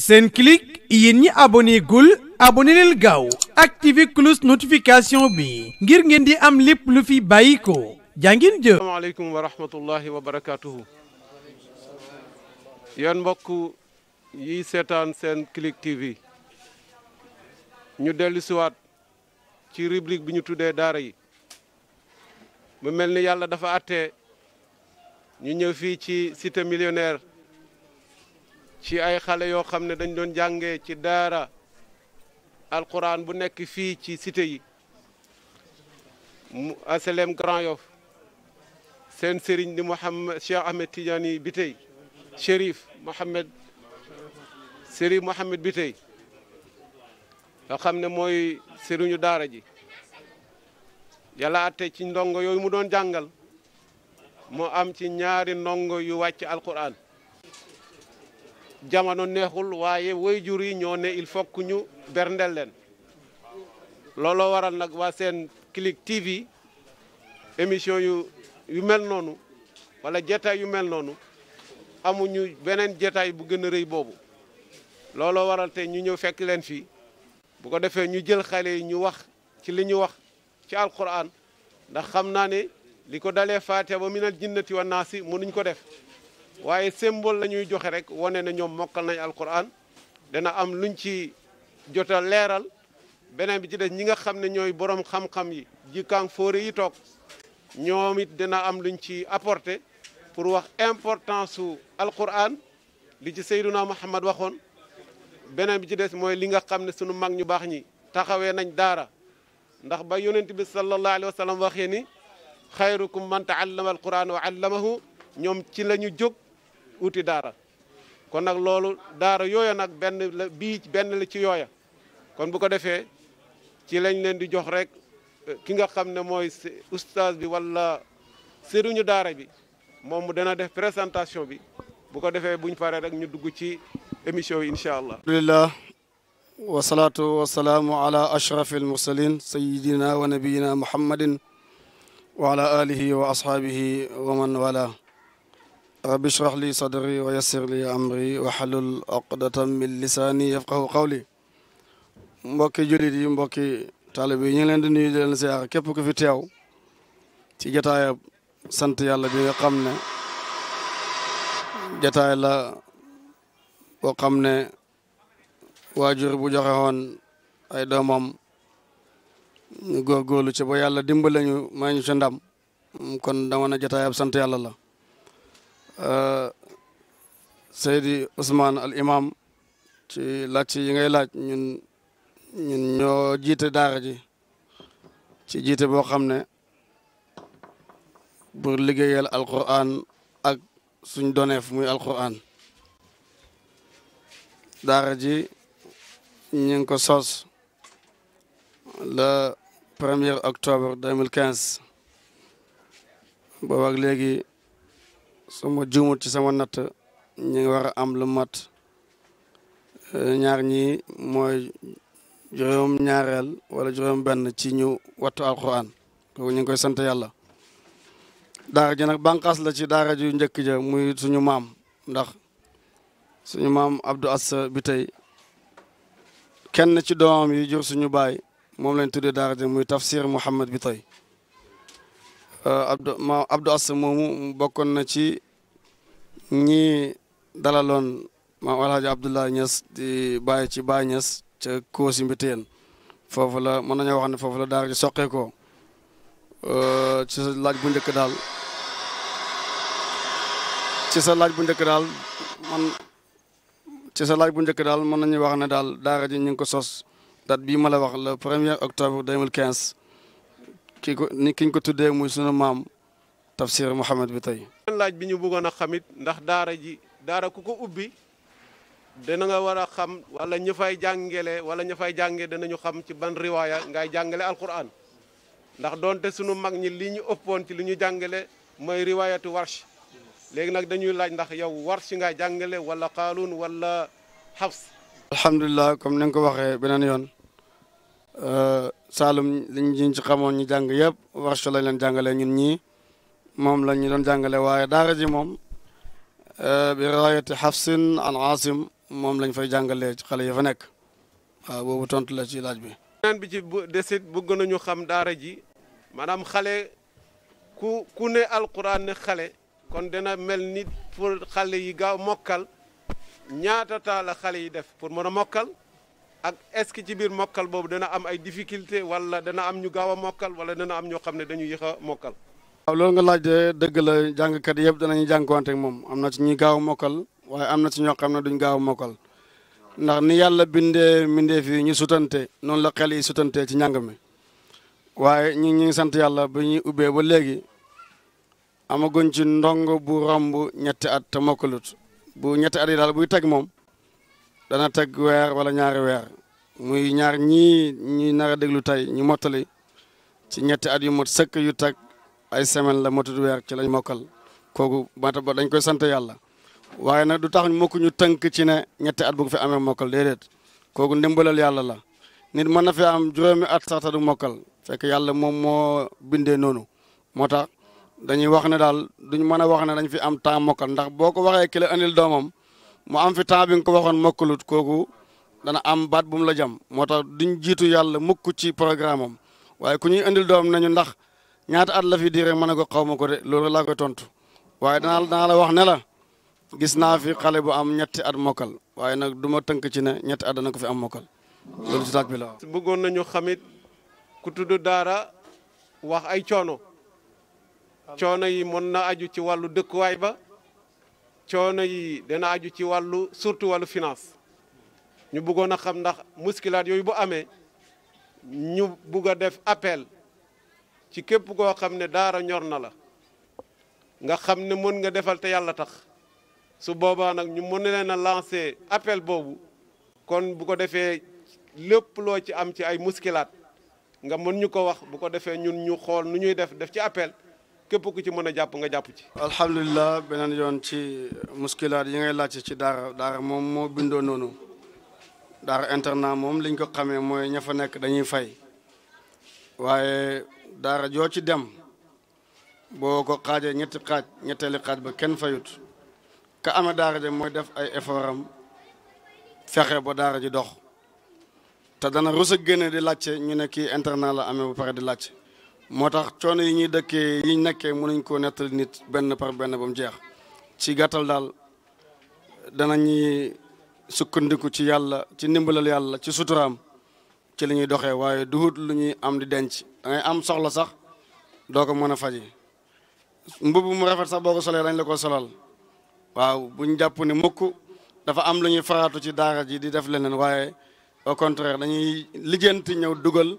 Senclic yéen ñi abonné gul abonné ak gaaw activé cloche bi ngir ngeen di am lépp lu fi bàyyi ko jàngin jëf. asalaamaaleykum wa mbokk yi seetaan seen Senclic TV ñu dellu siwaat ci rubrique bi ñu tuddee daara yi mu mel ni yàlla dafa àtte ñu ñëw fii ci cité millionnaire. ci ay xale yoo xam ne dañ doon jàngee ci daara alquran bu nekk fii ci siteyi yi mu aselem Grand Yoff seen sëriñ di Mouhamed Cheikh Ahmed Tidiane bi tey Chérif Mouhamed Chérif Mouhamed bi tey nga xam ne mooy sëriñu daara ji yàlla ci ndongo yooyu mu doon jàngal moo am ci ñaari ndongo yu wàcc alquran jamono neexul waaye waajur yi ñoo ne il faut que ñu berndeel leen looloo waral nag waa Senclic TV émission yu yu mel noonu wala jetaay yu mel noonu amuñu beneen jetaay bu gën a rëy boobu looloo waral tey ñu ñëw fekk leen fi bu ko defee ñu jël xale yi ñu wax ci li ñu wax ci alquran ndax xam naa ne li ko dalee faate ba minal jinnati wa mun mënuñ ko def waaye symbole la ñuy joxe rek wane na ñoom mokkal nañ alquran dana am luñ ci jot leeral beneen bi ci des ñi nga xam ne ñooy borom xam-xam yi jikkaan fóore yi toog ñoom it dina am luñ ci apporter pour wax importance su alquran li ci Seyduna Muhammad waxoon beneen bi ci des mooy li nga xam ne sunu mag ñu baax ñi taxawee nañ daara ndax ba yonent bi sallallahu alayhi wa sallam waxee ni xayrukum man taallama alquran wa allamahu ñoom ci la ñu jóg uti daara kon nag loolu daara yooya nag benn la bii benn la ci yooya kon bu ko defee ci lañ leen di jox rek eh, ki nga xam ne mooy oustaz bi wala sëriñu daara bi moom mu dana def présentation bi bu ko defee buñ paree rek ñu dugg ci émission yi incha allah alhamdulillah wasalaatu wasalaamu ala ashraf almursalin sayidina wa nabiyina muhammadin wa ala alihi wa ashaabihi wa man wala rabbi ishrah li sadri wa yassir li amri wahlul uqdatan min lisaani yafqahu qawli mbokki jullit yi mbokki taalibe yi ñu ngi leen di nuyu di leen siyaar ku fi teew ci jataaya sant yàlla bi nga xam ne jataay la boo xam ne waajur bu joxe woon ay doomam ñu góorgóorlu ci ba yàlla dimbale ñu may ñu kon dama ne sant yàlla la Seydi Ousmane al imam ci laaj yi ngay laaj ñun ñun ñoo jiite daara ji ci jiite boo xam ne pour liggéeyal alquran ak suñ doneef muy alquran daara ji ñu ngi ko sos la premier octobre deux quinze boobu ak léegi su ma juumul ci sama natt ñi ngi war a am lu mat eh, ñaar ñi mooy juróom ñaareel wala juróom benn ci ñu wattu alquran kooku ñu ngi koy sant yàlla daara ji nag banqaas la ci daara ju njëkk ja muy suñu maam ndax suñu maam Abdou Assa bi tey kenn ci doomam yi jur suñu baay moom lañ tuddee daara ji muy tafsir Mouhamed bi tey Euh, Abdou ma Abdou moomu bokkoon na ci ñi dalaloon maam Alhaji Abdoulaye Niass di bàyyi ci Baye Niass ca Koosi Mbitteen foofu la mën nañoo wax ne foofu la daara ji soqeekoo euh, ci sa laaj bu njëkk daal ci sa laaj bu njëkk daal man sa laaj bu njëkk daal mën nañu wax ne daal daara ji ñu ngi ko sos date bii ma la wax le premier octobre ki ko ni ki ko tuddee muy sunu maam tafsir Mouhamed bi tey. laaj bi ñu bëggoon a xamit ndax daara ji daara ku ko ubbi dana nga war a xam wala ñu fay wala ñu fay jàngee danañu xam ci ban riwaaya ngay jàngale alquran ndax doonte sunu mag ñi li ñu ëppoon ci li ñu jàngale mooy riwaayatu warsh léegi nag dañuy laaj ndax yow warsh ngay jàngale wala xaaluun wala xafs. alhamdulilah comme ni nga ko waxee beneen yoon. Euh, Saalum liñ liñ ci xamoon ñu jàng yëpp warsh lañ leen jàngalee ñun ñii moom lañ ñu doon jàngale waaye daara ji moom euh, bi raayati Hafsin an Asim moom lañ fay jàngalee ci xale yi fa nekk waaw boobu tontu la ci laaj bi. bi ci desit bëgg nañu xam daara ji maanaam xale ku ku ne alquran ne xale kon dana mel ni pour xale yi gaaw mokkal ñaata taala xale yi def pour mën a mokkal. ak est-ce que ci biir mokkal boobu dana am ay difficulté wala dana am ñu gaaw a mokkal wala dana am ñoo xam ne dañu yéex a mokkal. waaw loolu nga laaj de dëgg la jàngkat yëpp danañu jànkuwanteeg moom am na ci ñuy gaaw a mokkal waaye am na ci ñoo xam ne duñ gaaw a mokkal ndax ni yàlla bindee mbindee fii ñu sutante noonu la xel yi sutante ci njàng mi waaye ñu ngi sant yàlla ba ñuy ubbee ba léegi amaguñ ci ndongo bu romb ñetti at te mokkalut bu ñetti at yi daal buy teg moom. dana teg weer wala ñaari weer muy ñaar ñii ñuy nar a déglu tey ñu mottali si ñetti at yu mot sëkk yu teg ay semaine la motut weer ci lañ mokkal kooku mata ba dañ koy sant yàlla waaye nag du tax mukk tënk ci ne ñetti at bu ko fi amee mokkal déedéet kooku ndimbalal yàlla la nit mën na fi am jurómi at saxta te du mokkal fekk yàlla moom moo bindee noonu moo tax dañuy wax ne daal duñ mën a wax ne dañ fi am temps mokkal ndax boo ko waxee ki la andil doomam mu am fi temps bi nga ko waxoon mokkalut kooku dana am baat bu la jam moo tax duñ jiitu yàlla mukk ci programme am waaye ku ñuy indil doom nañu ndax ñaata at la fi diire mën ko xaw ma ko de loolu laa koy tontu waaye danaa danaa la wax nela la gis naa fi xale bu am ñetti at mokkal waaye nag du ma tënk ci ne ñetti at dana ko fi am mokkal loolu ci taat bi la bëggoon nañu xamit ku tudd daara wax ay coono coono yi mën na aju ci wàllu dëkkuwaay ba coono yi dana aju ci wàllu surtout wàllu finance ñu buggoon a xam ndax muskilaat yooyu bu amee ñu bugg a def appel ci képp koo xam ne daara ñor na la nga xam ne mën nga defal te yàlla tax su boobaa nag ñu mën leen a lancer appel boobu kon bu ko defee lépp loo ci am ci ay muskilaat nga mën ñu ko wax bu ko defee ñun ñu xool nu ñuy def def ci appel képp ku ci mën a jàpp nga jàpp ci. alhamdulilah beneen yoon ci muskilaat yi ngay laajte ci daara daara moom moo bindoon noonu daara internat moom liñ ko xamee mooy ña fa nekk dañuy fay waaye daara joo ci dem boo ko xaajee ñetti xaaj ñetteeli xaaj ba kenn fayut ka amee daara ja mooy def ay effort fexe ba daara ji dox te dana rus a génne di laajte ñu ne kii internat la amee ba pare di laajte. moo tax coono yi ñuy dëkkee yi ñu nekkee mënuñ koo nettali nit benn par benn ba mu jeex ci gàttal daal danañuy sukkandiku ci yàlla ci ndimbalal yàlla ci suturaam ci li ñuy doxee waaye duhut lu ñuy am di denc da ngay am soxla sax doo ko mën a faje mbubb mu rafet sax boo ko solee dañ la ko solal waaw buñ jàpp ne mukk dafa am lu ñuy faraatu ci daara ji di def leneen waaye au contraire dañuy lijjanti ñëw dugal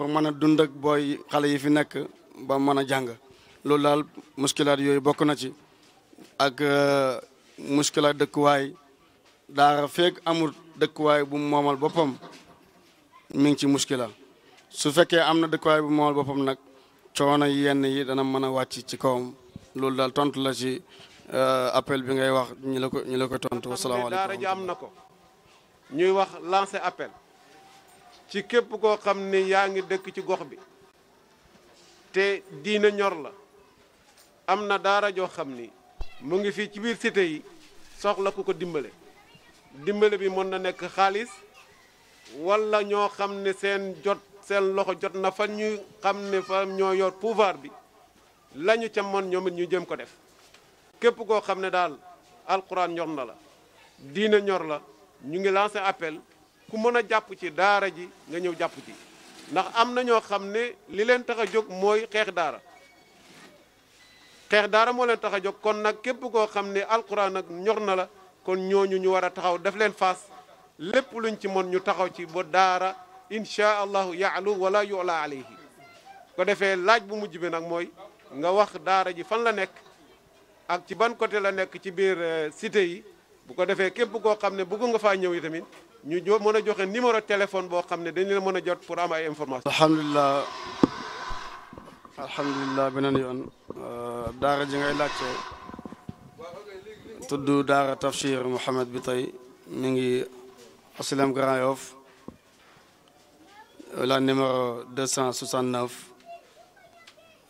pour mën a dund ak booy xale yi fi nekk ba mën a jàng loolu daal muskilaat yooyu bokk na ci ak euh, muskilaat dëkkuwaay daa feek amul dëkkuwaay bu moomal boppam mi ngi ci muskila su fekkee am na dëkkuwaay bu moomal boppam nag coono yenn yi dana mën a wàcc ci kawam loolu daal tontu la ci euh, appel bi ngay wax ñi la ko ñi ko tontu wasalaamaaleykum daara am na ko ñuy wax lancer appel ci képp koo xam ne yaa ngi dëkk ci gox bi te diina ñor la am na daara joo xam ni mu ngi fii ci biir cité yi soxla ku ko dimbale dimbale bi mën na nekk xaalis wala ñoo xam ne seen jot seen loxo jot na fa ñu xam ne fa ñoo yor pouvoir bi lañu ca mën ñoom ñu jëm ko def képp koo xam ne daal alquran ñor na la diina ñor la ñu ngi lancé appel ku mën a jàpp ci daara ji nga ñëw jàpp ci ndax am na ñoo xam ne li leen tax a jóg mooy xeex daara xeex daara moo leen tax a jóg kon nag képp koo xam ne alquran nag ñor na la kon ñooñu ñu war a taxaw def leen faas lépp luñ ci mën ñu taxaw ci ba daara inchaa allahu yaalu wala yula alayhi ko defee laaj bu mujj bi nag mooy nga wax daara ji fan la nekk ak ci ban côté la nekk ci biir euh, cité yi bu ko defee képp koo xam ne bëgg nga faa ñëw yi tamit ñu jo mën a joxe numéro téléphone boo xam ne dañ leen mën a jot pour am ay information alhamdulilah alhamdulilah beneen yoon euh, daara ji ngay laajte tudd daara tafsir Mouhamed bi tey mi ngi asilem Grand Yoff la numéro 269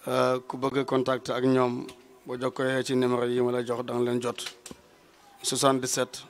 euh, ku bëgg contact ak ñoom boo jokkoo ci numéro yi ma jox danga leen jot 77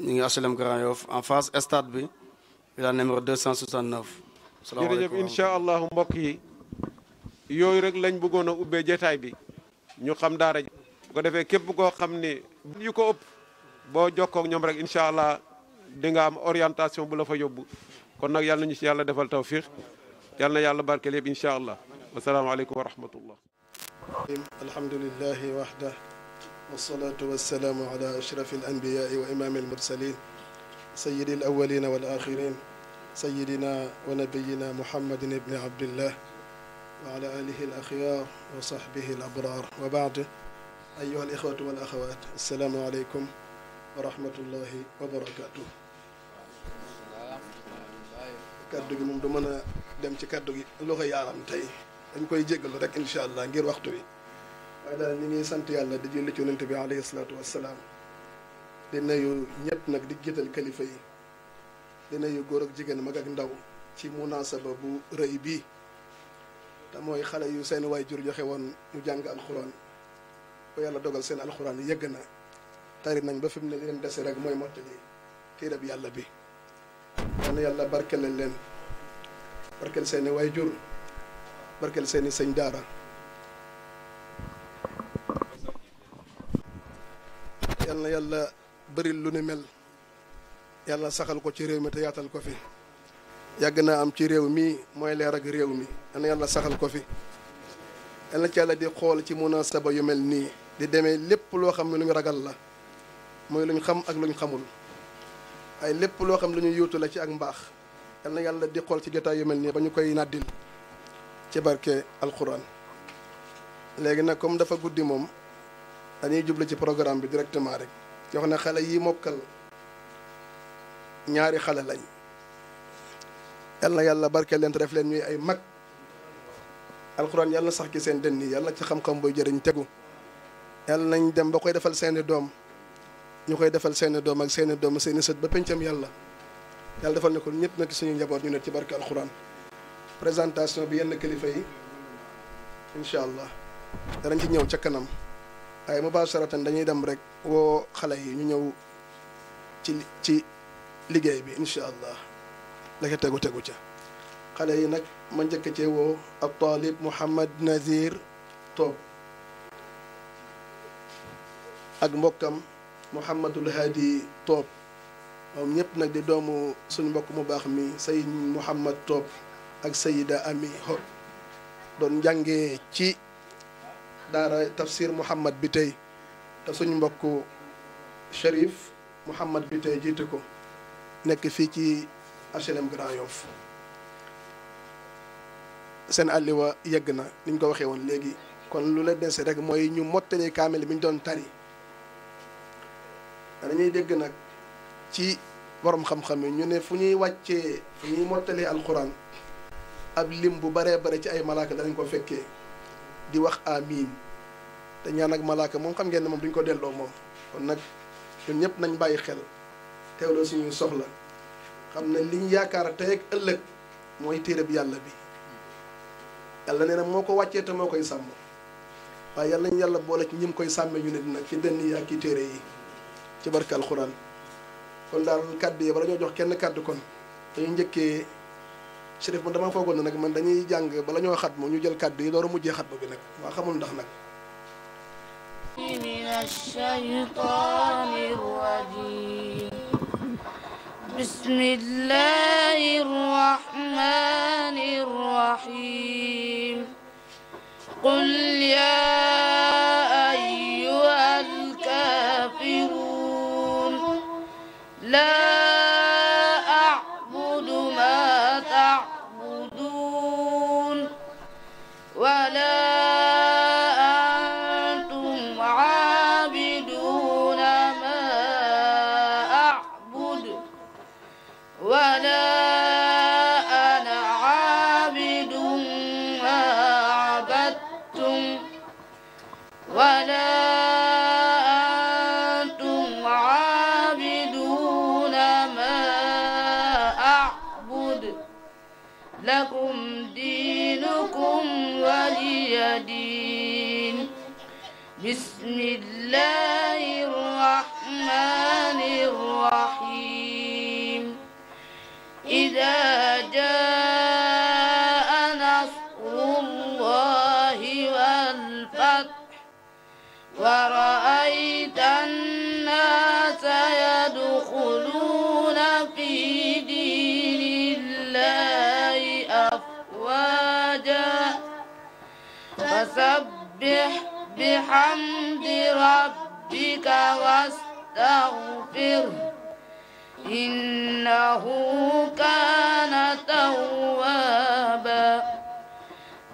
ñu ngi HLM Grand Yoff en face stade bi villa numéro 269. salaamaaleykum jërëjëf incha allah mbokk yi yooyu rek lañ bëggoon a ubbee jotaay bi ñu xam daara ji bu ko defee képp koo xam ni yu ko ëpp boo jokkoog ñoom rek incha allah di nga am orientation bu la fa yóbbu kon nag yàlla ñu si yàlla defal tawfiq yàlla na yàlla barkeel yëpp incha allah wasalaamaaleykum wa rahmatullah alhamdulillahi wahda wasalaatu wasalaamu ala ashrafi alanbiyaai wa imaami almursalin sayidi alawalina wal axirin sayidina wa nabiyina muhammadin ibni abdillah wa ala alihi alaxyar wa saxbihi alabrar wa baad ayuha alixwatu wal axawaat asalaamu aleykum wa rahmatullahi wa barakaatu kaddu gi moom du mën a dem ci kaddu gi loxo yaaram tey dañ koy jéggalu rek incha allah ngir waxtu wi waaye daal ñu ngi sant yàlla di julli ci yonent bi alayhi salaatu wassalaam di nuyu ñëpp nag di jiital kalifa yi di nuyu góor ak jigéen mag ak ndaw ci munaasaba bu rëy bi te mooy xale yu seen waajur joxe woon ñu jàng alxuraan ba yàlla dogal seen alxuraan yëgg na tari nañ ba fi mu ne leen dese rek mooy mottali téereb yàlla bi daan yàlla barkele leen barkel seeni jur barkel seeni sëñ daara yàlla bëri lu ni mel yàlla saxal ko ci réew mi te yaatal ko fi yàgg naa am ci réew mi mooy leer ak réew mi yal yàlla saxal ko fi yal na ci yàlla di xool ci munasaba yu mel nii di demee lépp loo xam ne lu ñu ragal la mooy lu xam ak luñ xamul ay lépp loo xam lu ñu yóotu la ci ak mbaax na yàlla di xool ci jotaay yu mel nii ba ñu koy nàddil ci barke alquran léegi nag comme dafa guddi moom dañuy jublu ci programme bi directement rek yoo jox ne xale yi mokkal ñaari xale lañ yal na yàlla barkeel leent te leen ñuy ay mag alxuraan yàlla sax ki seen dënn yi yàlla ci xam-xam buy jëriñ tegu yàlla nañ dem ba koy defal seeni doom ñu koy defal seeni doom ak seeni doom seeni sët ba pencam yàlla yàlla defal ne ko ñëpp nag suñu njaboot ñu ne ci barke alxuraan présentation bi yenn kilifa yi incha allah danañ ci ñëw ca kanam waaye mubasharatan dañuy dem rek woo xale yi ñu ñëw ci ci liggéey bi incha allah daka tegu tegu ca xale yi nag ma njëkk cee woo ab taalib Mouhamad Nazir Toob ak mbokkam Mouhamadul Hadi Toob moom ñëpp nag di doomu suñ mbokk mu baax mi Sayid Mouhamad Toob ak Sayida Ami Hor doon njàngee ci. daara tafsir Mouhamad bi tey te suñu mbokku Cherif Mouhamad bi tey jiite ko nekk fii ci HLM Grand Yoff seen àlliwa yegg na ni ko waxee woon léegi kon lu la dese rek mooy ñu mottalee kaamil bi ñu doon tari dañuy dégg nag ci borom xam-xam yi ñu ne fu ñuy wàccee fu ñuy mottalee alxuraan ab lim bu baree bare ci ay malaaka danañ ko fekkee di wax amiin te ñaan ak malaaka moom xam ngeen ne moom duñ ko delloo moom kon nag ñun ñëpp nañ bàyyi xel teewloo suñuy soxla xam ne liñ ñu yaakaar tey ak ëllëg mooy téere bi yàlla bi yàlla nee moo ko wàccee te moo koy sàmm waaye yàlla ñu yàlla boole ci ñim koy sàmmee ñu ne dina ci dënn yi ak ci téere yi ci barke alxuraan kon daal kàdd yi bala ñoo jox kenn kàddu kon dañu njëkkee Chérif man damaa man dañuy jàng bala ñoo xat mu ñu jël kàddu yi door a mujjee xat bi nag waa xamul ndax nag من الشيطان الرجيم بسم الله الرحمن الرحيم قل يا بحمد ربك واستغفره إنه كان توابا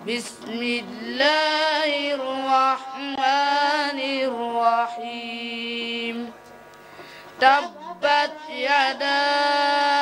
بسم الله الرحمن الرحيم تبت يدا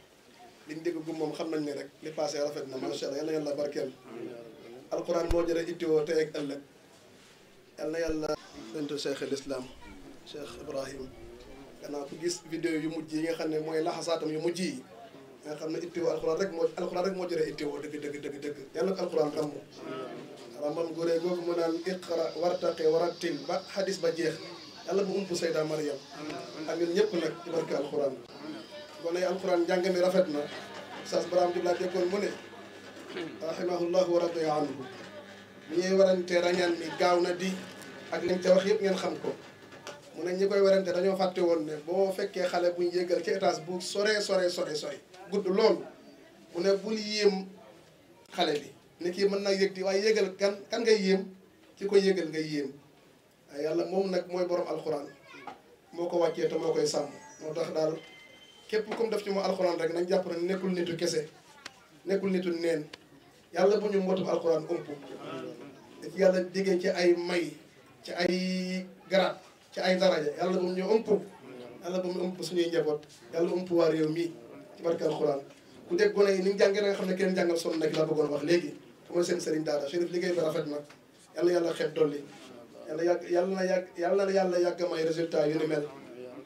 liñ dégg gu moom xam nañ ne rek li passé rafet na macha allah yal na yàlla barkeel alquran moo jëre ittiwoo tey ak ëllëg yal na yàlla bentu cheikh al islam cheikh ibrahim gannaaw ku gis vidéo yu mujj yi nga xam ne mooy laxasaatam yu mujj yi nga xam ne ittiwoo alquran rek moo alquran rek moo jëre ittiwoo dëgg dëgg dëgg dëgg yàlla ko alquran xam mu ramban guree googu mu naan iqra wartaqi warattil ba xadis ba jeex yàlla bu ump sayda mariam amin ñëpp nag barke alquran gone yi alxuraan njàng mi rafet na sas baraam jub laa déggoon mu ne rahimahullahu wa radiya anhu li ñuy warante rañaan mi gaaw na di ak liñ ca wax yëpp ngeen xam ko mu ne ñi koy warante dañoo fàtte woon ne boo fekkee xale buñ yéegal ci étage bu sore sore sore gudd loolu ne bul yéem xale bi ni kii mën naa yéeg di waaye yéegal kan kan ngay yéem ki ko yéegal ngay yéem yàlla moom nag mooy borom alxuraan moo ko wàccee te moo koy sàmm moo tax daal képp comme def ci moom alxuraan rek nañ jàpp ne nekkul nitu kese nekkul nitu neen yàlla bu ñu mbootum alxuraan ëmp da ci yàlla déggee ci ay may ci ay garaat ci ay daraja ñu ëmp yàlla bu mu ëmp suñuy njaboot yàlla ëmp waa réew mii ci barke alxuraan ku dégg gone yi ni ñu jàngee da nga xam ne kenn jàngal sonn nag la bëggoon wax léegi ku ma seen sëriñ daara Chérif liggéey bi rafet na yàlla yàlla xeeb dolli yàlla yàgg yàlla na résultat yu ni mel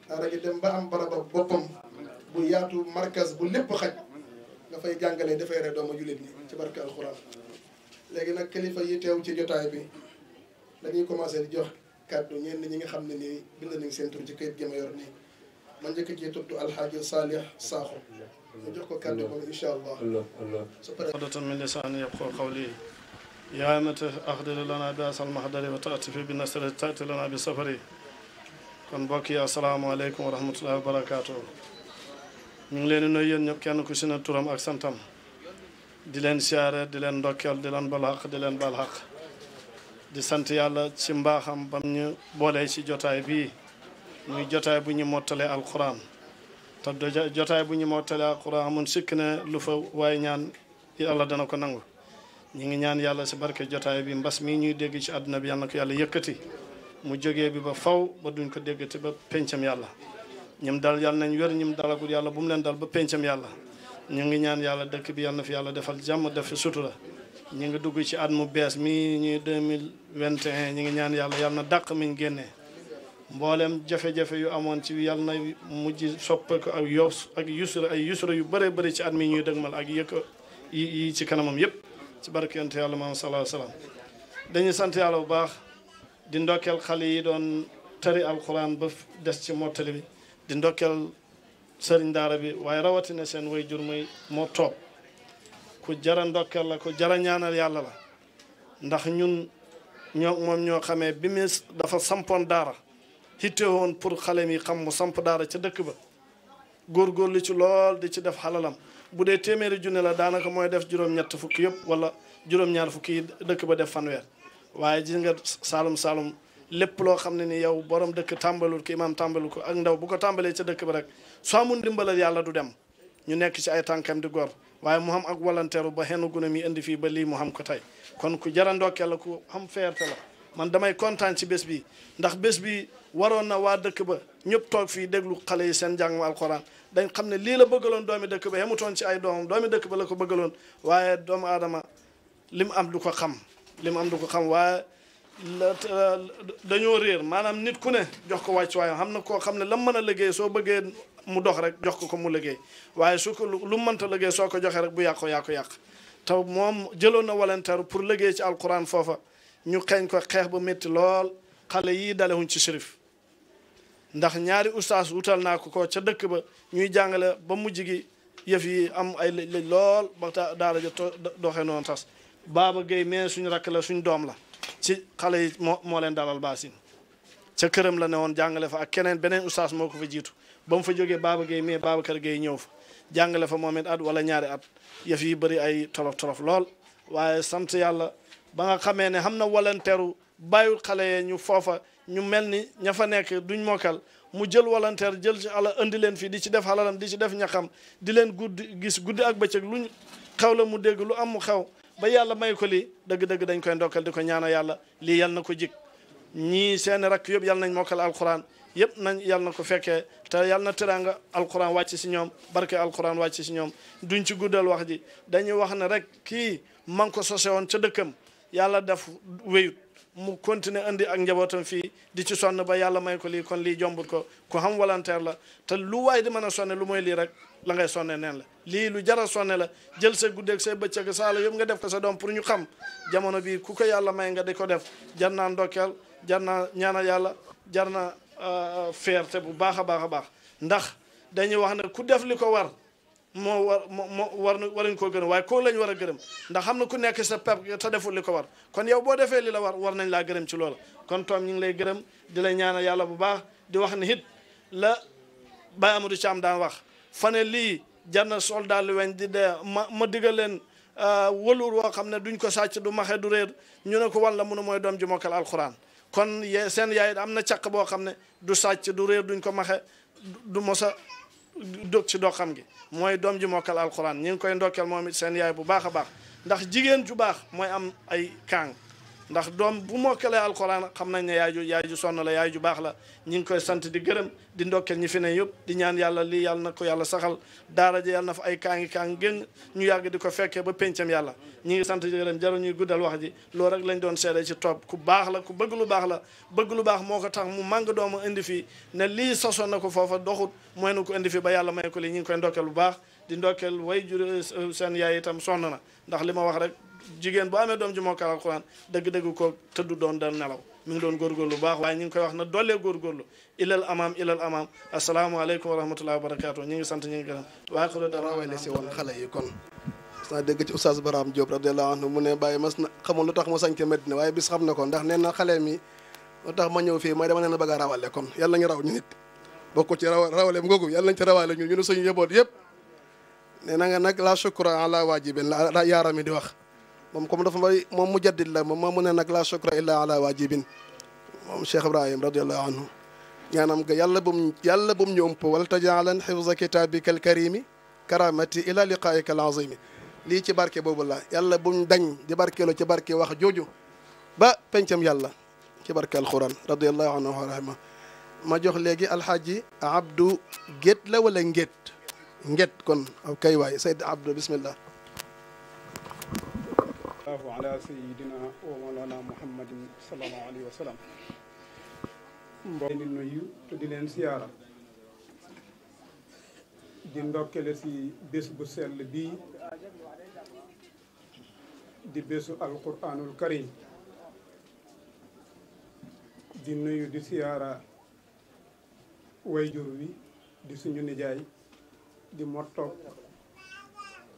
daara gi dem ba am baraba boppam bu yaatu markas bu lépp xaj dafay jàngale dafay yore doomu jullit ñi ci barke alxuraan léegi nag kilifa yi teew ci jotaay bi dañuy commencé di jox kàddu ñenn ñi nga xam ne nii bind nañ seen tur ci kayit gi ma nii man njëkk ci tudd alxaaji Saalix Saaxo mu jox ko kàddu moom incha allah su paree xadatan min lisaani yabqo qawli yaa mata axdari lana bi asal mahdari wa taati fi bi nasari taati lana bi safari kon mbokk yi asalaamaaleykum wa rahmatullahi wa barakaatu ñu ngi leen di nuyu yéen ñëpp kenn ku si ne turam ak santam di leen siyaare di leen ndokkeel di leen bal di leen bal di sant yàlla ci mbaaxam bam ñu boolee ci jotaay bii muy jotaay bu ñu mottalee alquran te jotaay bu ñu mottalee alquran amul sikk ne lu fa waaye ñaan yàlla dana ko nangu ñu ngi ñaan yàlla si barke jotaay bii mbas mi ñuy dégg ci àdduna bi yàlla yàlla yëkkati mu jógee bi ba faw ba duñ ko déggati ba pencam yàlla ñim dal yàlla nañ wér ñim dalagul yàlla bu mu leen dal ba pencam yàlla ñu ngi ñaan yàlla dëkk bi yàlla fi yàlla defal jàmm def fi la ñu ngi dugg ci at mu bees mi ñuy 2021 ñu ngi ñaan yàlla yàlla na dàq miñ génnee mboolem jafe-jafe yu amoon ci yàlla na mujj soppeeku ak yos ak yusra ay yusra yu bëree bëri ci at mi ñuy dëgmal ak yëkk yi ci kanamam yëpp ci barke yonent yàlla maam salaa salaam dañuy sant yàlla bu baax di ndokkeel xale yi doon tari alxuraan ba des ci mottali bi di ndokkeel sëriñ daara bi waaye rawatina seen woy jur muy moo toog ku jara ndokkeel la ku jara ñaanal yàlla la ndax ñun ñoo moom ñoo xamee bi mu dafa sampoon daara woon pour xale mi xam mu samp daara ca dëkk ba góor góor góorgóorlu ci lool di ci def xalalam bu dee téeméeri junne la daanaka mooy def juróom-ñett fukki yëpp wala juróom-ñaar fukki dëkk ba def fanweer waaye gis saalum saalum lépp loo xam ne ni yow boroom dëkk tàmbalul ko imaam tàmbalul ko ak ndaw bu ko tàmbalee ca dëkk ba rek soo amul ndimbalal yàlla du dem ñu nekk si ay tànkam di gor waaye mu xam ak volontaire ba xenu gunam yi indi fii ba lii mu xam ko tey kon ku jara ndokkeel la ku am fierté la man damay kontaan si bés bi ndax bés bi waroon na waa dëkk ba ñëpp toog fii déglu xale yi seen jàng ma alxuraan dañ xam ne lii la bëggaloon doomi dëkk ba yemutoon si ay doom doomi dëkk ba ko bëggaloon waaye doomu aadama li mu am du ko xam dañoo réer maanaam nit ku ne jox ko wàcc waayam xam na koo xam ne lam mën a liggéey soo bëggee mu dox rek jox ko ko mu liggéey waaye su ko lu mënta liggéey soo ko joxee rek bu yàqoo yàqu yàq taw moom jëloon na volontaire pour liggéey ci alquran foofa ñu xeeñ ko xeex ba métti lool xale yii dalewuñ ci shérif ndax ñaari ustaas wutal naa ko ko ca dëkk ba ñuy jàngale ba mujj gi yëf yi am ay lëj-lëj lool ba daara ja doxe noonu tas baaba géy mais suñu rakk la suñ doom la ci xale yi moo moo leen dalal baasin ca këram la ne woon jàngale fa ak keneen beneen ustaas moo ko fa jiitu ba mu fa jógee Baba Gueye mais Babacar Gueye ñëw fa jàngale fa moom it at wala ñaari at yëf yi bëri ay tolof tolof lool waaye sant yàlla ba nga xamee ne xam na wallanteeru bàyyul xale yee ñu foofa ñu mel ni ña fa nekk duñ mokkal mu jël volontaire jël ci ala andi leen fii di ci def xalalam di ci def ñaxam di leen guddi gis guddi ak bëccëg lu xew la mu dégg lu am mu xew ba yàlla may ko lii dëgg-dëgg dañ koy ndokkal di ko ñaana yàlla lii yal na ko jik ñii seen rakk yëpp yal nañ mokkal alquran yëpp nañ yàlla na ko fekkee te yal na teraanga alquran wàcc si ñoom barke alquran wàcc si ñoom duñ ci guddal wax ji dañuy wax ne rek kii man ko sose woon ca dëkkam yàlla def wéyut mu continuer indi ak njabootam fii di ci sonn ba yàlla may ko lii kon lii jombut ko ku xam volontaire la te lu waay di mën a sonne lu mooy lii rek la ngay sonne neen la lii lu jara sonne la jël sa guddeeg say bëccëg saala yëpp nga def ko sa doom pour ñu xam jamono bii ku ko yàlla may nga di ko def jar naa ndokkeel jar na ñaana yàlla jar na euh, fierté bu baax a baax a baax ndax dañuy wax ne ku def li ko war moo war moo war na waruñ koo gërëm waaye koo lañ war a gërëm ndax am na ku nekk sa pep te deful li ko war kon yow boo defee li la war war nañ laa gërëm ci loola kon toom ñu ngi lay gërëm di la ñaanal yàlla bu baax di wax ni it la Baye Amadou Thiam daan wax fa lii jar na sol weñ di dee ma ma digal leen euh, wëluur woo xam ne duñ ko sàcc du maxe du réer ñu ne ko wan la mun a mooy doom ji mokkal alxuraan kon seen yaay it am na càq boo xam ne du sàcc du réer duñ ko maxe du mosa dóg ci doxam gi mooy doom ji mokkal alxuraan ñu ngi koy ndokkeel moom it seen yaay bu baax a baax ndax jigéen ju baax mooy am ay kaang ndax doom bu mokkalee alxuraan xam nañ ne yaay ju yaay ju sonn la yaay ju baax la ñi ngi koy sant di gërëm di ndokkeel ñi fi ne yëpp di ñaan yàlla lii yàlla na ko yàlla saxal daara ji yàlla na fa ay kaa kaangi kaangi génn ñu yàgg di ko fekkee ba péncam yàlla ñi ngi sant di gërëm jaru ñuy guddal wax ji loolu rek lañ doon seede ci topp ku baax la ku bëgg lu baax la bëgg lu baax moo ko tax mu màng doomu indi fii ne lii sasoon na ko foofa doxut mooy nu ko indi fi ba yàlla may ko ngi koy ndokkeel bu baax di ndokkeel way jur seen yaay itam sonn na ndax li ma wax rek jigéen boo amee doom ji mokkal alquran dëgg-dëgg koo tëdd doon dal nelaw mi ngi doon góorgóorlu bu baax waaye ñu ngi koy wax na doolee góorgóorlu ilal amaam ilal amaam asalaamaaleykum wa rahmatullahi wa barakaatu ñu ngi sant ñu ngi gërëm waa ko dara way la si woon xale yi kon sa dégg ma oustaz Barham Diop radiallahu anhu mu ne bàyyi mas na waaye bis xam na ko ndax nee na xale mi lu tax ma ñëw fii mooy dama nee na a rawale kon yàlla ñu raw ñu nit bokk ci raw rawale ngoogu yàlla nañ ci rawale ñu ñu ne suñu yëpp na nga nag la shukra ala waajibin la yaarami di wax moom comme dafa may moom mu jaddid la moom moo mu ne nag laa shukra illa ala waajibin moom Cheikh Ibrahim radiallahu anhu ñaanam ga yàlla bum yàlla bum ñu ump wala tajaalan xifza kitabika alkarimi karamati ila liqaayika alazimi lii ci barke boobu la yàlla buñ dañ di barkeeloo ci barke wax jooju ba pencam yàlla ci barke alquran radiallahu anhu wa rahma ma jox léegi alxaaji abdu géet la wala ngéet ngéet kon aw kay waay sayd abdu bismillah allahu ala sayidina wa mawlana muhammadin sallallahu alayhi wa sallam mbokk leen nuyu te di leen siyaara di ndokkele ci bés bu sell bii di bésu alquranul karim di nuyu di siyaara wayjur wi di suñu nijaay di mottoog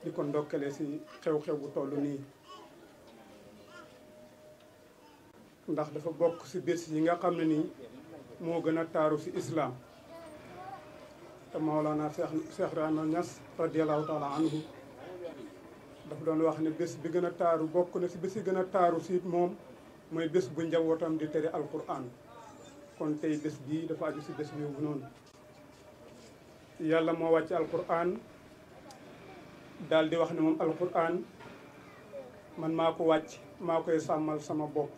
di ko ndokkele ci xew-xew bu toll nii ndax dafa bokk ci bés yi nga xam ne nii moo gën a taaru ci islaam te Maolana Cheikh Cheikh Rahma Niass radiallahu taala anhu dafa doon wax ne bés bi gën a taaru bokk na ci bés yi gën a taaru ci moom mooy bés bu njabootam di tere alquran kon tey bés bii dafa aju ci bés boobu noonu yàlla moo wàcc alquran daal di wax ne moom alquran man maa ko wàcc maa koy sàmmal sama bopp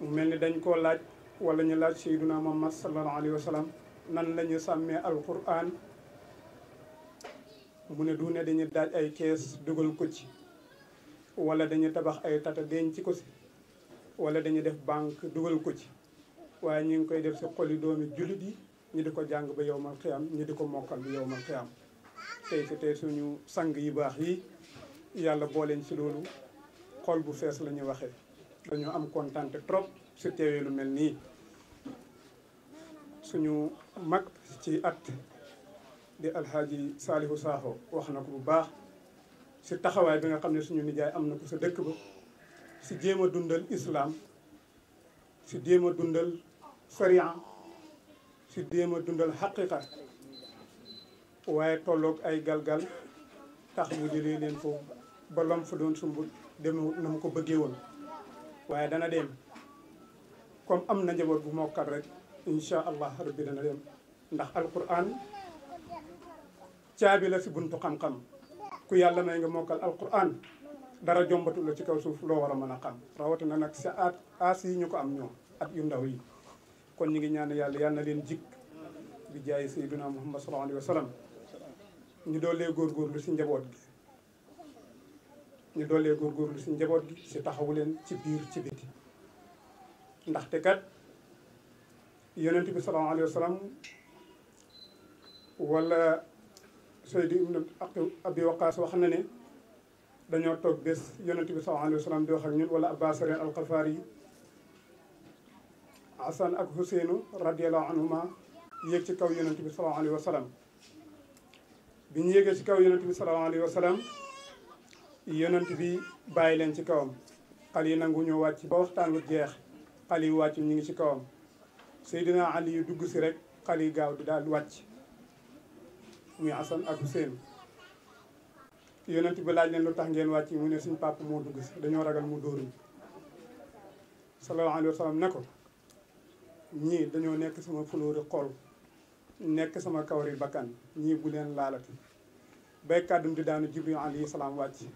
mu mel ni dañ koo laaj wala ñu laaj sayduna muhammad sallallahu alayhi wa sallam nan lañu sàmmee sàmmee alquran mu ne du ne dañuy daaj ay kees dugal ko ci wala dañuy tabax ay tata denc ko si wala dañuy def bànk dugal ko ci waaye ñu ngi koy def si xoli doomi jullit yi ñu di ko jàng ba yowmal xiyaam ñu di ko mokkal ba yowmal xiyaam tey ko tey suñu sang yu baax yi yàlla booleen ci loolu xol bu fees la waxee dañoo am kontaan trop su teewee lu mel nii suñu mag ci at di alxaaji Saalihu Saaxo wax na ko bu baax si taxawaay bi nga xam ne suñu nijaay am na ko sa dëkk ba si jéem a dundal islaam si jéem a dundal sariya si jéem a dundal xaqiqa waaye tolloog ay galgal tax mu jëlee leen foofu ba fa doon sumb demewut na mu ko bëggee woon waaye dana dem comme am na njaboot bu mokkat rek incha allah rabbi dana dem ndax alquran caabi la si buntu xam-xam ku yàlla may nga mokkal alquran dara jombatu ci kaw suuf loo war a mën a xam rawatina nag sa at aas yi ñu ko am ñoom at yu ndaw yi kon ñu ngi ñaan yàlla yàlla na leen jik bi jaay sayyiduna muhammad sallallahu alayhi wa sallam ñu doolee góorlu si njaboot gi ñu doolee góorgóorlu si njaboot gi si taxawu leen ci biir ci biti ndaxte kat yonent bi sallallahu alayhi wa sallam wala Sayd ibn Abi Waqaas wax na ne dañoo toog bés yonent bi sallallahu alayhi wa sallam di wax ak ñun wala Abbaas al-Ghiffaari yi Hasan ak Huseynu radiyallahu anhuma yéeg ci kaw yonent bi sallallahu alayhi ñu yéegee ci kaw yonent bi sallallahu alayhi yonent bi bàyyi leen ci kawam ali nangu ñoo wàcc ba waxtaan wi jeex ali wàcc ñu ngi ci kawam seydina ali yu dugg si rek ali gaaw di daal wàcc muy Asan ak Hussein yonent bi laaj leen lu tax ngeen wàcc mu ne suñ pàpp moo dugg si dañoo ragal mu dóoruñ sallallahu alayhi wa sallam ne ko ñii dañoo nekk sama fulóori xol nekk sama kawari bakkan ñii bu leen laalati bay kàddum di daanu jibril yi salaam wàcc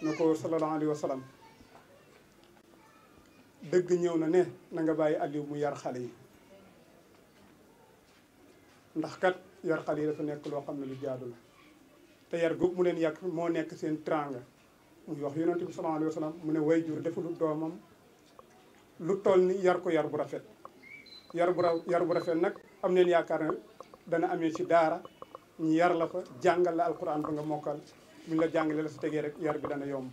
na ko sallallahu alayhi wa sallam dëgg ñëw na ne na bàyyi Aliou mu yar xale yi ndax kat yar xale yi dafa nekk loo xam ne lu jaadu la te yar gu mu leen yàq moo nekk seen tranga mu wax yonente bi sallallahu alayhi wa mu ne way jur defu lu doomam lu toll ni yar ko yar bu rafet yar bu yar bu rafet nag am neen yaakaar ne dana amee ci daara ñu yar la fa jàngal la alquran ba nga mokkal buñ la jàngale la su tegee rek yar bi dana yomb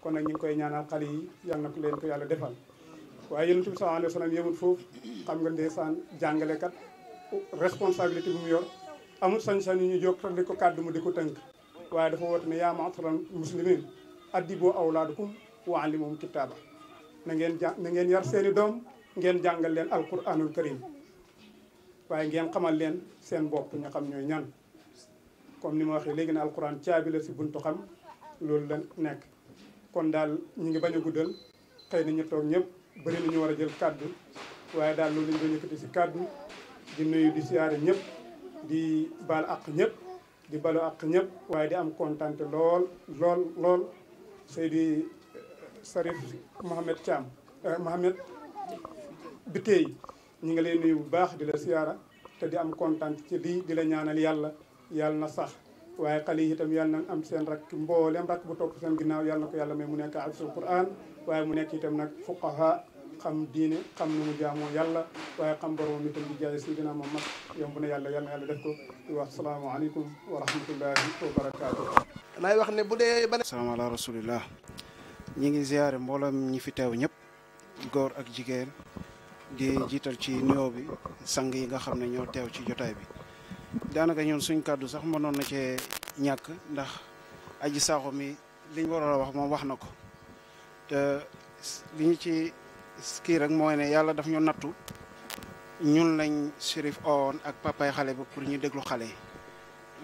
kon nag ñu ngi koy ñaanal xale yi yal na ko leen ko yàlla defal waaye yonent bi sallallahu alayhi wa sallam yemul foofu xam nga ndeysaan jàngalekat responsabilité bu mu yor amul sañ-sañ ñu jóg te di ko kàddu mu di ko tënk waaye dafa woote ne yaa ma'sharal muslimiin addiboo awlaadakum wa allimuhum kitaaba na ngeen ja na ngeen yar seeni doom ngeen jàngal leen alquranul karim waaye ngeen xamal leen seen bopp ñu xam ñooy ñan comme ni ma waxee léegi na alxuraan caabi la si buntu xam loolu la nekk. kon daal ñu ngi bañ a guddal xëy na ñu toog ñëpp bëri na ñu war a jël kàddu waaye daal loolu lañ doon si kàddu di nuyu di ñëpp di baal àq ñëpp di balu àq ñëpp. waaye di am kontante lool lool lool Seydi eh, Sarif Mohamed Thiam eh, Mohamed Biteye ñu ngi lay nuyu bu baax di la siyaara te di am kontaan ci lii di la ñaanal yàlla. yàlla na sax waaye xale yi itam yàlla na am seen rak mboolem rakk bu topp seen ginnaaw yàlla ko yàlla may mu nekk afisul quran waaye mu nekk itam nag fuqaha xam diine xam nu mu jaamoo yàlla waaye xam borom itam di jaay si ginnaaw moom mag yomb na yàlla yàlla def ko di wax salaamaaleykum wa rahmatullahi wa barakaatu may wax ne bu dee ba salaam ala ñi ngi ziyaare mbooloom ñi fi teew ñëpp góor ak jigéen di jiital ci nuyoo bi sang yi nga xam ne ñoo teew ci jotaay bi daanaka ñun suñ kàddu sax mënoon na cee ñàkk ndax aj saaxo mi liñ waroon a wax moom wax na ko te li ñu ci kii rek moo ne yàlla daf ñu nattu ñun lañ Chérif owoon ak papay xale bi pour ñuy déglu xale yi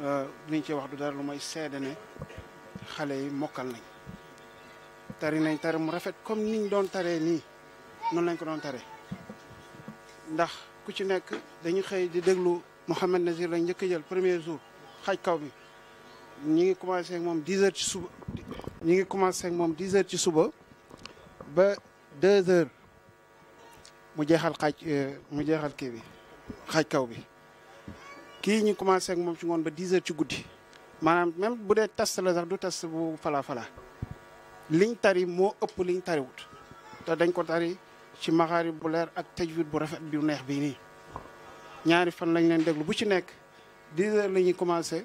euh, liñ ci wax du dara lu may seede xale yi mokkal nañ tari nañ tari mu rafet comme niñ doon taree nii noonu lañ ko doon tare ndax ku ci nekk dañu xëy di déglu Mouhamed Nazir lañ njëkk a jël premier jour xaj kaw bi ñi ngi commencé moom 10 heures ci suba ñi ngi commencé ak moom 10 ci suba ba 2 heures mu jeexal xaj euh, mu jeexal kii bi xaj kaw bi ki ñu commencé ak moom ci ngoon ba 10 heures ci guddi maanaam même bu dee test la sax du test bu fala fala liñ tari moo ëpp liñ tariwut te dañ ko tari ci maxaari bu leer ak tajwid bu rafet bi neex bi nii ñaari fan lañ leen déglu bu ci nekk 10 heures la ñuy commencé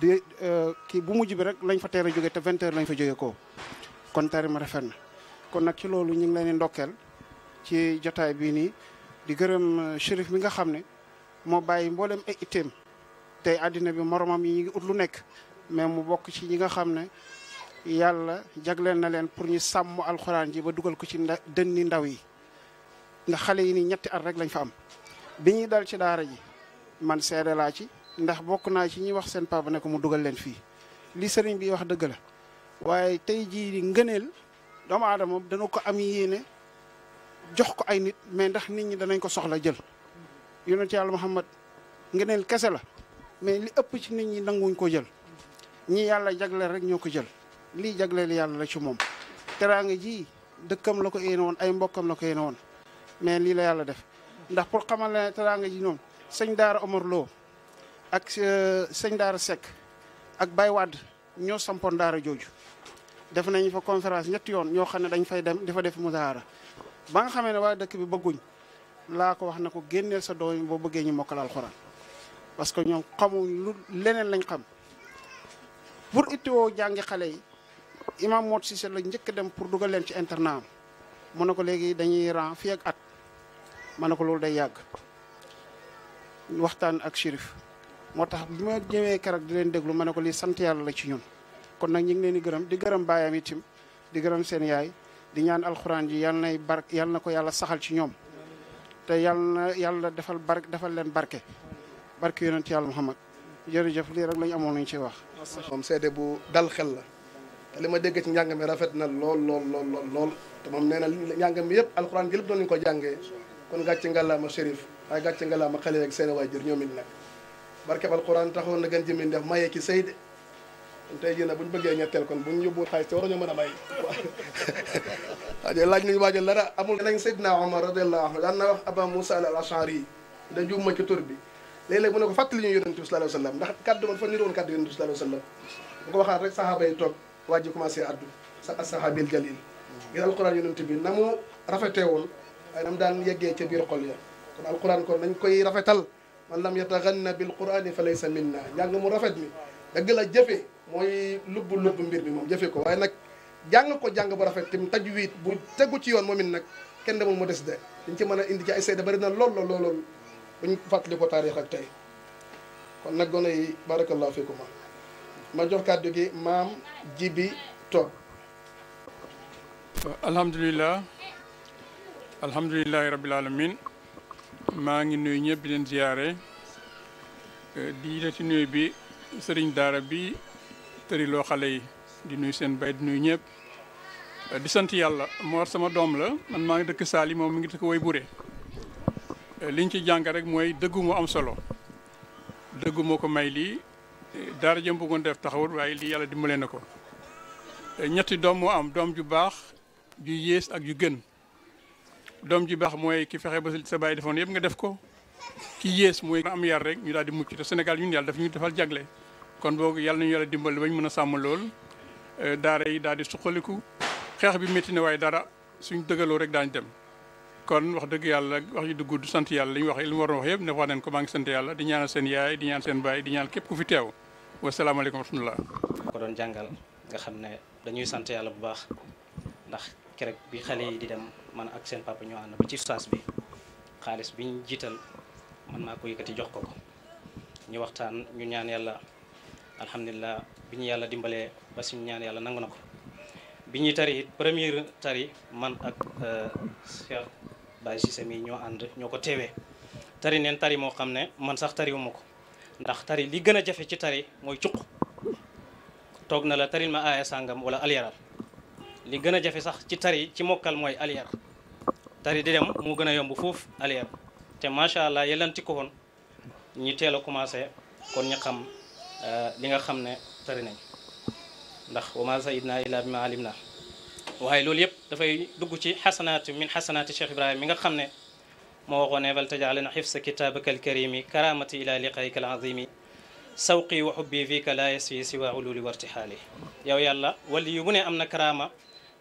di euh, kii bu mujj bi rek lañ fa teer a jógee te 20 heures lañ fa jógee ko kon Tarima rafet na kon nag ci loolu ñu ngi leen ndokkel ci jotaay bii nii di gërëm shérif euh, bi nga xam ne moo bàyyi mboolem ay itteem tey àddina bi moromam yi ñu lu nekk mais mu bokk ci ñi nga xam ne yàlla jagleel na leen pour ñu sàmm alxuraan ji ba dugal ko ci dënni ndaw yi ndax xale yi nii ñetti at rek lañ fa am bi ñuy dal ci daara ji man seede laa ci ndax bokk naa ci ñuy wax seen papa ne ko mu dugal leen fii li sëriñ bi wax dëgg la waaye tey jii ngëneel doomu aadama dana ko am yéene jox ko ay nit mais ndax nit ñi danañ ko soxla jël ci yàlla Muhammad ngëneel kese la mais li ëpp ci nit ñi nanguñ ko jël ñi yàlla jagleel rek ñoo ko jël lii jagleel yàlla la ci moom teraanga ji dëkkam la ko yéene woon ay mbokkam la ko yéene woon mais lii la yàlla def ndax pour xamal la ne teraanga ji ñoom sëñ Daara Omar Lo ak euh, sëñ Daara Seck ak Baye Wade ñoo sampoon Daara jooju. def nañ fa conférence ñetti yoon ñoo xam ne dañ fay dem di fa def mudaara ba nga xamee ne waa dëkk bi bëgguñ laa ko wax na ko génneel sa doom boo bëggee ñu mokkal alxuraan parce que ñoom xamuñ leneen lañ xam pour ittiwoo jàngi xale yi imam Mot Cissé la njëkk dem pour dogal leen ci internat am mu ne ko léegi dañuy ran fii ak at. ma ne ko loolu day yàgg waxtaan ak shérif moo tax bi ma ñëwee keroog di leen déglu ma ne ko lii sant yàlla la ci ñun kon nag ñu ngi leen di gërëm di gërëm baayam itam di gërëm seen yaay di ñaan alxuraan ji yal nay bar yal na ko yàlla saxal ci ñoom te yal na yàlla defal bar defal leen barke barke yonent yàlla Muhammad jërëjëf lii rek lañ amoon nañ ciy wax moom seede bu dal xel la te li ma dégg ci njàng mi rafet na lool lool lool lool te moom nee na njàng mi yëpp alxuraan ji lépp doon nañu ko jàngee kon gàcc gàcce ngàllaama shérif waaye gàcce a xale ak seen waajur ñoom it nag barkeb alquran taxoon na gën jëmin def maye ki nag bu ñu bëggee ñetteel kon bu ñu yóbbu xaalis te waroon ñu mën a may waaw laaj nañu waajal amul nañ Seydina Omar radiyallahu anhu daan na wax Aba Moussa al Ashari yi da juum ma ci bi léeg-léeg mu ne ko fàttali ñu yonente bi sallallahu alayhi wasallam ndax kaddu man fa ñu doon kaddu rek sahaaba yi toog waa ji commencé addu sa sahabil jalil ngir alquran yonente bi na mu woon waaye nam daan yeggee ca biir xol ya kon alquran kon dañ koy rafetal man lam yataganna bil qurani fa laysa minna njàng mu rafet mi dëgg la jëfe mooy lubbu lubbu mbir bi moom jëfe ko waaye nag jàng ko jàng bu rafet tim tajwid bu tegu ci yoon moom it nag kenn demul mu des de dañ ci mën a indi ci ay seede bari na lool lool lool lool buñ fàttali ko taarix ak tey kon nag gone yi barakallahu fikuma ma jox kàddu gi maam jibi toog alhamdulilah alhamdulilahi rabbil alamin maa ngi nuyu ñëpp di leen ziyaare eh, di yitati nuyu bi sëriñ daara bi tëriloo xale yi di nuyu seen bay di nuyu ñëpp eh, di sant yàlla Mor sama doom la man maa ngi dëkk Saly moom mi ngi dëkk Woybouré eh, liñ ci jàng rek mooy dëggu am solo dëggu ko may lii daara jëm bëggoon def taxawul waaye lii yàlla dimbale na ko ñetti doom moo am doom ju baax ju yées ak ju gën doom ji baax mooy ki fexe ba sa bàyyi defoon yëpp nga def ko ki yées mooy am yar rek ñu daal di mucc te Sénégal ñun yàlla daf ñu defal jagle kon boog yàlla nañu yàlla dimbali bañ mën a sàmm lool euh, daara yi daal di suqaliku xeex bi métti na waaye dara suñ dëggaloo rek daañ dem kon wax dëgg yàlla wax yu dugg du sant yàlla li ñu wax li mu waroon wax yëpp ne wax nañ ko maa ngi sant yàlla di ñaanal seen yaay di ñaan seen baay di ñaan képp ku fi teew wasalaamaaleykum wa rahmatullah ko doon jàngal nga xam ne dañuy sant yàlla bu baax ndax keroog bi xale yi di dem man ak seen papa ñoo ànd ba ci saas bi xaalis bi jiital man maa ko yëkkati jox ko ko ñu waxtaan ñu ñaan yàlla alhamdulilah bi ñu yàlla dimbalee ba suñu ñaan yàlla nangu na ko bi ñuy tari it première tari man ak euh, Cheikh Baye Cissé mi ñoo ànd ñoo ko teewee tari neen tari moo xam ne man sax tariwuma ko ndax tari li gën a jafe ci tari mooy cuq toog na la taril ma aaya sàngam wala alyaral li gën jafe sax ci tari ci mokkal mooy aliyar tari di dem moo gën a yomb foofu aliyar te macha allah yelanti ko woon ñi teel a commencé kon ñu xam euh, li nga xam ne tari nañ ndax wa ma sayidna illa bi ma alim na waaye loolu yëpp dafay dugg ci xasanaatu min xasanaati Cheikh Ibrahima mi nga xam ne moo waxoon ne bal tajaalana xifsa kitaabaka alkarimi karamati ila liqayka alazimi sawqi wa xubbi fika la yasfi siwa ululi wartixaali yow yàlla wali yu bu ne am na karaama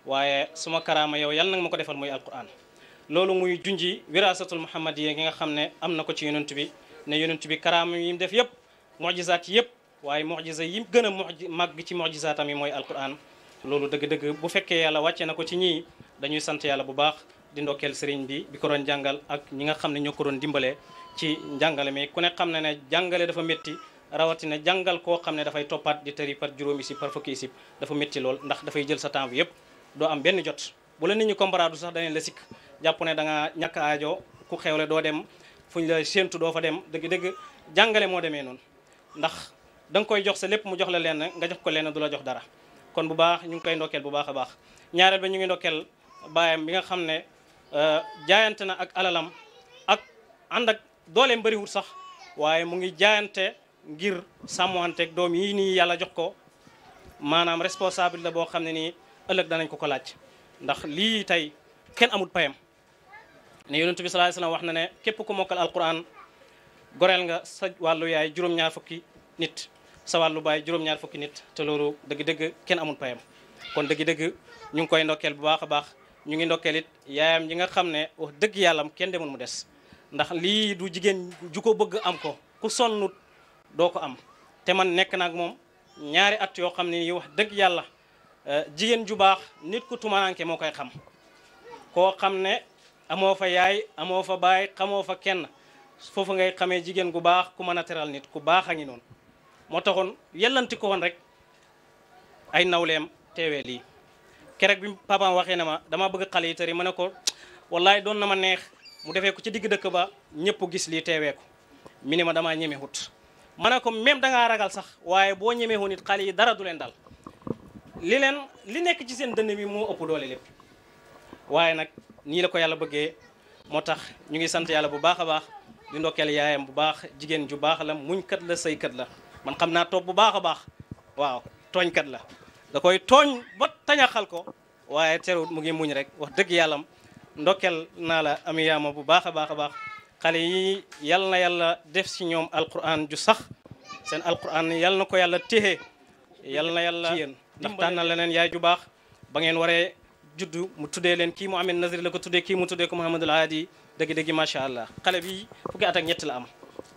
waaye suma karaama yow yal nag ma ko defal muy alquran loolu muy junji wiraasatul muhammad yi nga xam ne am na ko ci yonent bi ne yonent bi karaama yi mu def yëpp mujizaat yëpp waaye mujiza yi gën a muj màgg ci mujizaatam yi mooy alquran loolu dëgg-dëgg bu fekkee yàlla wàcce na ko ci ñii dañuy sant yàlla bu baax di ndokkeel sëriñ bi bi ko doon jàngal ak ñi nga xam ne ñoo ko doon dimbalee ci njàngale mi ku ne xam ne ne jàngale dafa métti rawatina jàngal koo xam ne dafay toppaat di tëri par juróomi si par fukki si dafa métti lool ndax dafay jël sa temps yëpp doo am benn jot bu la nit ñu comparaadu sax danañ la sikk jàpp ne da nga ñàkk aajo ku xewle doo dem fu ñu la séentu doo fa dem dëgg-dëgg jàngale moo demee noonu ndax da koy jox sa lépp mu jox la lenn nga jox ko lenn du la jox dara kon bu baax ñu ngi koy ndokkeel bu baax baax ñaareel ba ñu ngi ndokkeel baayam bi nga xam ne euh, jaayante na ak alalam ak ànd ak dooleem bëriwul sax waaye mu ngi jaayante ngir sàmmanteeg doom yi nii yàlla jox ko maanaam responsable boo xam ne nii ëllëg danañ ko ko laaj ndax lii tey kenn amul payam ne yonent bi sallallahu alayhi wasallam wax na ne képp ku mokkal alquran goreel nga sa wàllu yaay juróom-ñaar fukki nit sa wàllu baay juróom-ñaar fukki nit te loolu dëgg-dëgg kenn amul payam kon dëgg-dëgg ñu ngi koy ndokkeel bu baax a baax ñu ngi ndokkeel it yaayam yi nga xam ne wax dëgg yàllam kenn demul mu des ndax lii du jigéen ju ko bëgg am ko ku sonnut doo ko am te man nekk naag moom ñaari at yoo xam ne nii wax dëgg yàlla Euh, jigéen ju baax nit ku tumaranke moo koy xam koo xam ne amoo fa yaay amoo fa baay xamoo fa kenn foofu ngay xamee jigéen gu baax ku mën a teral nit ku baax a ngi noonu moo taxoon yellanti ko woon rek ay nawleem teewee lii kerek bi papaam waxee ne ma dama bëgg xale yi tëri ma ne ko wallaay doon na ma neex mu defee ko ci digg dëkk ba ñëpp gis lii teewee ko mi ne ma damaa ñeme wut ma ne ko même dangaa ragal sax waaye boo ñemee woon it xale yi dara du leen dal li leen li nekk ci seen dënn bi moo ëpp doole lépp waaye nag nii la ko yàlla bëggee moo tax ñu ngi sant yàlla bu baax a baax di ndokkeel yaayam bu baax jigéen ju baax la muñ kat la sëy kat la man xam naa toog bu baax a baax waaw tooñ kat la da koy tooñ ba tañaxal ko waaye terewut mu ngi muñ rek wax dëgg yàllam ndokkeel naa la am yaama bu baax a baax a baax xale yi yal na yàlla def si ñoom alquran ju sax seen alquran yal na ko yàlla téye yal na yàlla yéen ndax tànnal leneen yaay ju baax ba ngeen waree juddu mu tuddee leen kii mu amee Nazir la ko tuddee kii mu tuddee ko Mouhamadul Haadi dëgg-dëgg macha allah xale bi fukki at ñett la am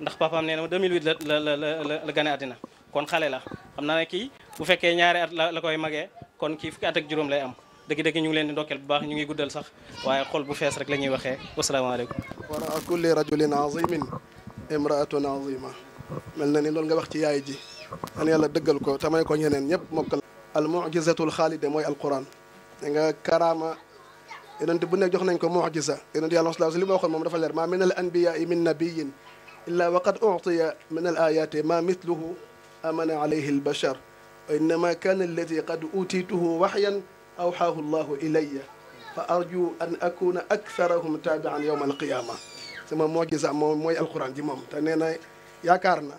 ndax papaam nee na 2008 la la la la gane àddina kon xale la xam naa ne kii bu fekkee ñaari at la la koy magee kon kii fukki at ak juróom lay am dëgg-dëgg ñu ngi leen di ndokkeel bu baax ñu ngi guddal sax waaye xol bu fees rek la wa waxee wasalaamaaleykum wara kulli rajulin azimin imraatun azima na ni loolu nga wax ci yaay ji an yàlla dëggal ko tamay ko ñeneen ñëpp mokkal al mujizatul xaalida mooy alquran da nga karaama yonent bu nekk jox nañ ko mujiza yonent yàlla sallallahu alayhi wa sallam li ma waxoon moom dafa leer ma min al anbiyaai min nabiyin illa waqad utiya min al ayaati ma mithluhu amana alayhi al bashar wa innama kana alladi qad utituhu waxyan awxaahu llahu ilaya fa arju an akuna aktharahum taabian yowma alqiyama sama mujiza moom mooy alquran ji moom te nee na yaakaar na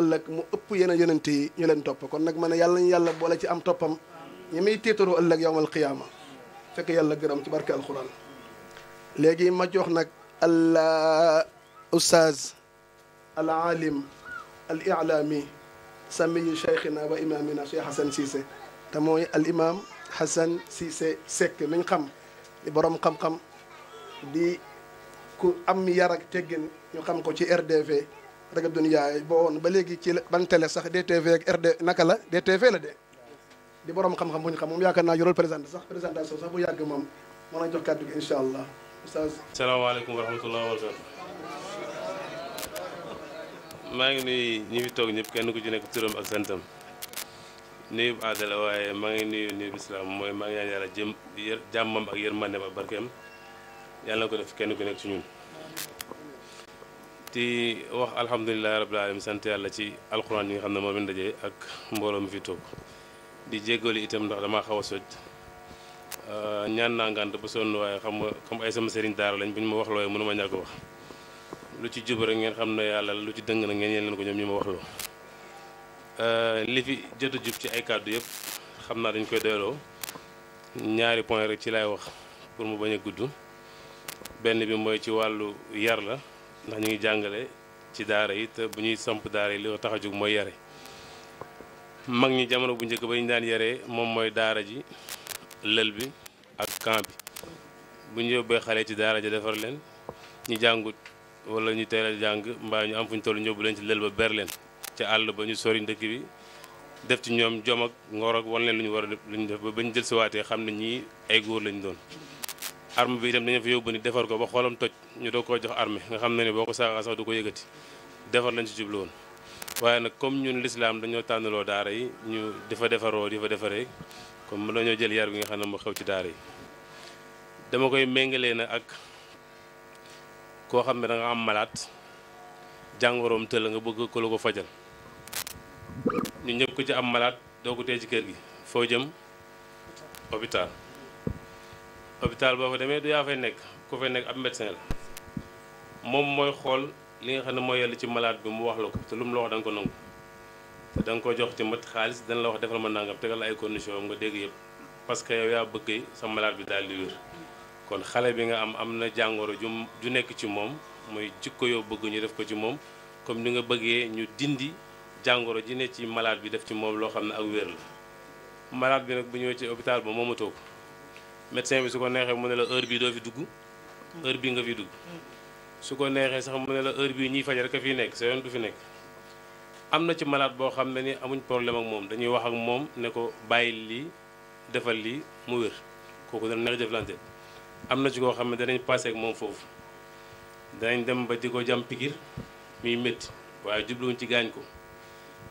ëllëg mu ëpp yeneen yonent yi ñu leen topp kon nag ma ne yàlla ñu yàlla boole ci am toppam ñi may téetaroo ëllëg yowmal qiyaama fekk yàlla gërëm ci barke alxuraan léegi ma jox nag al ustaaz al aalim al ilaami samiyi cheikhina wa imamina cheikh Hassan Cissé te mooy al imam Hassan Cissé Seck mi xam di borom xam-xam di ku am yar teggin ñu xam ko ci RDV rajo Dunia yi boo woon ba léegi ci la télé sax DTV ak RD naka la DTV la de di borom xam-xam bu xam moom yaakaar naa yorul présenté sax présentation sax bu yàgg moom mën na jox kàddu gi incha allah. salaamaaleykum wa rahmatulah maa ngi nuyu ñi toog ñëpp kenn ku ci nekk turam ak santam nuyu bu waaye maa ngi nuyu nuyu bu mooy maa ngi ñaan yàlla jëm yër jàmmam ak yërmandeem ak barkeem yàlla na ko def kenn ku nekk ci ñun. di wax alhamdulilahi rabbil alamin sant yàlla ci alquran yi nga xam ne moom dajee ak mbooloo mu fi toog di jéggoli itam ndox damaa xaw a soj euh, ñaan naa ngànt ba sonn waaye xam nga comme ay sama sëriñ daara lañ bu ñu ma wax looy mënu ma ñàkk wax lu ci jub rek ngeen xam ne yàlla lu ci dëng na ngeen yeen leen ko ñoom ñu ma wax loo euh, li fi jot a jub ci ay kàddu yëpp xam naa dañ koy doyloo ñaari point rek ci lay wax pour mu bañ a gudd benn bi mooy ci wàllu yar la ndax ñu ngi jàngale ci daara yi te bu ñuy somp daara yi li ko a jóg mooy yare mag ñi jamono bu njëkk ba ñu daan yaree moom mooy daara ji lël bi ak camp bi bu ñu yóbbee xale ci daara ji defar leen ñu jàngut wala ñu teel jàng mbaa ñu am fu ñu toll ñóbbu leen ci lël ba ber leen ca àll ba ñu sori ndëkk bi def ci ñoom jom ak ngor ak lu ñu war a lu def ba bañ jël si xam na ñii ay góor lañ doon arme bi itam dañu fa yóbbu ni defar ko ba xoolam toj ñu doog koo jox arme nga xam ne ni boo ko saaga sax du ko yëgati defar lañ ci jublu woon waaye nag comme ñun lislaam dañoo tànnaloo daara yi ñu di fa defaroo di fa defaree comme mën ñoo jël yar bi nga xam ne moo xew ci daara yi dama koy méngalee na ak koo xam ne da am malaat jàngoroom tëla nga bëgg ko la ko fajal ñu ñëpp ko ci am malaat doo ko tee ci kër gi foo jëm hôpital hôpital boo fa demee du yaa fay nekk ku fay nekk ab médecin la moom mooy xool li nga xam ne mooy yàlla ci malaat bi mu wax la ko te lu mu la wax da ko nangu te da nga ko jox ci mat xaalis dana la wax defal ma nangam tegal la ay condition nga dégg yëpp parce que yow yaa bëgg sa malaat bi daal di wér kon xale bi nga am am na jàngoro ju ju nekk ci moom mooy jikko yow bëgg ñu def ko ci moom comme ni nga bëggee ñu dindi jàngoro ji ne ci malaat bi def ci moom loo xam ne ak wér bi nag bu ñëwee ci hôpital ba moomatoo ko médecin bi su ko neexee mu ne la heure bii doo fi dugg heure bii nga fi dugg su ko neexee sax mu ne la heure bii ñuy faj rek a fiy nekk sa yoon du fi nekk am na ci malade boo xam ne ni amuñ problème ak moom dañuy wax ak moom ne ko bàyyi lii defal lii mu wér kooku dana neex jëflante am na ci koo xam ne danañ passé ak moom foofu danañ dem ba di ko jam pikir muy métti waaye jubluwuñ ci gaañ ko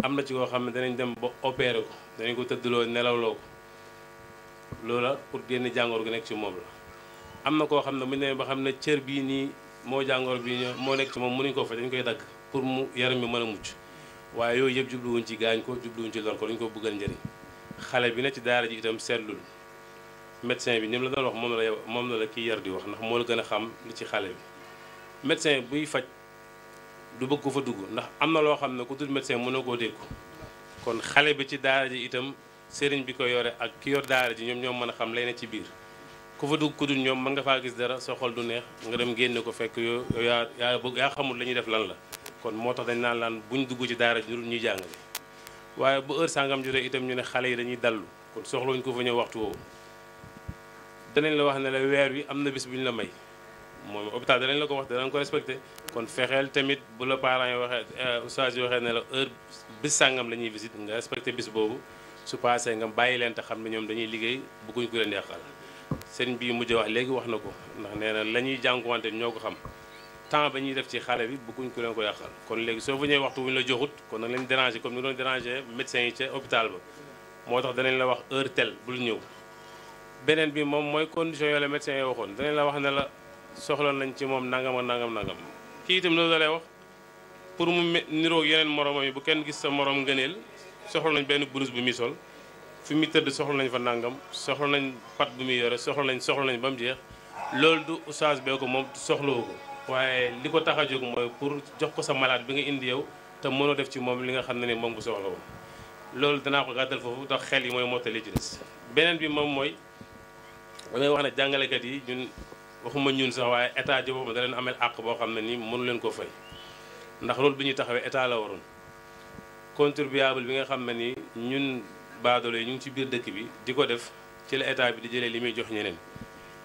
am na ci koo xam ne danañ dem ba opéré ko danañ ko tëddloo nelawloo ko loola pour génn jàngoor gi nekk ci moom la am na koo xam ne bu ñu demee ba xam ne cër bii nii moo jàngoor bii moo nekk ci moom mënuñ koo faj dañ koy dagg pour mu yaram mi mën a mucc waaye yooyu yëpp jubluwuñ ci gaañ ko jubluwuñ ci lor ko dañ ko bëggal njëriñ xale bi ne ci daara ji itam seetlul médecin bi ni mu la doon wax moom la moom la la kii yar di wax ndax moo la gën a xam li ci xale bi médecin buy faj du bëgg ko fa dugg ndax am na loo xam ne ku dul médecin mën na koo dégg sëriñ bi ko yore ak ki yor daara ji ñoom ñoom mën a xam lay ne ci biir ku fa dugg ku ñoom mën nga faa gis dara sa du neex nga dem génne ko fekk yoo yaa yaa bëgg yaa xamul la ñuy def lan la kon moo tax dañ naan laan buñ dugg ci daara ji ñu dul ñuy jàngale bu heure sàngam jotee itam ñu ne xale yi dañuy dallu kon soxlawuñ ko fa ñëw waxtu woowu danañ la wax ne la weer wi am na bis bu ñu la may moom hôpital danañ la ko wax danañ ko respecté kon fexeel tamit bu la parents yi waxee eh, oustaz yi waxee ne la heure bis sangam la ñuy visite nga respecté bis boobu su passé nga bàyyi leen te xam ne ñoom dañuy liggéey bëgguñ ku leen yàqal sëñ bi mujj wax léegi wax na ko ndax nee na la ñuy jànkuwante ñoo ko xam temps ba ñuy def ci xale bi bëgguñ ku leen ko yàqal kon léegi soo fa ñëwee waxtu wuñ la joxut kon nag lañ dérangé comme ni doon dérangé médecin yi ca hôpital ba moo tax danañ la wax heure telle bul ñëw beneen bi moom mooy condition yoo la médecin yi waxoon danañ la wax ne la soxla nañ ci moom nangam ak nangam nangam kii itam loolu la wax pour mu niroog yeneen moromam yi bu kenn gis sa morom ngëneel soxla nañ benn blouse bu muy sol fu muy tëdd soxla nañ fa nangam soxla nañ pat bu muy yore soxla nañ soxla nañ ba mu jeex loolu du oustaz bee ko moom soxlawu ko waaye li ko tax a jóg mooy pour jox ko sa malaat bi nga indi yow te mënoo def ci moom li nga xam ne ni moom bu soxla woon loolu danaa ko gàttal foofu tax xel yi mooy mottali ci des beneen bi moom mooy damay wax ne jàngalekat yi ñun waxuma ñun sax waaye état ji boppam da leen amel àq boo xam ne nii mënu leen ko fay ndax loolu bi ñuy taxawee état la waroon contribuable bi nga xam ne ni ñun baadoolo yi ñu ngi ci biir dëkk bi di ko def ci la état bi di jëlee li muy jox ñeneen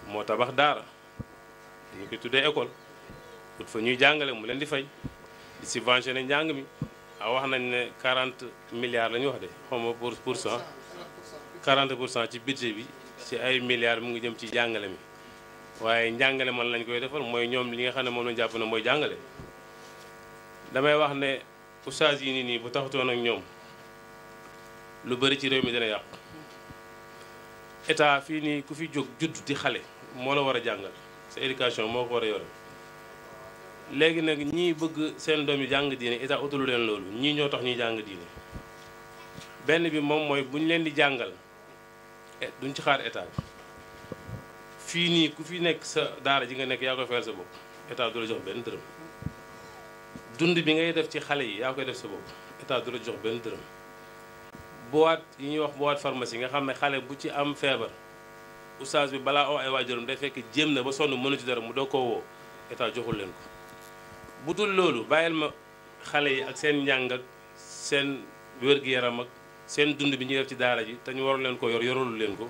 moo tabax daara ñu koy tuddee école ut fa ñuy jàngale mu leen di fay di subventionné njàng mi a ah, wax nañ ne quarante milliards la ñu wax de xawma pour pour cent 40 pour cent ci budget bi ci ay milliards mu ngi jëm ci jàngale mi waaye njàngale man lañ koy defal mooy ñoom li nga xam ne moom lañ jàpp na mooy jàngale damay wax ne oustaz yi nii nii bu taxutoon ak ñoom lu bari ci réew mi dana yàqu état fii nii ku fi jóg judd di xale moo la war a jàngal sa éducation moo ko war a yore léegi nag ñii bëgg seen doom yi jàng diine état utalu leen loolu ñii ñoo tax ñuy jàng diine benn bi moom mooy bu leen di jàngal eh, duñ ci xaar état bi fii nii ku fi nekk sa daara ji nga nekk yaa koy fayal sa bopp état du la jox benn dërëm. dund bi ngay def ci xale yi yaa koy def sa bopp état du la jox benn dërëm boîte yi ñuy wax boîte pharmacie nga xam ne xale bu ci am feebar oustaz bi balaa oo ay waajuram day fekk jéem na ba sonn mënu ci dara mu doo koo woo état joxul leen ko bu dul loolu bàyyil ma xale yi ak seen njàng ak seen wér-gu-yaram ak seen dund bi ñuy def ci daara ji te ñu waru leen ko yor yorul leen ko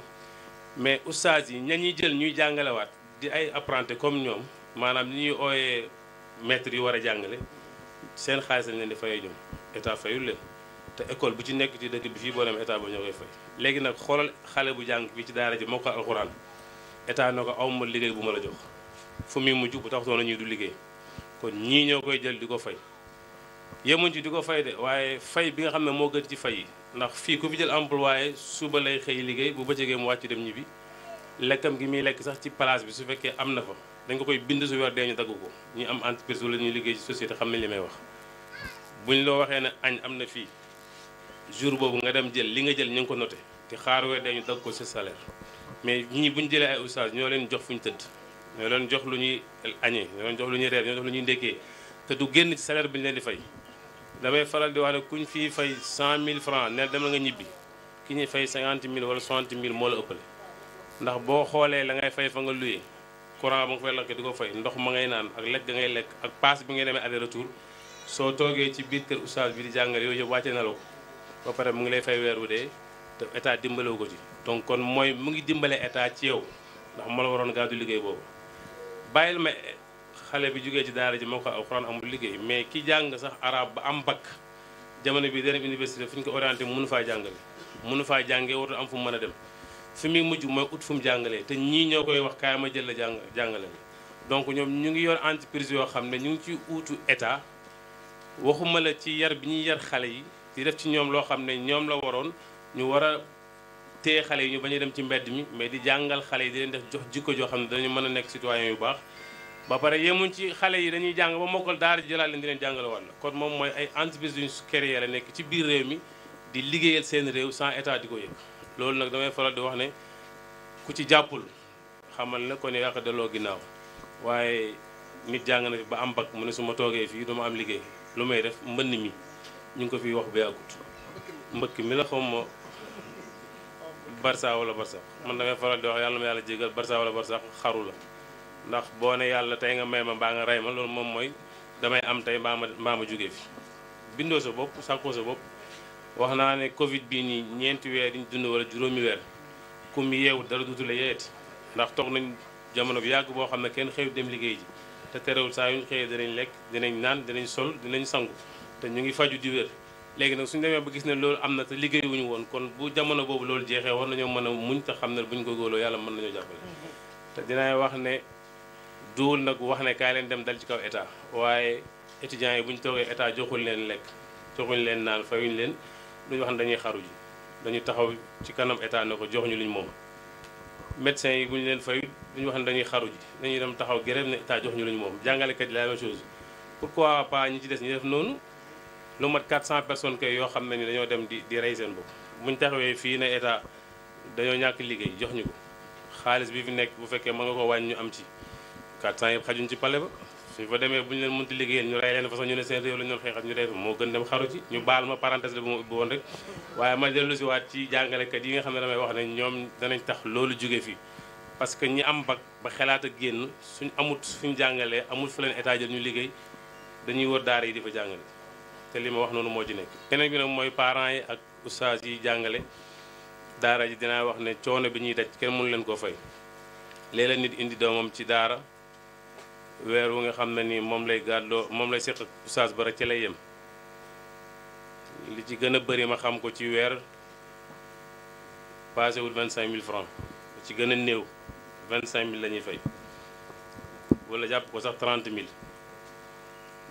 mais oustaz yi ña ñuy jël ñuy jàngalewaat di ay apprenti comme ñoom maanaam ñi ñuy ooyee maître yi war a jàngale seen xaalis lañ leen di fayee ñoom état fayul leen te école bu ci nekk ci dëkk bi fii boo demee état ba ñoo koy fay léegi nag xoolal xale bu jàng fii ci daara ji mokkal alxuraan état na ko ma liggéey bu ma la jox fu muy mujj tax too na ñuy du liggéey kon ñii ñoo koy jël di ko fay yemuñ ci di ko fay de waaye fay bi nga xam ne moo gën ci fay yi ndax fii ku fi jël employé suba lay xëy liggéey bu bëccëgee mu wàcc dem ñibbi lekkam gi muy lekk sax ci place bi su fekkee am na fa dañ ko koy bind su weer dee ñu dagg ko ñi am entreprise wala ñuy liggéey ci société xam nañ li may wax buñ loo waxee ne añ am na fii jours boobu nga dem jël li nga jël ñu ko noté te xaar weer dee ñu dagg ko sa salaire mais ñi buñ jëlee ay oustaz ñoo leen jox fuñ tëdd ñoo leen jox lu ñuy añee ñoo leen jox lu ñuy reer ñoo jox lu ñuy ndékkee te du génn ci salaire bi ñu leen di fay damay faral di wax ne kuñ fii fay mille francs ne dama nga ñibbi ki ñuy fay 50000 wala 60000 moo la ëppale ndax boo xoolee la ngay fay fa nga luyee courant ba nga fay lakk di ko fay ndox ma ngay naan ak lekk ga ngay lekk ak paas bi ngay demee aller retour soo toogee ci biir kër oustaz bi di jàngale yooyu yëpp wàcce na la ko pare mu ngi lay fay weer wu dee te état dimbalewu ko ci donc kon mooy mu ngi dimbale état ci yow ndax moo la waroon gàddu liggéey boobu bàyyil ma xale bi jógee ci daara ji moo ko alxuraan amul liggéey mais ki jàng sax arab ba am bac jamono bi dana université fu ñu ko orienté mënu faa jàngale mënu faa jàngee am fu mu mën a dem fi muy mujj mooy ut fu mu jàngalee te ñii ñoo koy wax kaay ma jël la jàng jàngale donc ñoom ñu ngi yor entreprise yoo xam ne ñu ngi ci uutu état waxuma la ci yar bi ñuy yar xale yi di def ci ñoom loo xam ne ñoom la waroon ñu war a téye xale yi ñu bañ a dem ci mbedd mi mais di jàngal xale yi di leen def jox jikko joo xam ne dañu mën a nekk citoyen yu baax ba pare yemuñ ci xale yi dañuy jàng ba mokkal daara jëlaat leen di leen jàngale woon la kon moom mooy ay entreprise la nekk ci biir réew mi di liggéeyal seen réew sans état di ko loolu nag damay faral di wax ne ku ci jàppul xamal na ko ne yàq delloo ginnaaw waaye nit jàng na fi ba am bac mu ne su ma toogee fii duma am liggéey lu may def mbënn mi ñu ngi ko fiy wax ba yàggut mbëkk mi la xaw ma barsa wala barsax man damay faral di wax yàlla ma yàlla jégal barsa wala barsax xaru la ndax boo ne yàlla tey nga may ma mbaa nga rey ma loolu moom mooy damay am tey mbaa ma mbaa ma jóge fi bindoo sa bopp sàkkoo sa bopp wax naa ne Covid bii nii ñeenti weer yiñ dund wala juróomi weer ku mu yeewu dara dutu la yeeti ndax toog nañ jamono bi yàgg boo xam ne kenn xëy dem liggéey ji te terewul saa yuñ xëyee danañ lekk dinañ naan dinañ sol dinañ sangu te ñu ngi faju di wér. léegi nag suñu demee ba gis ne loolu am na te liggéeyuñu woon kon bu jamono boobu loolu jeexee war nañoo mën a muñ te xam ne buñ ko góoloo yàlla mën nañoo jàppale. te dinaay wax ne duwul nag wax ne kaay leen dem dal ci kaw état waaye étudiants yi buñ toogee état joxul leen lekk joxuñ leen naan fayuñ leen lu duñu wax ne dañuy xaru ji dañuy taxaw ci kanam état ne ko jox ñu li ñu moom médecins yi bu ñu leen fay ñu wax ne dañuy xaru ji dañuy dem taxaw grève ne état jox ñu li moom jàngalekat yi la même chose pourquoi pas ñi ci des ñu def noonu lu mat 400 personne kay yoo xam na ni dañoo dem di di rey seen bopp buñ taxawee fii ne état dañoo ñàkk liggéey jox ñu ko xaalis bi fi nekk bu fekkee mën nga ko wàññi ñu am ci 400 yëpp xajuñ ci pale ba suñ fa demee bu ñu leen mënti liggéeyal ñu rey leen fa sax ñu ne seen réew la ñu doon xeexal ñu baal ma parenthèse la bu ma ubbi rek waaye ma dellu waat ci jàngalekat yi nga xam ne damay wax ne ñoom danañ tax loolu jóge fi parce que ñi am bac ba xalaat a génn suñ amut ñu jàngalee amut fu leen état jël ñu liggéey dañuy wër daara yi di fa jàngale te li ma wax noonu moo ci nekk beneen bi nag mooy parents yi ak oustaz yi jàngale daara ji dinaa wax ne coono bi ñuy daj kenn mënu leen koo fay ci daara weer wu nga xam na ni moom lay gàddoo moom lay séq ak Oustaz rek ci lay yem li ci gën a bëri ma xam ko ci weer passé wul vingt cinq mille francs ci gën a néew vingt cinq mille la ñuy fay wala jàpp ko sax trente mille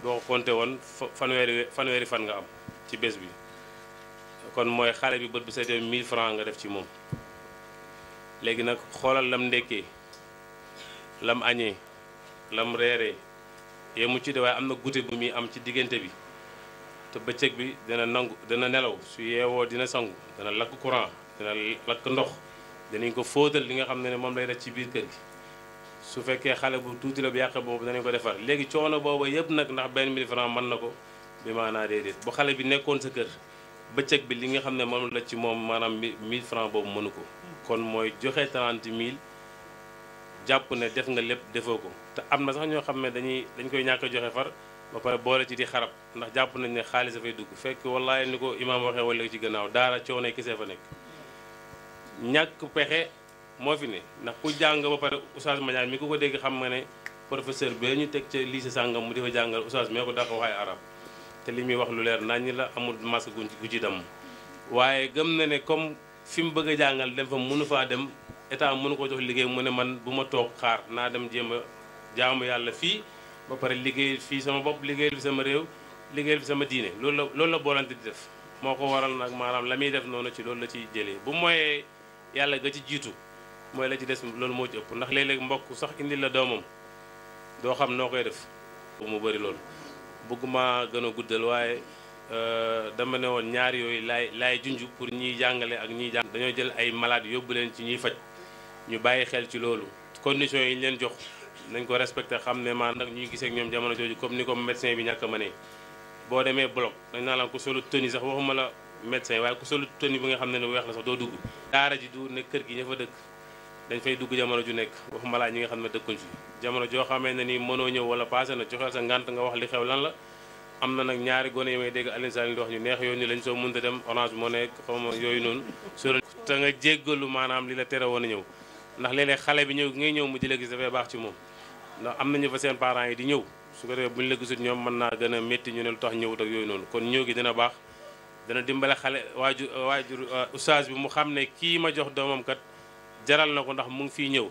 boo ko woon fanweeri fanweeri fan nga am ci bés bi kon mooy xale bi bët bu seetee mille francs nga def ci moom léegi nag xoolal lam ndekkee lam añee lam reeree yemu ci de waaye am na gute bu muy am ci diggante bi te bëccëg bi dana nangu dana nelaw su yeewoo dina sangu dina lakk courant dina lakk ndox danañ ko fóotal li nga xam ne ne moom lay def ci biir kër gi su fekkee xale bu tuuti la bu yàqe boobu danañ ko defar léegi coono booba yëpp nag ndax benn mille franc mën na ko bi maanaa bu xale bi nekkoon sa kër bëccëg bi li nga xam ne moom la ci moom maanaam mille franc boobu mënu ko kon mooy joxe trente mille jàpp ne def nga lépp defoo ko te am na sax ñoo xam ne dañuy dañ koy ñàkk a joxe far ba pare boole ci di xarab ndax jàpp nañ ne xaalis dafay dugg fekk wallaahi ni ko imaam waxee wala ci gannaaw daara coono kese moo fi ne ndax ku jàng ba pare oustaz Mañaan mi ku ko dégg xam nga ne professeur bi ñu teg ca lycée sàngam mu di fa jàngal oustaz mee ko dafa waxee arab te li muy wax lu leer nañ la amul masque gu ci damm waaye gëm na ne comme fi mu bëgg a jàngal dem fa mënu faa dem état mënu ko jox liggéey mu ne man bu ma toog xaar naa dem jéem a jaamu yàlla fii ba pare liggéey fii sama bopp liggéeyal fi sama réew liggéeyal fi sama diine loolu la loolu la boolante di def moo ko waral nag maanaam la muy def noonu ci loolu la ciy jëlee bu mooyee yàlla ga ci jiitu mooy la ci des loolu moo ci ëpp ndax léeg-léeg mbokk sax indi la doomam doo xam noo koy def mu bëri loolu bëgguma gën a guddal waaye euh, dama ne woon ñaari yooyu laay laay junj pour ñiy jàngale ak ñiy jàng dañoo jël ay malade yóbbu leen ci ñuy faj ñu bàyyi xel ci loolu conditions yi ñu leen jox nañ ko respecté xam ne maa nag ñuy gisee ñoom jamono jooju comme ni ko médecin bi ñàkk a mënee boo demee bloc dañ naa la ku solu tenue sax waxuma la médecin waaye ku solu tenue bi nga xam ne ne weex la sax doo dugg daara ji du ne kër gi ña dëkk dañ fay dugg jamono ju nekk waxuma laa ñi nga xam ne dëkkuñ fi jamono joo xamee ne ni mënoo ñëw wala passé na joxeel sa ngànt nga wax li xew lan la am na nag ñaari gone yi may dégg Alioune Sall di wax neex yoon ni lañ soo mënta dem orange moo nekk xaw yooyu noonu. te nga jéggalu maanaam li la tere woon a ñëw ndax léeg xale bi ñëw ngay ñëw mu di la gis dafay baax ci moom ndax am nañu fa seen parents yi di ñëw su ko defee bu ñu la ñoom mën naa gën métti ñu ne lu tax ak yooyu noonu kon ñëw gi baax dana dimbale xale waajur waajur euh, oustaz bi mu xam ne kii ma jox doomam kat jaral na ko ndax mu ngi fii ñëw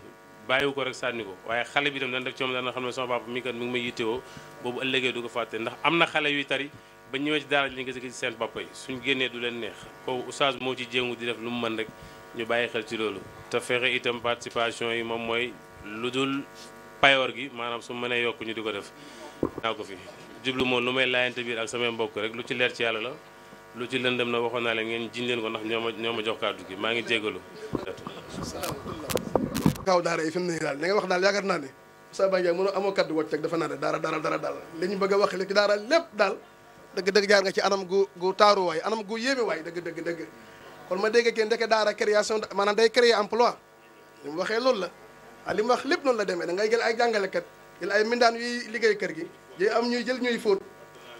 bàyyiwu ko rek sànni ko waaye xale bi tam dana def ci moom dana xam ne sama papa mi kat mi ngi may yittewoo boobu ëllëgee ko fàtte ndax am na xale yuy tari ba ñëwee ci daara li seen papa yi suñ génnee du leen neex kooku oustaz moo ci jéngu di def lu mu mën rek ñu bàyyi xel ci loolu te fexe itam participation yi moom mooy lu dul payoor gi maanaam su mënee yokk ñu di ko def naa ko fi jublu moom lu may laayante biir ak samay mbokk rek lu ci leer ci yàlla la lu ci lëndëm na waxoon naa leen ngeen jiñ leen ko ndax ñoo ma ñoo ma jox kàddu gi maa ngi jégalu. kaw daara yi fi mu ne daal li nga wax daal yaakaar naa ne Moussa Baye Ndiaye mënoo amoo kàddu wàcc rek dafa naa ne daara daara daara daal li ñu bëgg a wax li ci daara lépp daal dëgg dëgg jaar nga ci anam gu gu taaru waay anam gu yéeme waay dëgg dëgg dëgg kon ma dégg kenn ndeke daara création maanaam day créer emploi li mu waxee loolu la ah li wax lépp noonu la demee da ngay jël ay jàngalekat jël ay liggéey kër gi yooyu am ñuy jël ñuy fóot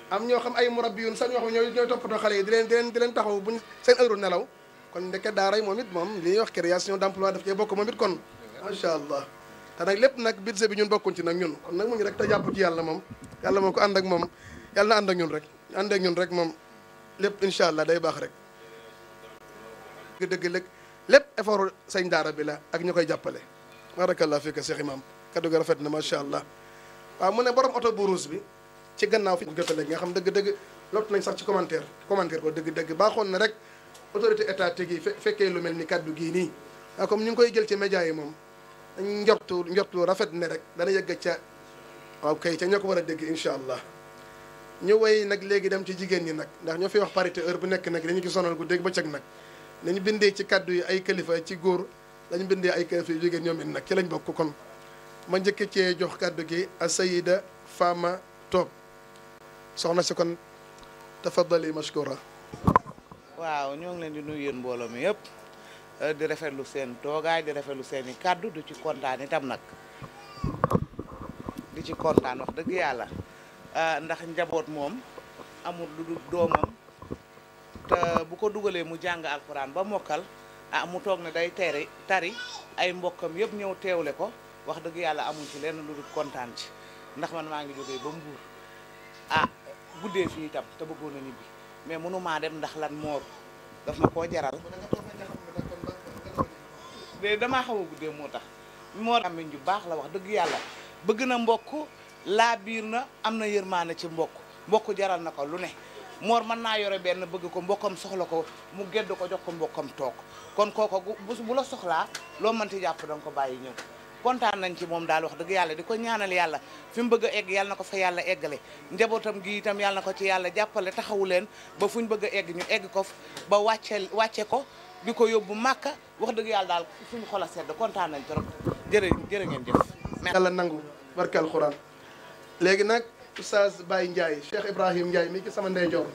am ñoo xam ay murabbi yun sax ñoo xam ñooy ñooy toppatoo xale yi di leen di leen di leen taxaw buñ seen heure nelaw kon ndeke daara yi moom it moom li ñuy wax création d' emploi daf cee bokk moom it kon macha allah te nag lépp nag budget bi ñun bokkuñ ci nag ñun kon nag mu rek te jàpp yàlla moom yàlla moom ko ànd ak moom yàlla na ànd ak ñun rek ànd ak ñun rek moom lépp incha allah baax rek dëgg lëg lépp effortu sëñ daara bi la ak ñu koy jàppale barakallah fii ka Cheikh Imam kaddu gi rafet na macha allah waaw mu ne borom oto bu rouge bi ci gannaaw fi jotale nga xam dëgg-dëgg lottu nañ sax ci commentaire commentaire ko dëgg-dëgg baaxoon na rek autorité étatique yi fekkee lu mel ni kaddu gii nii waaw comme ñu ngi koy jël ci média yi moom njortu njortu rafet ne rek dana yëgg ca waaw kay ca ñoo ko war a dëgg incha allah ñu woy nag léegi dem ci jigéen ñi nag ñoo fi wax parité heure bu nekk nag dañu ci sonal gu dégg bëccëg nag nañu bindee ci kàddu yi ay kilifa ci góor lañu bindee ay kilifa yu jógee ñoom it nag ci lañ bokk kon ma njëkk cee jox kàddu gi sayida Fama toog soxna si kon tafadali mashkura waaw ñoo ngi leen di nuyu yéen mbooloo mi yëpp eh, di rafetlu seen toogaay di rafetlu seen i kàddu di ci kontaan itam nag di ci kontaan wax dëgg yàlla eh, ndax njaboot moom amul lu dul doomam bu ko dugalee mu jàng alxuraan ba mokkal a ah, mu toog na day teere tari ay mbokkam yëpp ñëw teewle ko wax dëgg yàlla amuñ ci lenn lu dul kontaan ci ndax man maa ngi jógee ba Mbuur ah guddee fii itam te bëggoon na mais mënumaa dem ndax lan moor daf ma koo jaral mais damaa xaw a guddee moo tax moor amin ju baax la wax dëgg yàlla bëgg na mbokk laa biir na am na yërmaane ci mbokk mbokk jaral na ko lu ne moor mën naa yore benn bëgg ko mbokkam soxla ko mu gedd ko jox ko mbokkam toog kon kooko bu la soxlaa loo mënti jàpp danga ko bàyyi ñëw kontaan nañ ci moom daal wax dëgg yàlla di ko ñaanal yàlla fi mu bëgg a egg yàlla na ko fa yàlla eggale njabootam gi itam yàlla ko ci yàlla jàppale taxawu leen ba fu ñu bëgg egg ñu egg ko ba wàcce wàcce ko di ko yóbbu màkka wax dëgg yàlla daal suñu xol a sedd kontaan nañ trop jërë jërë ngeen jëf yàlla nangu barke alxuraan léegi nag oustaz Baye Ndiaye Cheikh Ibrahim Ndiaye mi ci sama ndeyjoor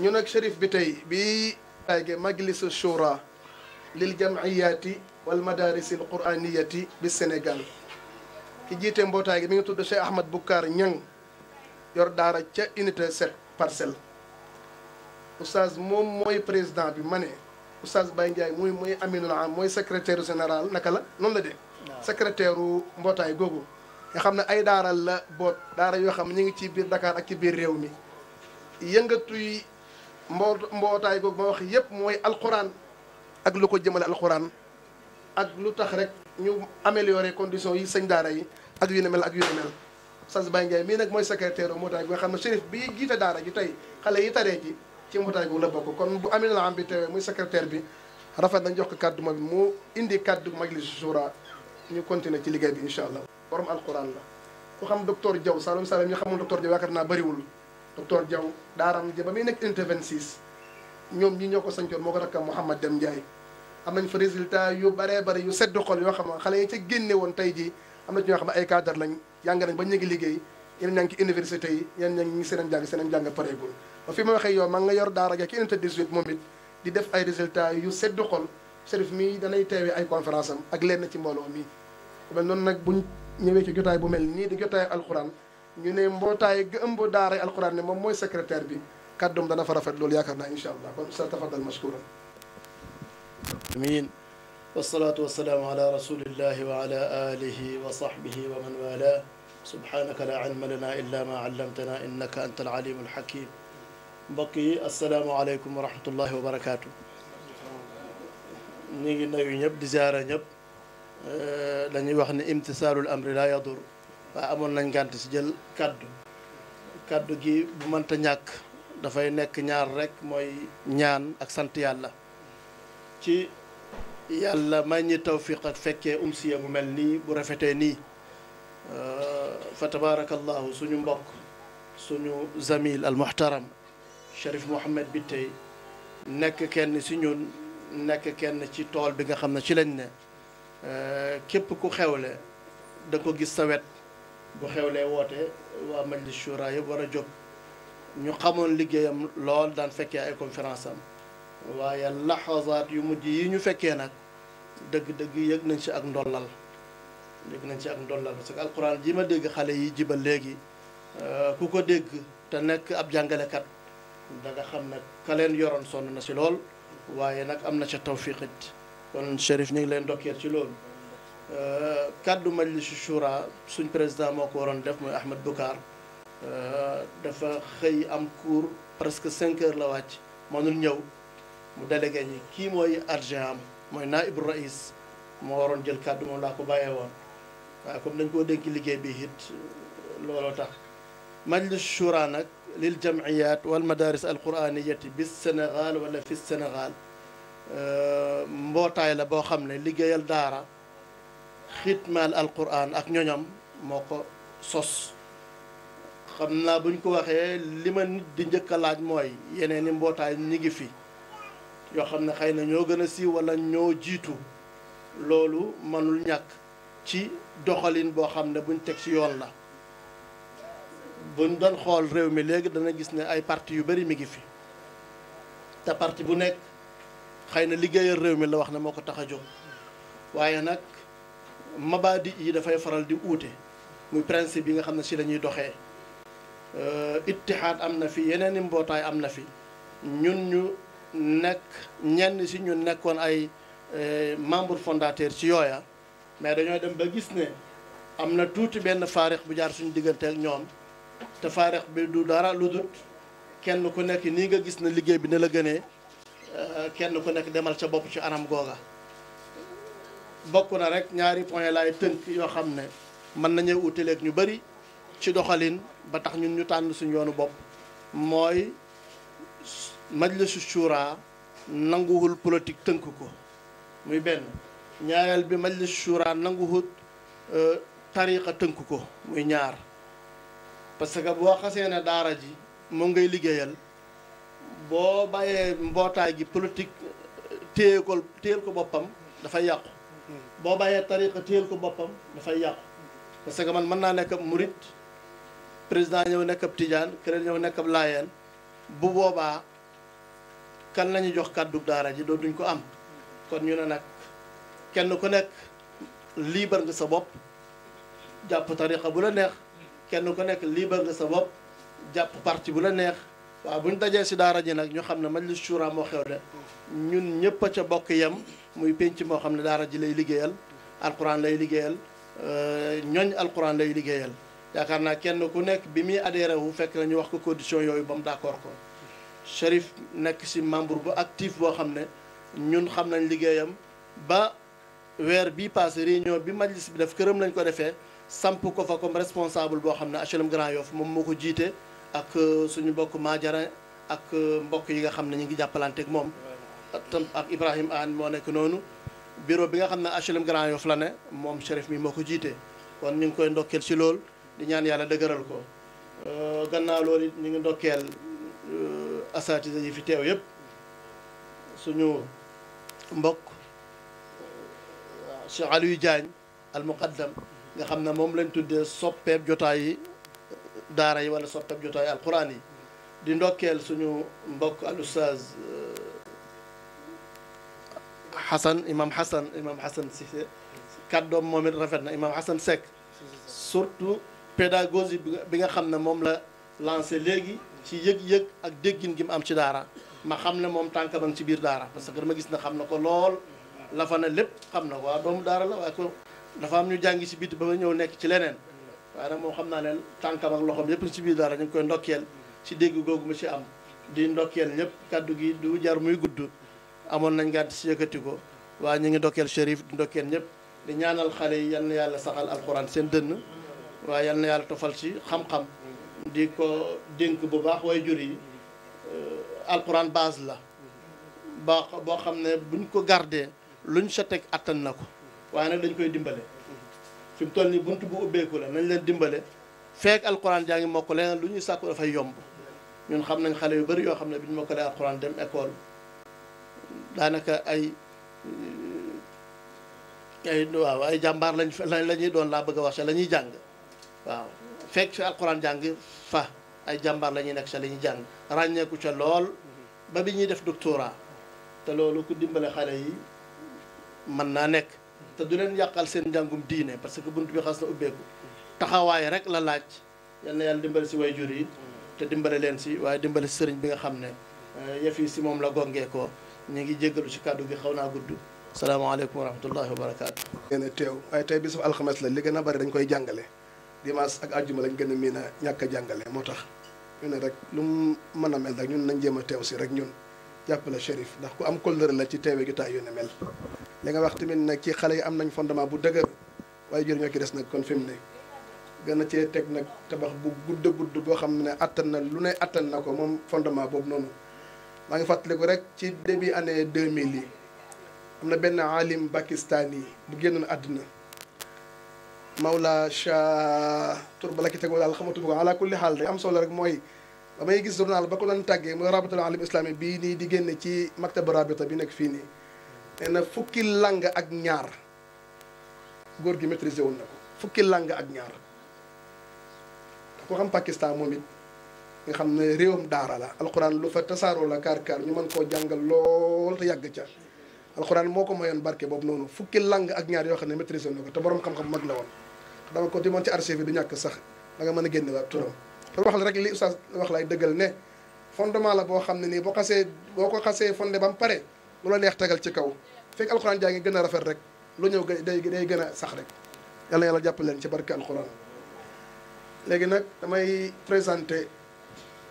ñu nag shérif bi tey bi ayge majlisu shura lil jamiyati wal madaris al quraniyati bi Sénégal ki jiite mbootaay gi mi ngi tudd Cheikh Ahmad Boucar Niang yor daara ca unité 7 parcelle oustaz moom mooy président bi ma ne oustaz Baye Ndiaye muy mooy aminul am mooy secretaire général naka la noonu la de secrétaire mbootaay googu xam ne ay daara la boot daara yoo xam ne ñu ngi ci biir dakaar ak ci biir réew mi yëngatuy mbo mbootaay googu ma wax yëpp mooy alxuraan ak lu ko jëmale alxuraan ak lu tax rek ñu améliorer condition yi sëñ daara yi ak yu ne mel ak yu ne mel Sass Baye mooy secrétaire mbootaay bi nga xam ne chérif bi jiite daara ji tey xale yi taree ji ci mbootaay googu la bokk kon bu amee la am bi teewee muy secrétaire bi rafet nañ jox ko kàddu bi mu indi kàddu majlis shura ñu continuer ci liggéey bi incha allah borom alquran la ku xam docteur Diaw Saloum Saloum ñu xamul docteur Diaw yaakaar naa bëriwul docteur Diaw daaram ja ba muy nekk unité ñoom ñi ñoo ko sancoon moo ko rakkam Mouhamad Dem Ndiaye am nañ fa résultat yu baree bari yu sedd xol yoo xam ne xale yi ca génne woon tey jii am na ci ñoo xam ne ay cadre lañ jàng nañ ba ñu ngi liggéey yeneen ñaa ngi ci université yi yeneen ñaa ngi seeneen jàng seeneen jàng pareegul ba fi ma waxee yow nga yor daara ja yu sedd xol Chérif mii danay teewee ay conférence am ak lenn ci mbooloo mi mel noonu nag buñ ñëwee ci jotaay bu mel nii di jotaay alxuraan ñu ne mbootaay ga ëmb daaray alxuraan ne moom mooy secrétaire bi kàddum dana fa rafet loolu yaakaar naa incha allah kon sa tafadal mashkuran amin wasalaatu wasalaamu ala rasulillahi wa ala alihi wa sahbihi wa man wala subhanaka la ilma lana illa ma allamtana innaka anta alalim alhakim mbokk yi asalaamu aleykum wa rahmatullahi wa barakaatu ñu ngi nuyu ñëpp di ziara ñëpp Euh, dañuy wax ne imtisaalul amri laa yadur waaye amoon nañ ngànt si jël kàddu kàddu gi bu mënta ñàkk dafay nekk ñaar rekk mooy ñaan ak sant yàlla ci yàlla may ñi tawfiq ak fekkee umsiya bu mel nii bu rafetee nii euh, fa tabaarakallahu suñu mbokk suñu zamil al muhtaram Cherif bi Biteye nekk kenn si ñun nekk kenn ci tool bi nga xam ne ci lañ ne Euh, képp ku xewle da ko gis sa wet bu xewlee woote waa majlis shura yëpp war a jóg ñu xamoon liggéeyam lool daan fekkee ay conférence am waaye laxasaat yu mujj yi ñu fekkee nag dëgg-dëgg yëg nañ ci ak ndollal yëg nañ ci ak ndollal parce que alquran ji ma dégg xale yi jibal léegi euh, ku ko dégg te nekk ab jàngalekat da nga xam ne ka leen yoroon sonn na ci lool waaye nag am na ca tawfiqit kon Chérif ñu ngi leen dokkeel ci loolu euh, kaddu majlisu shura suñ président moo ko waroon def mooy Ahmed Boucar euh, dafa xëy am cours presque cinq heures la wàcc mënul ñëw mu délégué ñi kii mooy argent mooy naïbu raïs moo waroon jël kaddu moom laa ko bàyyee woon waaw comme dañ koo dénk liggéey bii it looloo tax majlis shura nag lil jamiyat wal madaris al quraniyati bis Sénégal wala fi Sénégal Euh, mbootaay la boo xam ne liggéeyal daara xitmaal alquran ak ñoñam moo ko sos xam naa buñ ko waxee li ma nit di njëkk a laaj mooy yeneen i mbootaay ñi ngi fi yoo xam ne xëy na ñoo gën a siiw walla ñoo jiitu loolu mënul ñàkk ci doxalin boo xam ne buñ teg ci yoon la buñ doon xool réew mi léegi dana gis ne ay parti yu bari mi ngi fi te parti bu nekk xëy na liggéeyal réew mi la wax na moo ko tax a jóg waaye nag mabaadi yi dafay faral di uute muy principe yi nga xam ne si la ñuy doxee euh, ittihaad am na fi yeneen i mbootaay am na fi ñun ñu nekk ñenn si ñu nekkoon ay euh, membre fondateur ci yooya mais dañoo dem ba gis ne am na tuuti benn faarix bu jaar suñu diggante ak ñoom te faarix bi du dara lu dut kenn ku nekk nii nga gis na liggéey bi ne la gënee Euh, kenn ku nekk demal sa bopp ci anam googa bokk na rek ñaari point laay tënk yoo xam ne mën nañu utaleeg ñu bari ci doxalin ba tax ñun ñu tànn suñ yoonu bopp mooy majlisu shura nanguwul politique tënk ko muy benn ñaareel bi majlisu shura nanguwul euh, tariqa tënk ko muy ñaar parce que boo xasee ne daara ji moom ngay liggéeyal boo bàyyee mbootaay gi politique téye ko téyel ko boppam dafay yàqu boo bàyyee tariqa téyel ko boppam dafay yàqu parce que man mën naa nekk ab murit président ñëw nekk ab tijaan keneen ñëw nekk ab laayeen bu boobaa kan nañu jox kàddu daara ji doo duñ ko am kon ñu ne nag kenn ku nekk liibar nga sa bopp jàpp tariqa bu la neex kenn ku nekk liibar nga sa bopp jàpp parti bu la neex waaw bu ñu dajee si daara ji nag ñu xam ne majlis shura moo xew de ñun ñëpp a ca bokk yam muy penc moo xam ne daara ji lay liggéeyal alquran lay liggéeyal euh, ñooñ alquran lay liggéeyal yaakaar naa kenn ku nekk bi muy adhéré wu fekk na ñu wax ko condition yooyu ba mu d'accord ko Chérif nekk si membre bu actif boo xam ne ñun xam nañ liggéeyam ba weer bi passé réunion bi majlis bi def këram lañ ko defee samp ko fa comme responsable boo xam ne HLM Grand Yoff moom moo ko jiite ak euh, suñu mbokk Madiara ak euh, mbokk yi nga xam ne ñu ngi jàppalanteeg moom tam ak Ibrahim Anne moo nekk noonu bureau bi nga xam ne HLM Grand Yoff la ne moom Chérif mi moo ko jiite kon ñu ngi koy ndokkeel ci lool di ñaan yàlla dëgëral ko euh, gannaaw lool it ñu ngi ndokkeel asatise yi fi teew yëpp suñu mbokk Cheikh Aliou Diagne al muqaddam nga xam ne moom lañ tuddee soppeeb jotaay daara yi wala sottab jotaay alquran yi di ndokkeel suñu mbokk al ustaz euh, Xasan imam Xasan imam Xasan Cissé kàddoom moom it rafet na imam Xasan Seck surtout pédagogie bi nga xam ne moom la lancé léegi ci yëg-yëg ak déggin gi mu am ci daara ma xam ne moom tànkam ci biir daara parce que dama gis na xam na ko lool la fa lépp xam na waa doomu daara la waaye ko dafa am ñu jàngi ci biti ba ñëw nekk ci leneen waaye nag moom xam naa ne tànkam ak loxoom yëpp ci biir daara ñu ngi koy ndokkeel ci dégg googu mu ci am di ndokkeel ñëpp kaddu gi du jar muy gudd amoon nañ gàtt si yëkkati ko waaye ñu ngi ndokkeel Chérif di ndokkeel ñëpp di ñaanal xale yi yal na yàlla saxal alxuraan seen dënn waaye yal na yàlla tofal ci xam-xam di ko dénk bu baax way jur yi euh, alxuraan base la ba boo xam ne buñ ko gardee luñ sa teg àttan na ko waaye nag dañ koy dimbale fi mu toll nii bunt bu ubbeeku la nañ leen dimbale feek alxuraan jaa ngi mokk leneen lu ñuy sàkku dafay yomb ñun xam nañ xale yu bari yoo xam ne bi ñu mokkalee alxuraan dem école daanaka ay ay waaw jàmbaar lañ la ñuy doon laa bëgg a wax sa la ñuy jàng waaw fekk fi alxuraan jàng fa ay jàmbaar lañuy nekk sa la jàng ràññeeku ca lool ba bi ñuy def doctorat te loolu ku dimbale xale yi mën naa nekk te du leen yàqal seen njàngum diine parce que bunt bi xas na ubbeeku taxawaay rek la laaj yal na yàlla dimbali si way jur yi te dimbale leen si waaye dimbale si sëriñ bi nga xam ne eh, yëf si moom la gongee ko ñu ngi jéggalu si kàddu gi xaw naa gudd salaamaaleykum wa rahmatullahi wa barakaatu ngeen teew waaye tey bisu alxames la li gën a bari dañ koy jàngale dimanche ak àjjuma lañ gën a miin a ñàkk a jàngale moo tax ñu ne rek lu mu mën a mel rek ñun nañ jéem a teew si rek ñun jàppale Chérif ndax ku am kóllëre la ci teewe gi taay yu ne li nga wax tamit nag ci xale yi am nañ fondement bu dëgër waaye jur ñoo ci des nag kon fi mu ne gën a cee teg nag tabax bu gudd gudd boo xam ne àttan na lu ne àttan na ko moom fondement boobu noonu maa ngi fàttaliku rek ci début année 2000 yi am na benn alim pakistan yi bu na àddina Mawla Shah tur bala ki tegu xamatu ko ala kulli xaal am solo rek mooy ba may gis journal ba ko doon tàggee mooy rabatul alim islami bii nii di génne ci maktab rabita bi nekk fii nii nee na fukki lang ak ñaar góor gi maîtriser woon na ko lang ak ñaar da ko xam Pakistan moom it nga xam ne réewam daara la alxuraan lu fa tasaaroo la kaar kaar ñu mën koo jàngal lool te yàgg ca alxuraan moo ko mayoon barke boobu noonu fukki lang ak ñaar yoo xam ne maîtriser woon na ko te borom xam-xam mag la woon dama ko demoon ci archive bi du ñàkk sax da nga mën a génne waat turam te wax la rek li oustaz wax lay dëggal ne fondement la boo xam ne nii boo xasee boo ko xasee fonde ba mu pare lu la neex tegal ci kaw fekk alxuraan jaa ngi gën a rafet rek lu ñëw day day gën a sax rek yàlla yàlla jàpp leen ci barke alxuraan léegi nag damay présenté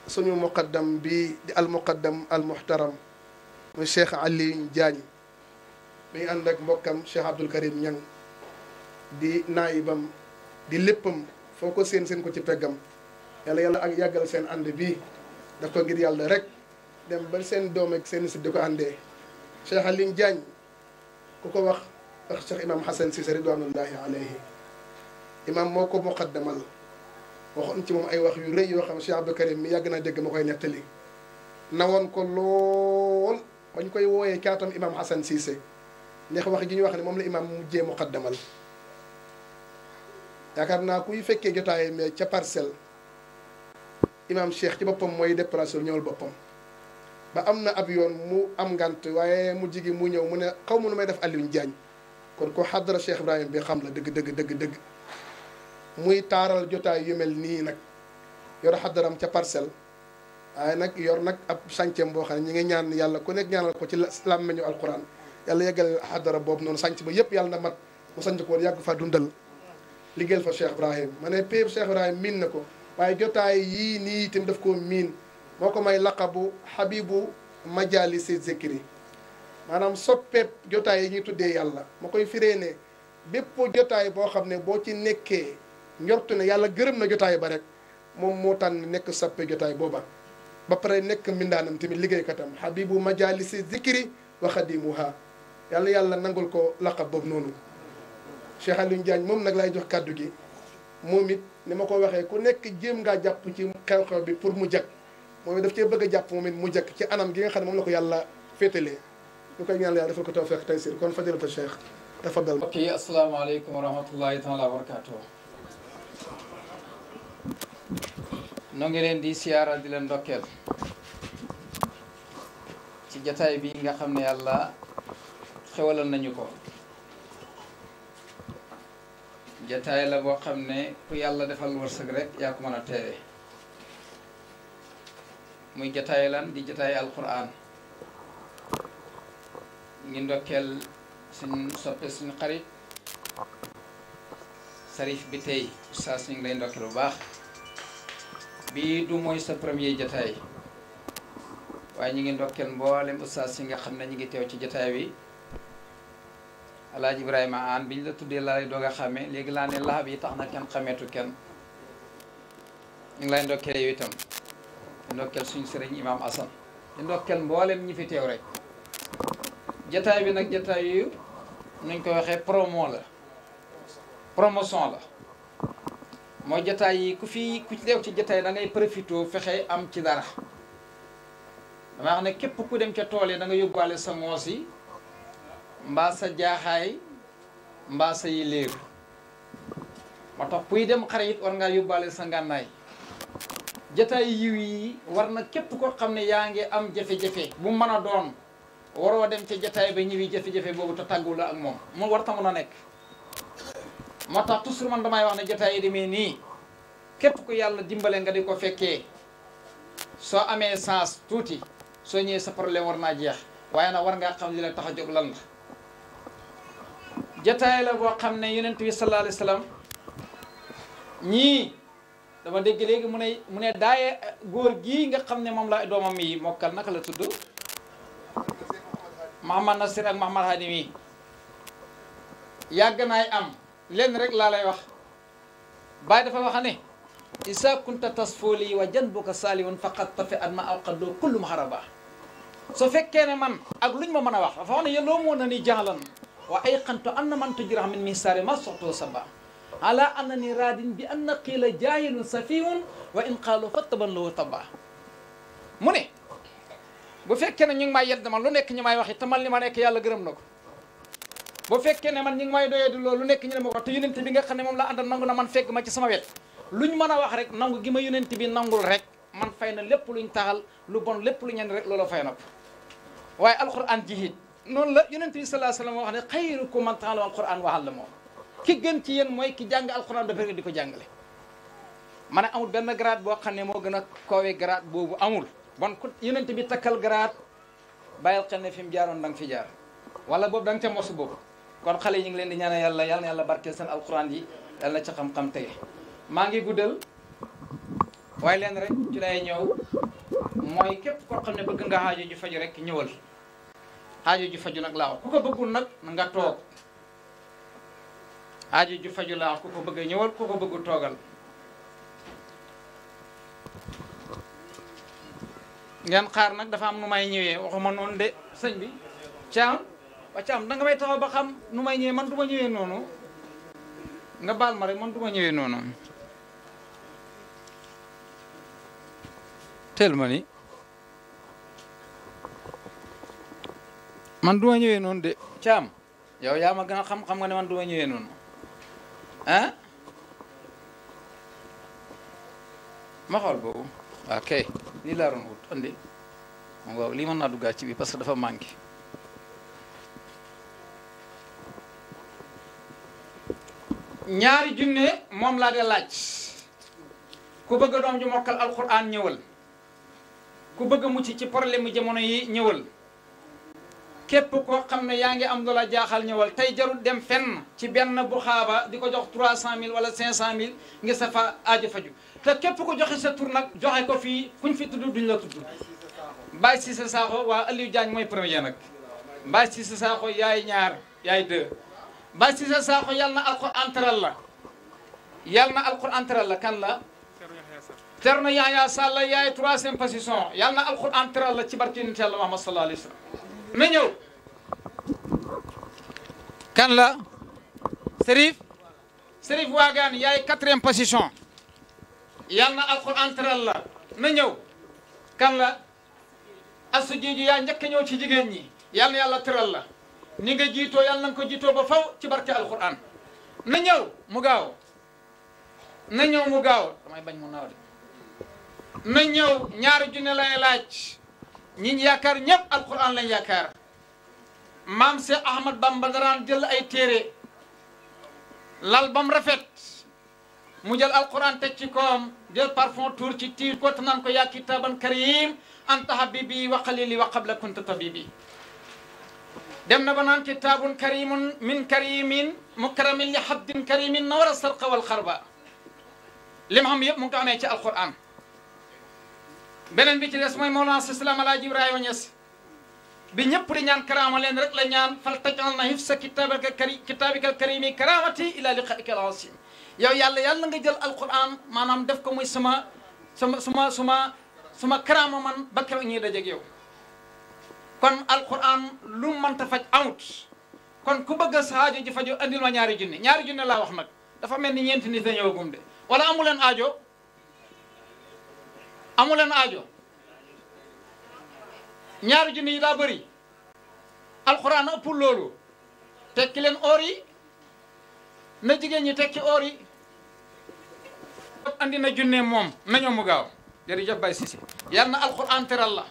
suñu muqaddam bi di almuqaddam almuhtaram muy Cheikh Alioune Diagne mi ànd ak mbokkam Cheikh Abdoul Karim ñaŋ di naayibam di léppam foo ko seen seen ko ci peggam yàlla yàlla ak yàggal seen ànd bi daf ko ngir yàlla rek dem ba seen doom ak seen si di ko àndee Cheikh Alioune Diagne ku ko wax ak Cheikh Imam Hassan Cissé ridwanullahi alayhi imam moo ko muqaddamal waxoon ci moom ay wax yu rëy yoo xam Cheikh Abdou Karim mi yàgg naa dégg ma koy nettali nawoon ko lool bañ koy wooyee caatam imam Hassan Cissé ndax wax gi ñu wax ne moom la imam mujjee muqaddamal yaakaar naa kuy fekkee jotaay mais ca parcelle imam Cheikh ci boppam mooy déplacé ñëwal boppam ba am na ab yoon mu am ngànt waaye mu jigi mu ñëw mu ne xaw ma nu may def Alioune jaañ kon ko xadara Cheikh Ibrahim bi xam la dëgg dëgg dëgg dëgg muy taaral jotaay yu mel nii nag yor xadaram ca parcelle waaye nag yor nag ab sànceem boo xam ne ñu ngi ñaan yàlla ku nekk ñaanal ko ci làmmeñu alquran yàlla yeggal xadara boobu noonu sànc ba yëpp yàlla na mat mu sànc ko woon yàgg fa dundal liggéeyal fa Cheikh Ibrahim ma ne péeb Ibrahim miin na ko waaye jotaay yii nii itam miin moo ko may laqabu habibu majalisi zikri maanaam soppeeb jotaay yi ñuy tuddee yàlla moo koy firee ne bépp jotaay boo xam ne boo ci nekkee njortu ne yàlla gërëm na jotaay ba rek moom moo tànn nekk soppe jotaay booba ba pare nekk mbindaanam tamit liggéeykatam habibu majalisi zikri mu xadimuha yàlla yàlla nangul ko laqab boobu noonu Cheikh Alioune Diagne moom nag lay jox kàddu gi moom it ni ma ko waxee ku nekk jéem ngaa jàpp ci xew-xew bi pour mu jag moom it daf cee bëgg a jàpp moom mu jekk ci anam gi nga xam ne moom la ko yàlla féetalee ñu koy ñaan yàlla defal ko tawfeex taysir kon fadilatu cheikh tafadal mbokk yi asalaamaaleykum wa rahmatullahi taala wa barakaatu noo ngi leen di siyaara di leen ndokkeel ci jataay bi nga xam ne yàlla xewalal nañu ko jataay la boo xam ne ku defal wërsëg rek yaa ko mën a teere muy jataay lan di jataay alquran ngi ndokkeel suñ soppe suñ xarit sarif bi tey saa su ngi lay ndokkeel bu baax bii du mooy sa premier jataay waaye ñu ngi ndokkeel mboolem ustaas yi nga xam ne ñu ngi teew ci jataay bi alaaji ibrahima aan bi ñu la tuddee laa lay doog a xàmme léegi laa ne laab yi tax na kenn xameetu kenn ñu ngi lay ndokkeel yow itam ndokkeel suñu sëriñ imaam Assane di ndokkeel mboolem ñi rek jataay bi nag jataay yu nuñ waxee promo la promotion la mooy jataay yi ku fi ku ci deew ci jataay da ngay fexe am ci dara dama wax ne képp ku dem ca tool yi da nga yóbbaale sa moos yi mbaa sa jaaxaay mbaa sa yi léer moo tax kuy dem xare it war ngaa yóbbaale sa ngànnaay jataay yiw yi war na képp koo xam ne yaa ngi am jafe-jafe bu mën a doon waroo dem ca jataay ba ñëwi jafe-jafe boobu te tàggu la ak moom mu war ta mën a nekk moo tax toujours man damay wax ne jataay yi nii képp ku yàlla dimbale nga di ko fekkee soo amee sens tuuti soo ñëwee sa problème war naa jeex waaye nag war ngaa xam li la tax a jóg lan la jataay la boo xam ne yonent bi sallallahu alayhi wasallam ñii dama dégg léegi mu ne mu ne daaye góor gii nga xam ne moom la doomam mi mokkal naka la tudd Mahamad Nasir ak Mahamad Hadi mi yàgg naay am lenn rek laa lay wax Baye dafa wax ne isa kunta tasfoli wa janbuka salimun faqad tafi at ma awqadoo kullu muharaba so fekkee ne man ak luñ ma mën a wax dafa wax ne yelloo moo na ni jaalan wa ay xanto am na man tujjirax min misaari ma soxtoo sa ba ala annani raadin bi anna qiila jaahilun safihun wa in qaalu fattaban lahu tabaa mu ne bu fekkee ne ñu ngi may yedd man lu nekk ñu may waxi te man li ma nekk yàlla gërëm na ko bu fekkee ne man ñu ngi may doyee di loolu lu nekk ñu ne ma ko te yonent bi nga xam ne moom la àndal nangu na man fekk ma ci sama wet luñ mën a wax rek nangu gi ma yonent bi nangul rek man fay na lépp luñ taxal lu bon lépp lu ñen rek loolu fay na ko waaye alquran jihid noonu la yonent bi sallallahu alayhi wa sallam wax ne xayrukum man ta'allama alquran wa allamahu ki gën ci yéen mooy ki jàng alxuraan ba pare di ko jàngale ma amul benn grade boo xam ne moo gën a koowe grade boobu amul bon ku yonent bi takkal grade bàyyil xel ne fi mu jaaroon dang nga fi jaar wala boobu da nga ca mosu boobu kon xale yi ñu ngi leen di ñaanal yàlla yàlla na yàlla barkeel seen alxuraan yi yàlla na ca xam-xam tey maa ngi guddal waaye leen rek ci lay ñëw mooy képp koo xam ne bëgg nga xaajo ju rek ñëwal xaajo ju faju nag laaw ku ko bëggul aajo ju faju laa ku ko bëgg a ñëwal ku ko bëgg toogal ngeen xaar nag dafa am nu may ñëwee ma noonu de sëñ bi caam wa caam da nga may taxaw ba xam nu may ñëwee man du ma ñëwee noonu nga baal ma rek man du ma ñëwee noonu teel ma ni man du ma ñëwee noonu de caam yow yaa ma gën xam xam nga ne man du ma ñëwee noonu ah ma xool boobu waaw kay lii laa doon wut andi waaw lii duggaat ci bi parce que dafa manqué ñaari junne moom laa de laaj ku bëgg doom ju mokkal alquran ñëwal ku bëgg mucc ci problème mu jamono yi ñëwal képp koo xam ne yaa ngi am lu la jaaxal ñëwal tey jarul dem fenn ci benn bu xaaba di ko jox trois cent mille wala 500000 ngir sa fa aajo faju te képp ko joxe sa tur nag joxe ko fii kuñ fi tudd duñ la tudd Baye sa Sakho waa alli Diagne mooy premier nag Baye sa Sakho yaay ñaar yaay deux Baye Cissé Sakho yal na alxuraan teral la yal na alxuraan teral la kan la Thierno Yahya Sall yaay troisième position yal na alxuraan teral la ci barke Yonent Yàlla Muhammad sallallahu alayhi wa sallam na ñëw kan la Serif Serif waagaan yaay quatrième position yal na alxuraan teral la na ñëw kan la asu jiiju yaa njëkk ñëw ci jigéen ñi yal na yàlla teral la ni nga jiitoo yal na nga ko jiitoo ba faw ci barke alxuraan na ñëw mu gaaw na ñëw mu gaaw damay bañ mu naaw de na ñëw laaj ñiñ yaakaar ñëpp alquran lañ yaakaar maam Cheikh Ahmad Bamba daraan jël ay téere lal bam rafet mu jël alquran teg ci koom jël parfum tour ci tiir ko te naan ko yaa kitaaban karim anta habibi wa xalili wa qabla kunta tabibi dem na ba naan kitaabun karimun min karimin mukramin li habdin karimin a sarqa wal xarba li mu xam yëpp mu ngi ko amee ci alquran beneen bi ci des mooy Mawlana Sislam Alaaji Ibrahima bi ñëpp ñaan karaama leen rek la ñaan fal tajal na hif sa kitaabika kari kitaabika karimi karaamati ila liqaika alasim yow yàlla yàlla nga jël alquran maanaam def ko muy sama sama suma suma suma karaama man ba keroog ñuy dajeeg yow kon alquran lu mënta faj amut kon ku bëgg sa aajo ji fajo andil ma ñaari junne ñaari junne laa wax nag dafa mel ni ñeenti nit a ñëwagum de wala amu leen aajo amu leen aajo ñaari junni yi daa bëri alxuraan ëpp loolu tekki leen oor yi na jigéen ñi tekki oor yi andi na junne moom nañoo mu gaaw jërëjëf Baye Cissé yal na alxuraan teral la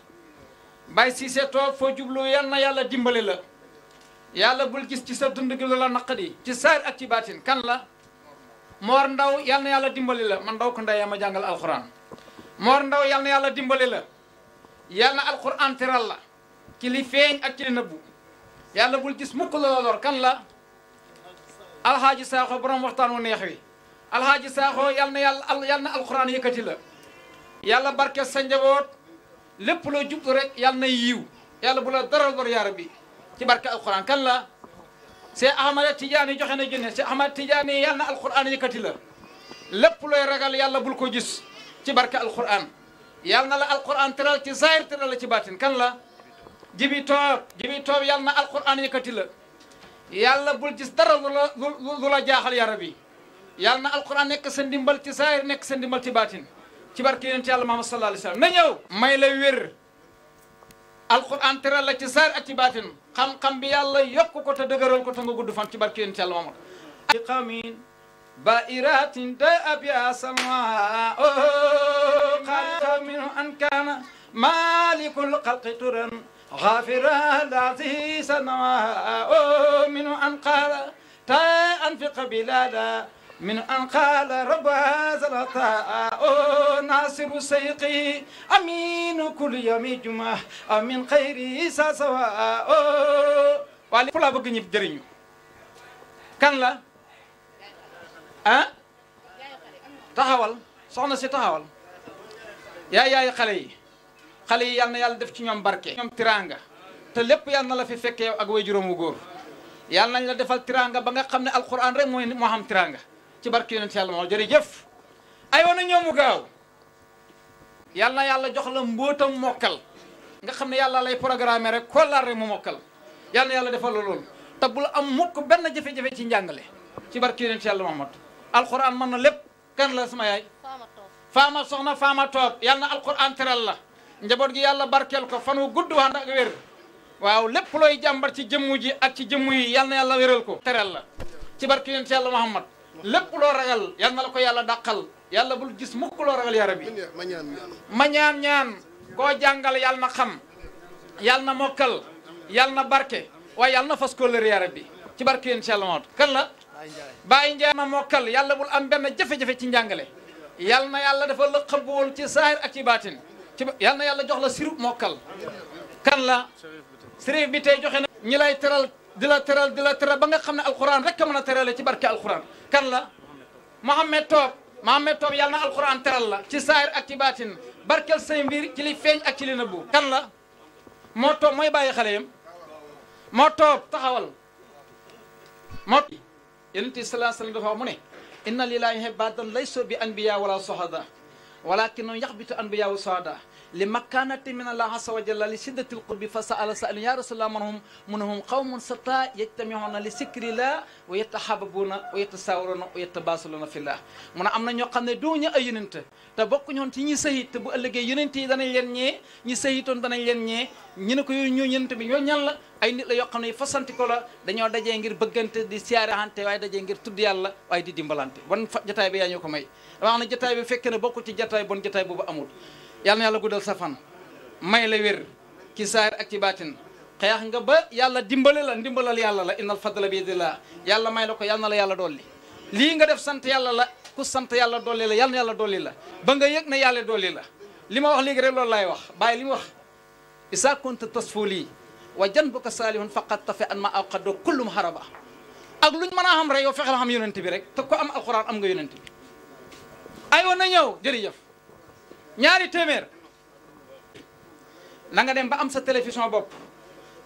Baye Cissé toog foo jublu yal na yàlla dimbali la yàlla bul gis ci sa dund gi lu la naqadi ci saar ak ci baatin kan la moor ndaw yal yàlla dimbali la ma ndaw ko ndey ma jàngal alxuraan Mor ndaw yal na yàlla dimbale la yal na alquran teral la ci li feeñ ak ci li nëbbu yàlla bul gis mukk la kan la alxaaji saaxo borom waxtaan wu neex wi alxaaji saaxo yal na yàlla yal na alquran yëkkati la yàlla barke sa njaboot lépp loo jublu rek yal na yiiw yàlla bu la dara lor yaara bi ci barke alquran kan la Cheikh Ahmad Tidiane joxe na junne Cheikh Ahmad Tidiane yal na alquran yëkkati la lépp looy ragal yàlla bul ko gis ci barke alquran yal na la alquran tëral ci zahir tëral la ci baatin kan la jibi toob jibi toob yal na alquran yëkkati la yàlla bul gis dara lu la lu la jaaxal ya rabbi yal na alquran nekk sa ndimbal ci zahir nekk sa ndimbal ci baatin ci barke yonent yàlla Muhammad sallallahu alayhi wa na ñëw may la wér alquran tëral la ci zahir ak ci baatin xam-xam bi yàlla yokk ko te dëgëral ko te nga gudd fan ci barke yonent yàlla Muhammad بائرات داء بها سماء خالق منه أن كان مالك الخلق ترا غافرا العزيز نواء منه أن قال تأنفق بلادا من أن قال رب هذا العطاء ناصر سيقي أمين كل يوم جمعة أمين خيري سواء wala fu laa bëgg ñëpp jëriñu kan la ah taxawal soxna si taxawal yaa yaay xale yi xale yi yal na yàlla def ci ñoom barke ñoom tiranga te lépp yal na la fi fekke ak way juróom wu góor yal nañ la defal tiranga ba nga xam ne alquran rek mooy moo xam tiranga ci barke yonent moo jërëjëf ay wana ñoom mu gaaw yal na yàlla jox la mbootam mokkal nga xam ne yàlla lay programme rek kollaar rek mu mokkal yal na yàlla defal la loolu te bul am mukk benn jafe-jafe ci njàngale ci barke yonent yàlla Muhammad alquran man na lépp kan la sama yaay faama soxna faama toob yal na alquran teral la njaboot gi yàlla barkeel ko fan wu gudd waan ak wér waaw lépp looy jàmbar ci jëmmu ji ak ci jëmmu yi yal na yàlla wéral ko tereel la ci barke yonent yàlla Muhammad lépp loo ragal yal na la ko yàlla dàqal yàlla bul gis mukk loo ragal ya ma ñaan ñaan koo jàngal yal na xam yal na mokkal yal na barke waaye yal na fas kóllëre ya rabbi ci barke yonent kan la Baye Ndiaye ma mokal yàlla bul am benn jafe-jafe ci njàngale yàlla na yàlla dafa la xëbbool ci saahir ak ci baatin ci yàlla na yàlla jox la siru mokkal kan la sëriñ bi joxe na ñi lay teral di la teral di teral ba nga xam ne alxuraan rek a mën a terale ci barke alxuraan kan la Mohamed Toob Mohamed Toob yàlla na alxuraan teral la ci saahir ak ci baatin barkel say mbir ci li feeñ ak ci li nëbbu kan la moo toob mooy bàyyi xale yam moo toob taxawal moo yonent bi salaa sallam dafa wax mu ne inna lillaahi ibadan laysu bi anbiya wala sohada walakinum yaxbitu anbiya wa sohada li makanati min allah asa wa jalla li shiddati lqurbi fa saala saalin ya rasulallah manhum munhum qawmun sata yajtamiuna li sikri la wa yatahababuna wa yatasawiruna wa yatabasaluna fillah mun a am na ñoo xam ne doo ñu ay yonent te bokku ñoon ci ñi sahit te bu ëllëgee yonent yi danañ leen ñee ñi sahitoon danañ leen ñee ñu ne ko yooyu ñoo yonent bi ñoo ñan la ay nit la yoo xam ne fasanti ko la dañoo dajee ngir bëggante di siyaarehante waaye dajee ngir tudd yàlla waaye di dimbalante wan jotaay bi yaa ñoo ko may dama xam ne fekkee ne bokk ci jotaay bon jotaay boobu amul yal na yàlla guddal sa fan may la wér ci saayir ak ci baatin xeex nga ba yàlla dimbale la ndimbalal yàlla la innal fadla bi yadillah yàlla may la ko yal na la yàlla dolli lii nga def sant yàlla la ku sant yàlla dolli la yal na yàlla dolli la ba nga yëg na yàlla dolli la li ma wax léegi rek loolu laay wax bàyyi li mu wax isa kunta tasfu lii wa janbuka saalihun faqad tafe an ma aqaddo kullum haraba ak luñ mën a xam rek yow fexeel xam yonent bi rek te ko am alquran am nga yonent bi aywa na ñëw jërëjëf ñaari téeméer nanga dem ba am sa télévision bopp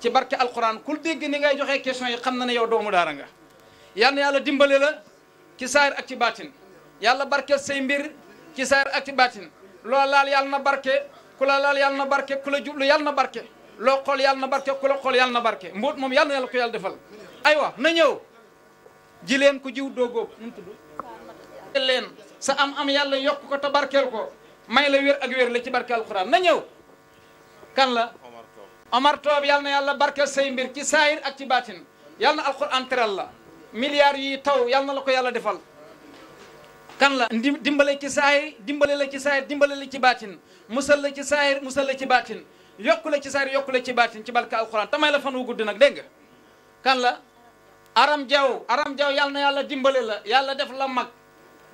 ci barke alxuraan ku dégg ni ngay joxe question yi xam na ne yow doomu daara nga yal na yàlla dimbale la ci saayir ak ci baatin yàlla barkeel say mbir ci saayir ak ci baatin loo laal yàlla na barke ku la laal yal na barke ku la jublu yàlla na barke loo xool yàlla na barke ku la xool yàlla na barke mbóot moom yàlla na yàlla ko yàlla defal aywa na ñëw ji ku jiw doo góob nu mu sa am am yàlla yokk ko te barkeel ko may la wér ak wér la ci barke alxuraan na ñëw kan la Omar Toob yal na yàlla barkeel say mbir ci saayir ak ci baatin yal na alxuraan teral la milliards yi taw yal na la ko yàlla defal kan la dimbale ci saayir dimbale la ci saayir dimbale la ci baatin musal la ci saayir musal la ci baatin yokk la ci saayir yokku la ci baatin ci barke alxuraan te may la fan wu gudd nag dégg kan la aram jaw aram jaw yal na yàlla dimbale la yàlla def la mag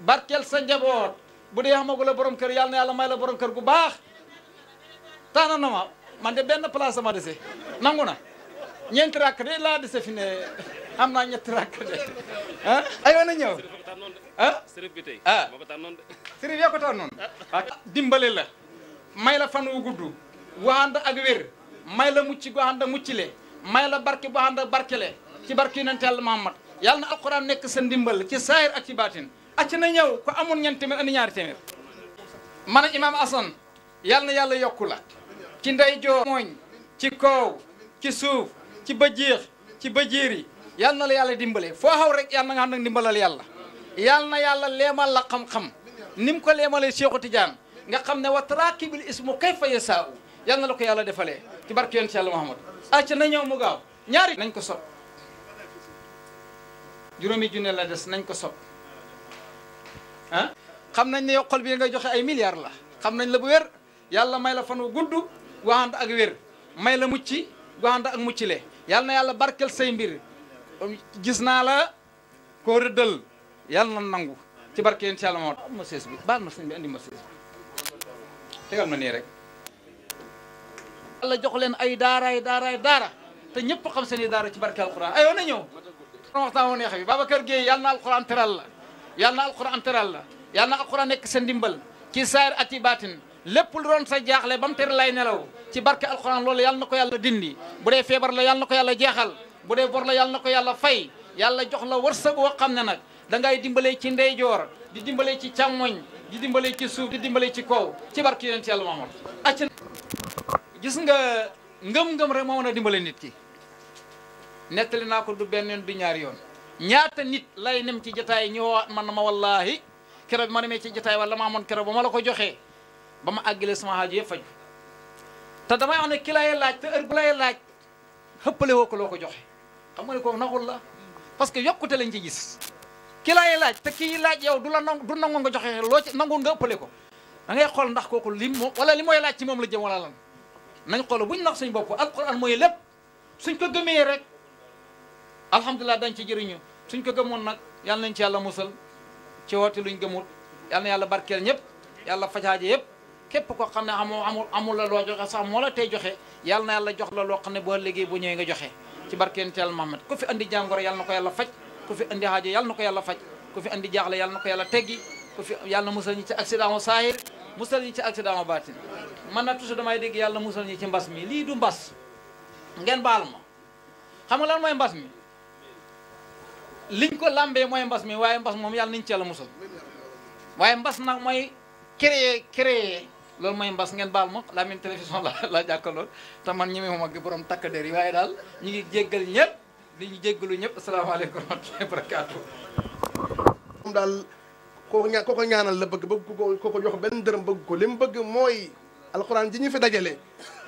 barkeel sa njaboot bu dee xamagu la borom kër yàlla na yàlla may la borom kër gu baax taana na ma man de benn place sama dese nangu na ñeenti rakk de laa dese fi ne am naa ñetti de ah ayoon na ñëw ah sërif bi taan ah. noonu ah. dimbale la may la fan wu gudd wu ànd ak wér may la mucci gu ànd muccile may la barke bu ànd barkele ci barke yonent yàlla Muhammad yàlla na alquran nekk sa ndimbal ci saahir ak ci baatin acc na ñëw ko amoon ñeent téeméer andi ñaari téeméer man a imaam Assane yàlla na yàlla yokkula ci ndey joo mooñ ci koow ci suuf ci bëjiix ci bëjiir yi yàlla na la yàlla dimbale foo xaw rek yàlla na nga xam nag dimbalal yàlla yàlla na yàlla leemal la xam-xam ni ko leemalee Seexu Tijaan nga xam ne wa taraakibil ismu kayfa yasaa'u yàlla na la ko yàlla defalee ci barke yonent yàlla Muhammad acc na ñëw mu gaaw ñaari nañ ko sob juróomi junne la des nañ ko sob ah xam nañ ne yow xol bi ngay joxe ay milliards la xam nañ la ba wér yàlla may la fan wu gudd gu ànd ak wér may la mucc gu ànd ak mucc le yàlla na yàlla barkel say mbir gis naa la koo rëddal yàlla nangu ci barke yéen ci yàlla moo ma sees andi ma sees bi tegal ma nii rek yàlla jox leen ay daaraay daaraay daara te ñëpp xam seen i daara ci barke alquran ayoo na ñëw waxtaan wu neex bi Babacar Gueye yàlla na alquran teral la yàlla na alquran teral la yàlla na alquran nekk sa ndimbal ci saayir ati baatin lépp lu doon sa jaaxle ba mu tere lay nelaw ci barke alquran loolu yàlla na ko yàlla dindi bu dee feebar la yàlla na ko yàlla jeexal bu dee bor la yàlla na ko yàlla fay yàlla jox la wërsëg woo xam ne nag dangay dimbalee ci ndeyjoor di dimbalee ci càmmoñ di dimbalee ci suuf di dimbalee ci kaw ci barke yonent yàlla Muhammad acca gis nga ngëm-ngëm rek moo mën a dimbale nit ki nettali naa ko du bi ñaari yoon ñaata nit lay nem ci jataay ñëwaat man ma wallaahi kero bi ma demee ci jataay wala ma amoon kero ba ma la ko joxee ba ma àggale sama xaaju yëpp faju te damay wax ne ki lay laaj te heure laaj xëppale woo ko loo ko joxe xam nga ne kooku naxul la parce que yokkute lañ ci gis ki lay laaj te kii laaj yow du la nangu du nangu nga joxe loo ci nangu nga ëppale ko da ngay xool ndax kooku lim moom wala li mooy laaj ci moom la jëm wala lan nañ xool buñ nax suñ bopp alquran mooy lépp suñ ko gëmee rek alhamdulilah dañ ci jëriñu suñ ko gëmoon nag yal nañ ci yàlla musal ci woote luñ gëmul yal na yàlla barkeel ñëpp yàlla fajaaje yëpp képp ko xam ne amoo amul amul a loo joxe sax moo la tey joxe yal na yàlla jox la loo xam ne boo liggéey bu ñëwee nga joxe ci barkeen teel Muhammad ku jàngoro yal na ko yàlla faj ku fi andi haajo yal na ko yàlla faj ku fi andi jaaxle yal na ko yàlla teggi ku fi yàlla musal ñi ci accident wu saahir musal ñi ci accident wu baatin man nag toujours damay dégg yàlla musal ñi ci mbas mi lii du mbas ngeen baal ma xam nga lan mooy mbas mi liñ ko làmbee mooy mbas mi waaye mbas moom yàlla nañ ci yàlla musal waaye mbas nag mooy créer créer loolu mooy mbas ngeen baal ma la min télévision la la jàkkalool te man ñi moom ak borom takk der yi waaye daal ñu ngi jéggal ñëpp di ñu jéggalu ñëpp asalaamaaleykum wa rahmatullahi wa barakaatu moom daal koo ko ko ñaanal la bëgg bëgg ko ko ko jox benn dërëm bëgg ko li mu bëgg mooy alxuraan ji ñu fi dajale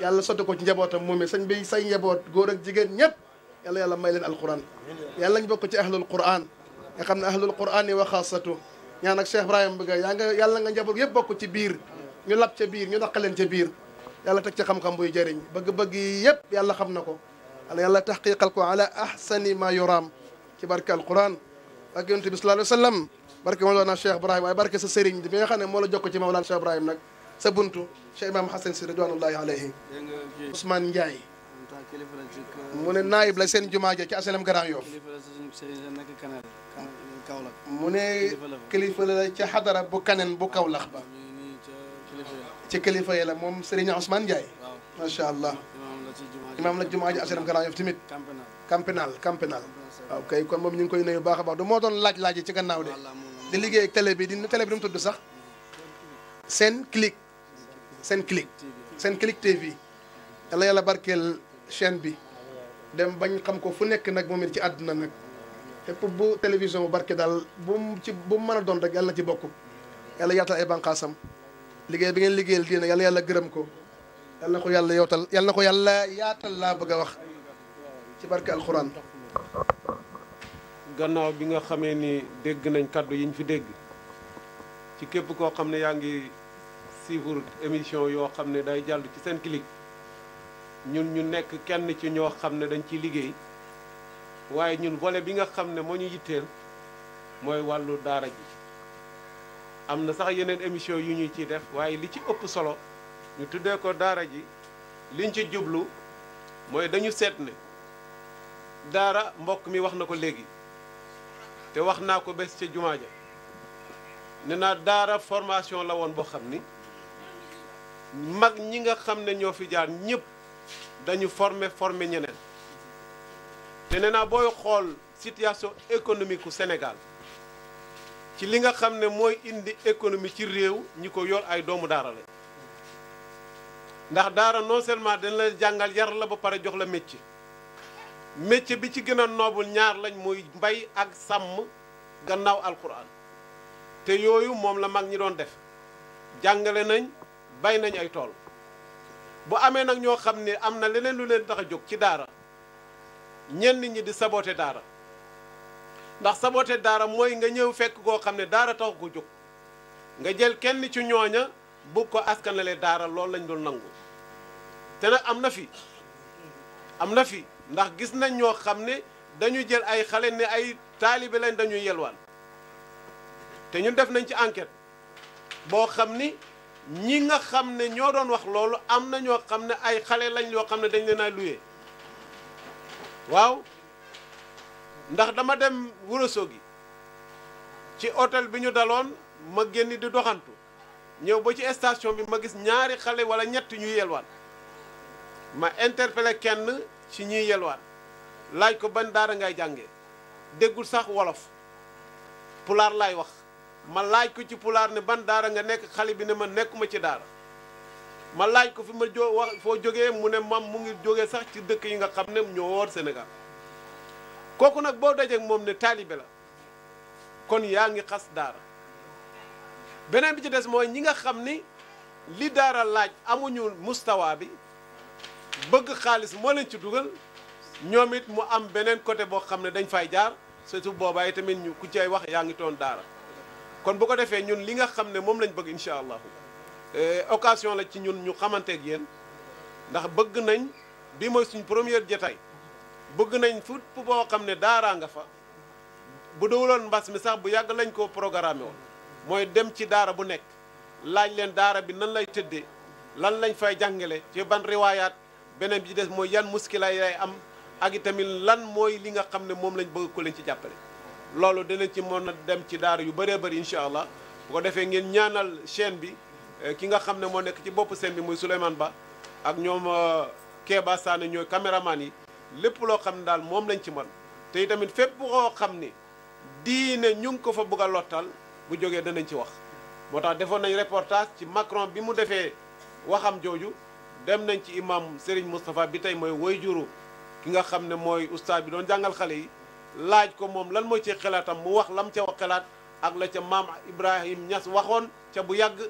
yàlla sotti ko ci njabootam moom sañ bi say njaboot góor ak jigéen ñëpp yàlla yàlla may leen alquran yàlla ñu bokk ci ahlul quran nga xam ne ahlul quran yi wa xaasatu ñaan ak Cheikh Ibrahima bëgg yaa nga yàlla nga njaboot yëpp bokk ci biir ñu lab ca biir ñu naq leen ca biir yàlla teg ci xam-xam buy jëriñ bëgg-bëgg yi yëpp yàlla xam na ko ala yàlla taxqiqal ko ala ahsani ma yuraam ci barke alquran barke yonent bi sallallahu alayhi wa sallam barke Mawlana Cheikh Ibrahima waaye barke sa sëriñ bi nga xam ne moo la jokk ci Mawlana Cheikh Ibrahima nag sa buntu Cheikh Imam Hassan si ridwanullahi alayhi Ousmane Ndiaye mu ne naayib la seen jumaa ja ci asalam Grand Yoff mu ne kilifa la ca xadara bu kanen bu Kaolack ba ci kilifa yi la moom Serigne Ousmane Ndiaye macha allah imaam la jumaa ji asalam Grand Yoff tamit campénal campénal waaw kay kon moom ñu ngi koy ne baax a baax moo doon laaj laaj ci gannaaw de di liggéey ak télé bi di télé bi du mu tudd sax seen clic seen clic seen clic TV yàlla yàlla barkeel chaîne bi dem bañ xam ko fu nekk nag moom it ci àdduna nag fépp bu télévision bu barke daal bu mu ci bu mu mën a doon rek yàlla ci bokk yàlla yaatal ay bànqaasam liggéey bi ngeen liggéeyal diine yàlla yàlla gërëm ko yàlla ko yàlla yootal na ko yàlla yaatal laa bëgg a wax ci barke alxuraan. gannaaw bi nga xamee ni dégg nañ kàddu yi ñu fi dégg ci képp koo xam ne yaa ngi suivre émission yoo xam ne day jàll ci seen Senclic ñun ñu nekk kenn ci ñoo xam ne dañ ciy liggéey waaye ñun boole bi nga xam ne moo ñu yitteel mooy wàllu daara ji am na sax yeneen émission yu ñu ciy def waaye li ci ëpp solo ñu tuddee ko daara ji liñ ci jublu mooy dañu seet ne daara mbokk mi wax na ko léegi te wax naa ko bés ca jumaa ja ne naa daara formation la woon boo xam ni mag ñi nga xam ne ñoo fi jaar ñëpp dañu former former ñeneen te nee naa booy xool situation économique u Sénégal ci li nga xam ne mooy indi économie ci réew ñi ko yor ay doomu daara la ndax daara non seulement dañ la jàngal yar la ba pare jox la métier métier bi ci gën a noobul ñaar lañ mooy mbay ak sàmm gannaaw alquran te yooyu moom la mag ñi doon def jàngale nañ bay nañ ay tool bu amee nag ñoo xam ne am na leneen lu leen tax a jóg ci daara ñenn ñi di saboté daara ndax saboté daara mooy nga ñëw fekk goo xam ne daara taxu ko jóg nga jël kenn ci ñooña bugg ko askanale daara loolu lañ doon nangu te nag am na fi am na fi ndax gis nañ ñoo xam ne dañu jël ay xale ne ay taalibe lañ dañuy yelwaan te ñun def nañ ci enquête boo xam ni ñi nga xam ne ñoo doon wax loolu am na ñoo xam ne ay xale lañ loo xam ne dañ leen a luye waaw ndax dama dem Ourossogui ci otel bi ñu daloon ma génn di doxantu ñëw ba ci station bi ma gis ñaari xale wala ñett ñuy yelwaan ma interpellé kenn ci ñuy yelwaan laaj ko ban daara ngay jànge déggul sax wolof pulaar laay wax ma laaj ko ci pulaar ne ban daara nga nekk xale bi ne ma nekkuma ci daara ma laaj ko fi ma jo wax foo jógee mu ne mam mu ngi jógee sax ci dëkk yi nga xam ne ñoo woor senegal kooku nag boo dajee moom ne taalibe la kon yaa ngi xas daara beneen bi ci des mooy ñi nga xam ni li daara laaj amuñu mustawaa bi bëgg xaalis moo leen ci dugal ñoom it mu am beneen côté boo xam ne dañ fay jaar surtout boobaay tamit ñu ku ci ay wax yaa ngi toon daara kon bu ko defee ñun li nga xam ne moom lañ bëgg incha allahu eh, occasion la ci ñun ñu xamanteeg yéen ndax bëgg nañ bi mooy suñ première jotaay bëgg nañ fut boo xam ne daaraa nga fa bu dawuloon mbas mi sax bu yàgg lañ ko programmé woon mooy dem ci daara bu nekk laaj leen daara bi nan lay tëddee lan lañ fay jàngale ci ban riwaayaat beneen bi ci des mooy yan muskila yaay am ak itamit lan mooy li nga xam ne moom lañ bëgg ko leen ci jàppale loolu dina ci moon a dem ci daar yu baree bëri incha allah bu ko defee ngeen ñaanal chaîne bi eh, ki nga xam ne moo nekk ci bopp chaîne bi muy Souleymane Ba ak ñoom eh, Kéba Sané ñooy caméraman yi lépp loo xam ne daal moom lañ ci mën te itamit fépp koo xam ni diine ñu ngi ko fa bëgg a lottal bu jógee danañ ci wax moo tax defoon nañ reportage ci Macron bi mu defee waxam jooju dem nañ ci imam Serigne Moustapha bi tey mooy woy juru ki nga xam ne mooy oustaz bi doon jàngal xale yi laaj ko moom lan mooy ci xalaatam mu wax lam ca wax ak la ca maam Ibrahim ñas waxoon ca bu yàgg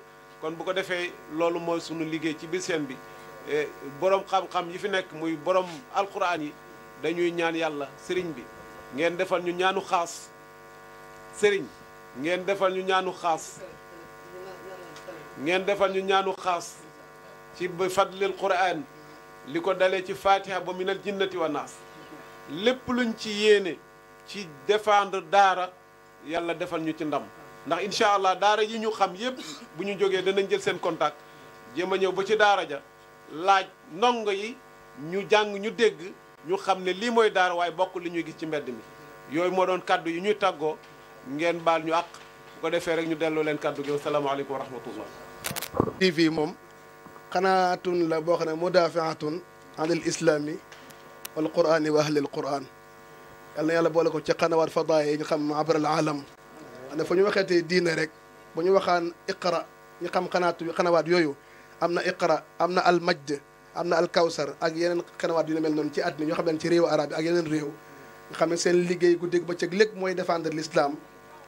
kon bu ko defee loolu mooy sunu liggéey ci biir seen bi e, boroom xam-xam yi fi nekk muy borom alxuraan yi dañuy ñaan yàlla sëriñ bi ngeen defal ñu ñaanu xaas sëriñ ngeen defal ñu ñaanu xaas ngeen defal ñu ñaanu xaas ci bi fadlil quran li ko dalee ci fatiha ba minal jinnati wa naas lépp luñ ci yéene ci défendre daara yàlla defal ñu ci ndam ndax incha allah daara yi ñu xam yépp bu ñu jógee danañ jël seen kontak jéem a ñëw ba ci daara ja laaj ndongo yi ñu jàng ñu dégg ñu xam ne lii mooy daara waaye bokk li ñuy gis ci mbedd mi yooyu moo doon kàddu yi ñuy tàggoo ngeen baal ñu àq bu ko defee rek ñu delloo leen kaddu gi wasalaamaaleykum wa rahmatullah TV moom xanaatun la boo xam ne mudaafiatun anil islami wal qurani wax ahlil quran yal na yàlla boole ko ci xanawaat fadaaya yi nga xam abral alam ne foo ñu waxeetee diine rek ba ñu waxaan iqra ñu xam xanaatu xanawaat yooyu am na iqra am na al majd am na al kawsar ak yeneen xanawaat yu ne mel noonu ci àddina ñoo xam ne ci réew arab yi ak yeneen réew nga xam ne seen liggéey guddi ba bëccëg lépp mooy défendre l'islam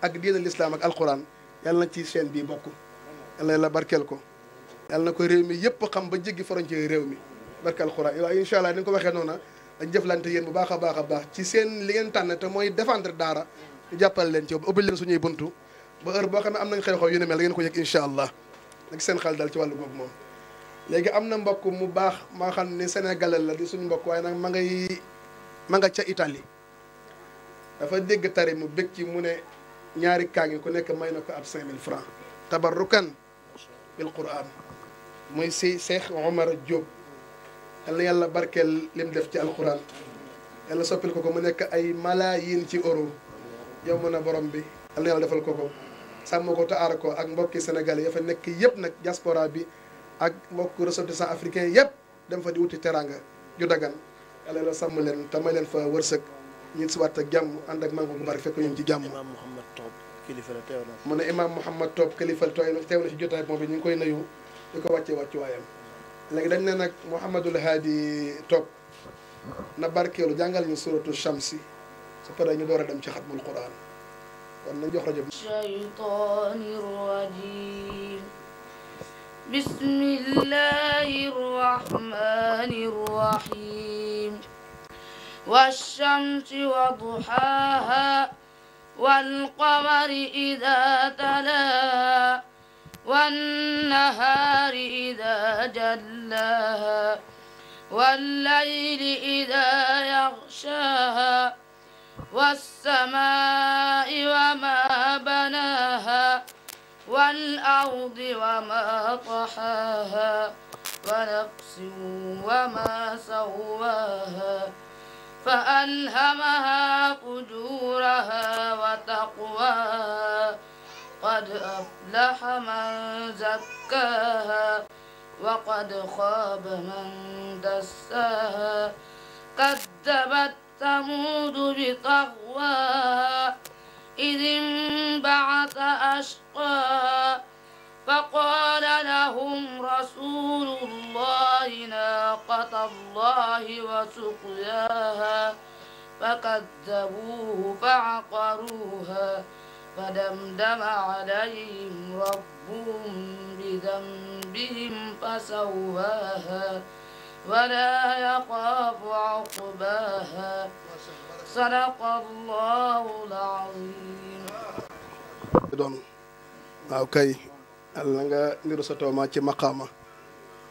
ak diine l'islam ak alquran yàlla na ci seen bii bokk yàlla yàlla barkeel ko yàlla na ko réew mi yëpp xam ba jéggi frontière réew mi barkeel alquran waaye incha allah ni ko waxee noona ak jëflante yéen bu baax a baax a baax ci seen li ngeen tànn te mooy défendre daara ñu jàppale leen ci ubbil leen suñuy buntu ba heure boo xam ne am nañ xew-xew yu ne mel ngeen ko yëg incha allah nag seen xel dal ci wàllu googu moom léegi am na mbokk mu baax maa xam ni sénégalais la di suñu mbokk waaye nag ma ngay ma nga ca Italie dafa dégg tari mu bég ci mu ne ñaari kaa ngi ku nekk may na ko ab 5000 francs tabarrukan bil quran muy si Cheikh Omar Diop yàlla yàlla barkeel lim def ci alxuraan la soppil ko ko mu nekk ay malaayin ci euro yow mën a borom bi yàlla yàlla defal ko ko sàmm ko te ko ak mbokki Sénégal ya fa nekk yëpp nag diaspora bi ak mbokk ressortissants africains yëpp dem fa di wuti teraanga ju dagan yàlla yàlla sàmm leen te may leen fa wërsëg ñu siwaat ak jàmm ànd ak mango bu bari fekk ñun ci jàmm. imaam a na. mu ne imaam Mouhamed Top kilifa teew na ci jotaay boobu ñu ngi koy nuyu di ko wàccee wàccuwaayam. léegi dañ ne nag Mouhamadul Haadi toog na barkeelu jàngal ñu suratu Shamsi su paree ñu door a dem ci xatmul Quraan kon nañ jox rajo. shaytaani rajiim bismillaahi rahmaani rahiim wash-shamsi wa duhaahaa wal qamari idaa talaahaa والنهار إذا جلاها والليل إذا يغشاها والسماء وما بناها والأرض وما طحاها ونفس وما سواها فألهمها فجورها وتقواها قد أفلح من زكاها وقد خاب من دساها كذبت ثمود بطغواها إذ انبعث أشقاها فقال لهم رسول الله ناقة الله وسقياها فكذبوه فعقروها فدمدم عليهم ربهم بذنبهم فسواها ولا يخاف عقباها صدق الله العظيم doon waaw kay yàlla nga niru sa tooma ci maqaama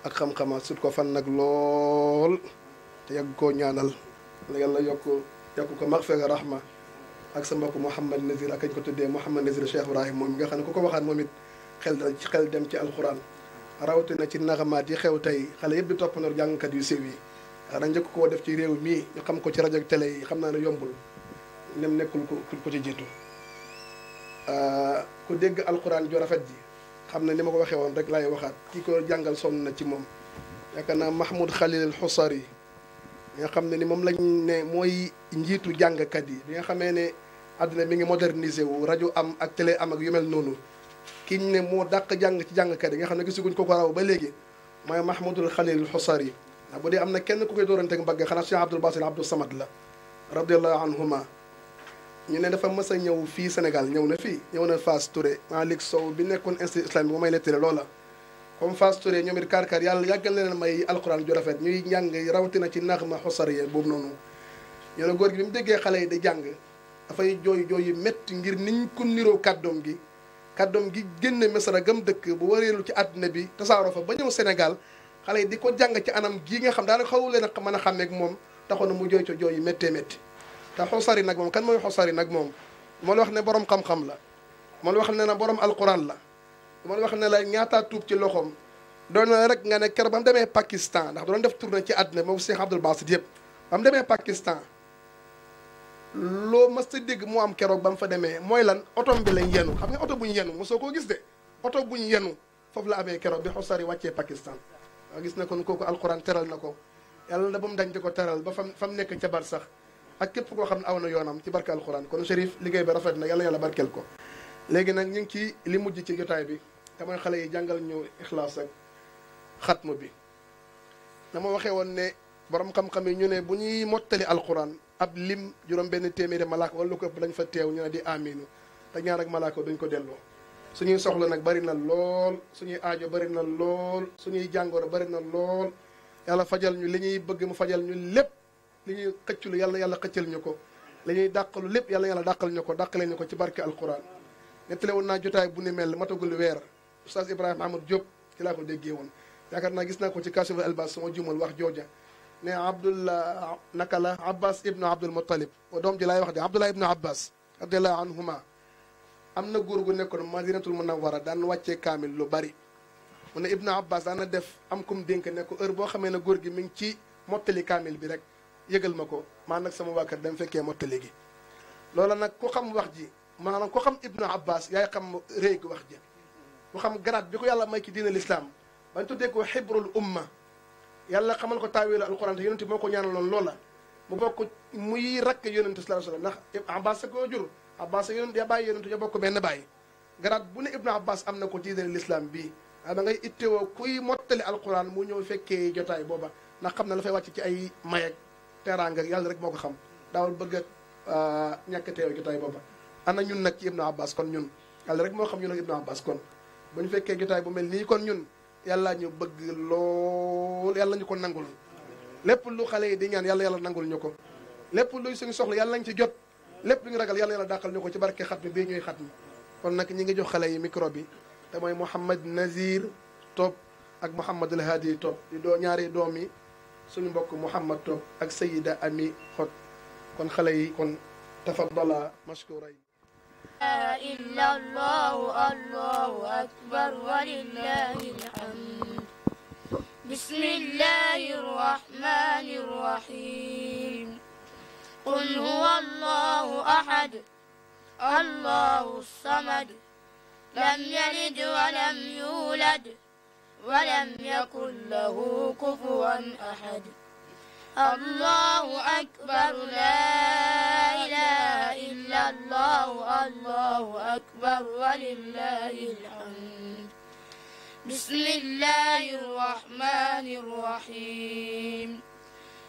ak xam-xama sut ko fan nag lool te yàgg koo ñaanal yàlla yokk yokk ko magfira rahma ak sa mbokk Mouhamad Nazir ak kañ ko tuddee Mouhamad Nazir Cheikh Ibrahim moom mi nga xam ne ku ko waxaat moom it xel dana ci xel dem ci alxuraan rawatina ci naxamaat yi xew tey xale yëpp di toppandoor jàngkat yu siiw yi dana njëkk koo def ci réew mii xam ko ci rajo ak xam naa ne yombul nem nekkul ku ku ci jiitu ah, ku dégg alxuraan ju rafet ji xam ne ni ma ko waxee woon rek laay waxaat kii ko jàngal sonn na ci moom yaakaar naa Mahmoud Khalil al Xusari yi nga xam ne ni moom lañ ne mooy njiitu jàngkat yi bi nga xamee ne àdduna mi ngi modernisé wu rajo am ak télé am ak yu mel noonu kii ñu ne moo dàq jàng ci jàngkat yi nga xam ne gisaguñ ko ko raw ba léegi mooy Mahmoudul Khalil Xusari yi ndax bu dee am na kenn ku koy dooranteeg mbagg xanaa Cheikh Abdoul Basir Abdou Samad la radiallahu anhuma ñu ne dafa mës a ñëw fii Sénégal ñëw na fii ñëw na Fass Touré Malick Sow bi nekkoon institut islamique bu may lettre loola comme fas Touré ñoom it karkar yàlla yàggal na leen may alquran ju rafet ñuy njàng rawatina ci nax ma xusariya boobu noonu ñu ne góor gi bi mu déggee xale yi di jàng dafay jooy jooy yi metti ngir niñ ko niroo kàddoom gi kàddoom gi génne Misra gam dëkk bu wareelu ci àdduna bi tasaaroo fa ba ñëw Sénégal xale yi di ko jàng ci anam gii nga xam daanaka xawu leen a mën a xàmmeek moom taxoon na mu jooy co jooy yi méttee métti te xosari nag moom kan mooy xosari nag moom moo la wax ne borom xam-xam la moo la wax ne na borom alquran la moo la wax ne la ñaataa tuub ci loxoom doon na rek nga ne ker ba mu demee Pakistan ndax doon def tournée ci àdduna bi moom Cheikh Abdoul Basit yëpp ba loo mës a dégg mu am keroog ba mu fa demee mooy lan oto bi lañ yenu xam nga oto buñ ñu yenu mosoo koo gis de oto bu yenu foofu la amee keroog bi xusari wàccee Pakistan gis na kon kooku alquran teral na ko yàlla na ba mu dañ ko teral ba fam fa mu nekk ca bar sax ak képp koo xam ne aw na yoonam ci barke alquran kon Chérif liggéey bi rafet na yàlla yàlla barkeel ko léegi nag ñu ngi ci li mujj ci jotaay bi te xale yi jàngal ñu ixlaas ak xatmu bi dama waxee woon ne borom xam-xam yi ñu ne bu ñuy mottali alxuraan ab lim juróom benn téeméeri malaaka wala lu ko ëpp lañ fa teew ñu ne di aminu te ñaar ak malaaka duñ ko delloo suñuy soxla nag bari na lool suñuy aajo bari na lool suñuy jàngoro bari na lool yàlla fajal ñu li ñuy bëgg mu fajal ñu lépp li ñuy xëcculu yàlla yàlla xëccal ñu ko li ñuy dàqalu lépp yàlla yàlla dàqal ñu ko dàqalee ñu ko ci barke al alquran nettali woon naa jotaay bu ni mel matagul weer oustaz Ibrahima Mahmoud Diop ci laa ko déggee woon yaakaar naa gis naa ko ci Kashiful Albas sama jumal wax jooja ne abdullah naka la abbas ibnu abdul muttalib wa doom ji laay wax de abdullah ibnu abbas radiallahu anhuma am na góor gu nekkoon madinatul munawara daan wàccee kaamil lu bari mu ne ibnu abbas daan def am kum dénk ne ko heure boo xamee ne góor gi mi ngi ci mottali kaamil bi rek yëgal ma ko man nag sama waa kër dem fekkee mottali gi loola nag ku xam wax ji maanaam ku xam ibnu abbas yaay xam réy gi wax ji ku xam garaat bi ko yàlla may ci diina lislaam bañ tuddee ko xibrul umma yàlla xamal ko taawilu alquran te yonente moo ko ñaanaloon loola mu bokk muy rakk yonente sallallahu alayhi wasallam ndax abbas ko jur abbas yonente ya bàyyi yonente ya bokk benn bàyyi garaat bu ne ibnu abbas am na ko diidal l'islam bii da ngay ittewoo kuy mottali alquran mu ñëw fekkee jotaay booba ndax xam na la fay wàcc ci ay mayeg teraanga yàlla rek moo ko xam daawal bëgg ak ñàkk teew jotaay booba ana ñun nag ci ibnu abbas kon ñun yàlla rek moo xam ñun ak ibnu abbas kon bu ñu fekkee jotaay bu mel nii kon ñun yàlla ñu bëgg lool yàlla ñu ko nangul lépp lu xale yi di ñaan yàlla yàlla nangul ñu ko lépp luy suñu soxla yàlla nañ ci jot lépp lu ñu ragal yàlla yàlla dàqal ñu ko ci barke xat mi bii ñuy xat mi kon nag ñi ngi jox xale yi micro bi te mooy Mouhamad Nazir Top ak Mouhamadul Hadi Top di doo ñaari doom yi suñu mbokk Mouhamad Top ak Sayida Ami Xot kon xale yi kon te tafadala mashkura yi إلا الله الله أكبر ولله الحمد بسم الله الرحمن الرحيم قل هو الله أحد الله الصمد لم يلد ولم يولد ولم يكن له كفوا أحد allahu akbar laa ilaaha illa allah allahu akbar walillahi alhamd bismillahi rahmani rahim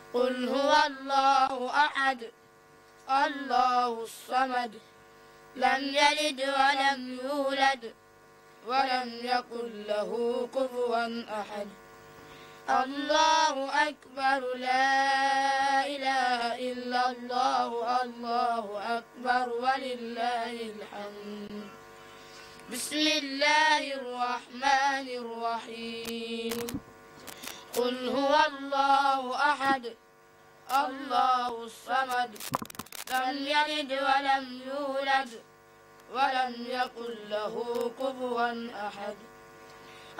qul huwa allahu ahad allahu samad lam yalid walam yulad walam yakun lahu kufuwan ahad الله أكبر لا إله إلا الله الله أكبر ولله الحمد بسم الله الرحمن الرحيم قل هو الله أحد الله الصمد لم يلد ولم يولد ولم يكن له كفوا أحد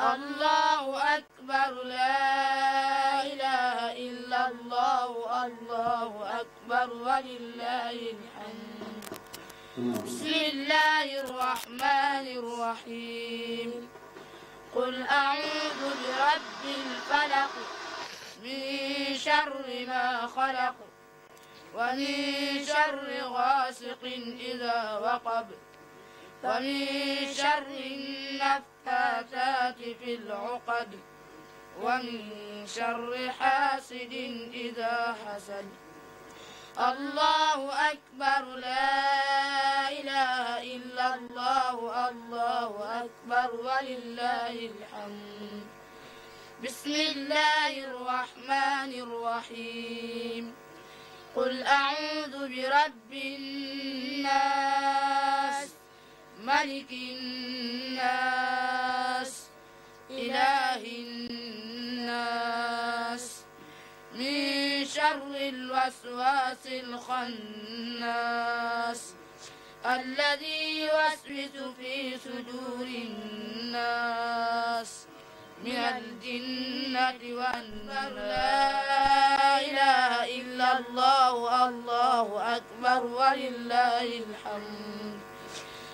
الله أكبر لا إله إلا الله الله أكبر ولله الحمد بسم الله الرحمن الرحيم قل أعوذ برب الفلق من شر ما خلق ومن شر غاسق إذا وقب ومن شر النفاثات في العقد ومن شر حاسد إذا حسد الله أكبر لا إله إلا الله الله أكبر ولله الحمد بسم الله الرحمن الرحيم قل أعوذ برب الناس ملك الناس إله الناس من شر الوسواس الخناس الذي يوسوس في صدور الناس من الجنة والنار لا إله إلا الله الله أكبر ولله الحمد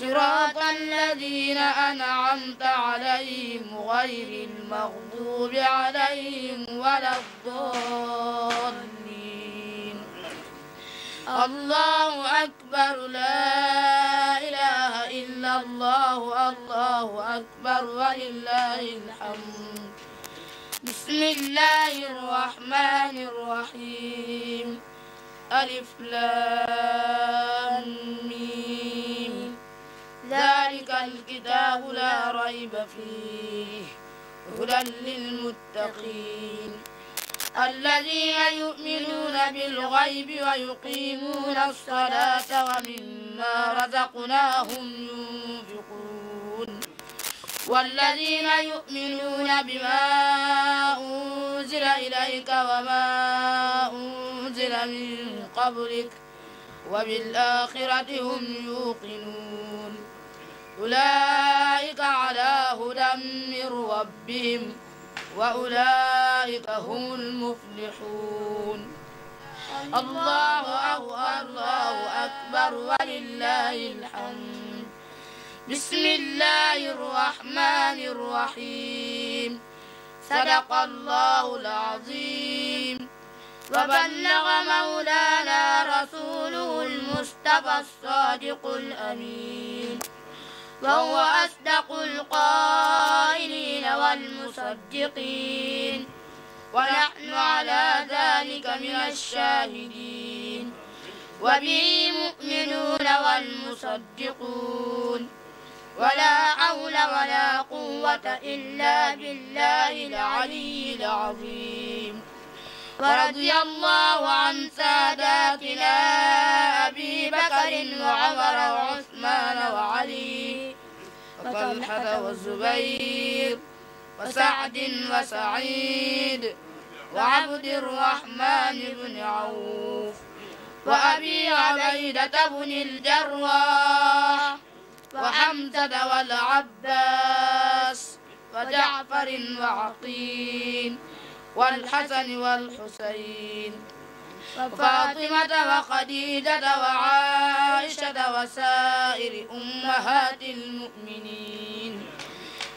صراط الذين أنعمت عليهم غير المغضوب عليهم ولا الضالين الله أكبر لا إله إلا الله الله أكبر ولله الحمد بسم الله الرحمن الرحيم ألف لام ميم ذلك الكتاب لا ريب فيه هدى للمتقين الذين يؤمنون بالغيب ويقيمون الصلاة ومما رزقناهم ينفقون والذين يؤمنون بما أنزل إليك وما أنزل من قبلك وبالآخرة هم يوقنون أولئك على هدى من ربهم وأولئك هم المفلحون الله أكبر الله أكبر ولله الحمد بسم الله الرحمن الرحيم صدق الله العظيم وبلغ مولانا رسوله المصطفى الصادق الأمين وهو أصدق القائلين والمصدقين ونحن على ذلك من الشاهدين وبه مؤمنون والمصدقون ولا حول ولا قوة إلا بالله العلي العظيم ورضي الله عن ساداتنا أبي بكر وعمر وعثمان وعلي وطلحة والزبير وسعد وسعيد وعبد الرحمن بن عوف وأبي عبيدة بن الجراح وحمزة والعباس وجعفر وعقيل والحسن والحسين وفاطمة وخديجة وعائشة وسائر أمهات المؤمنين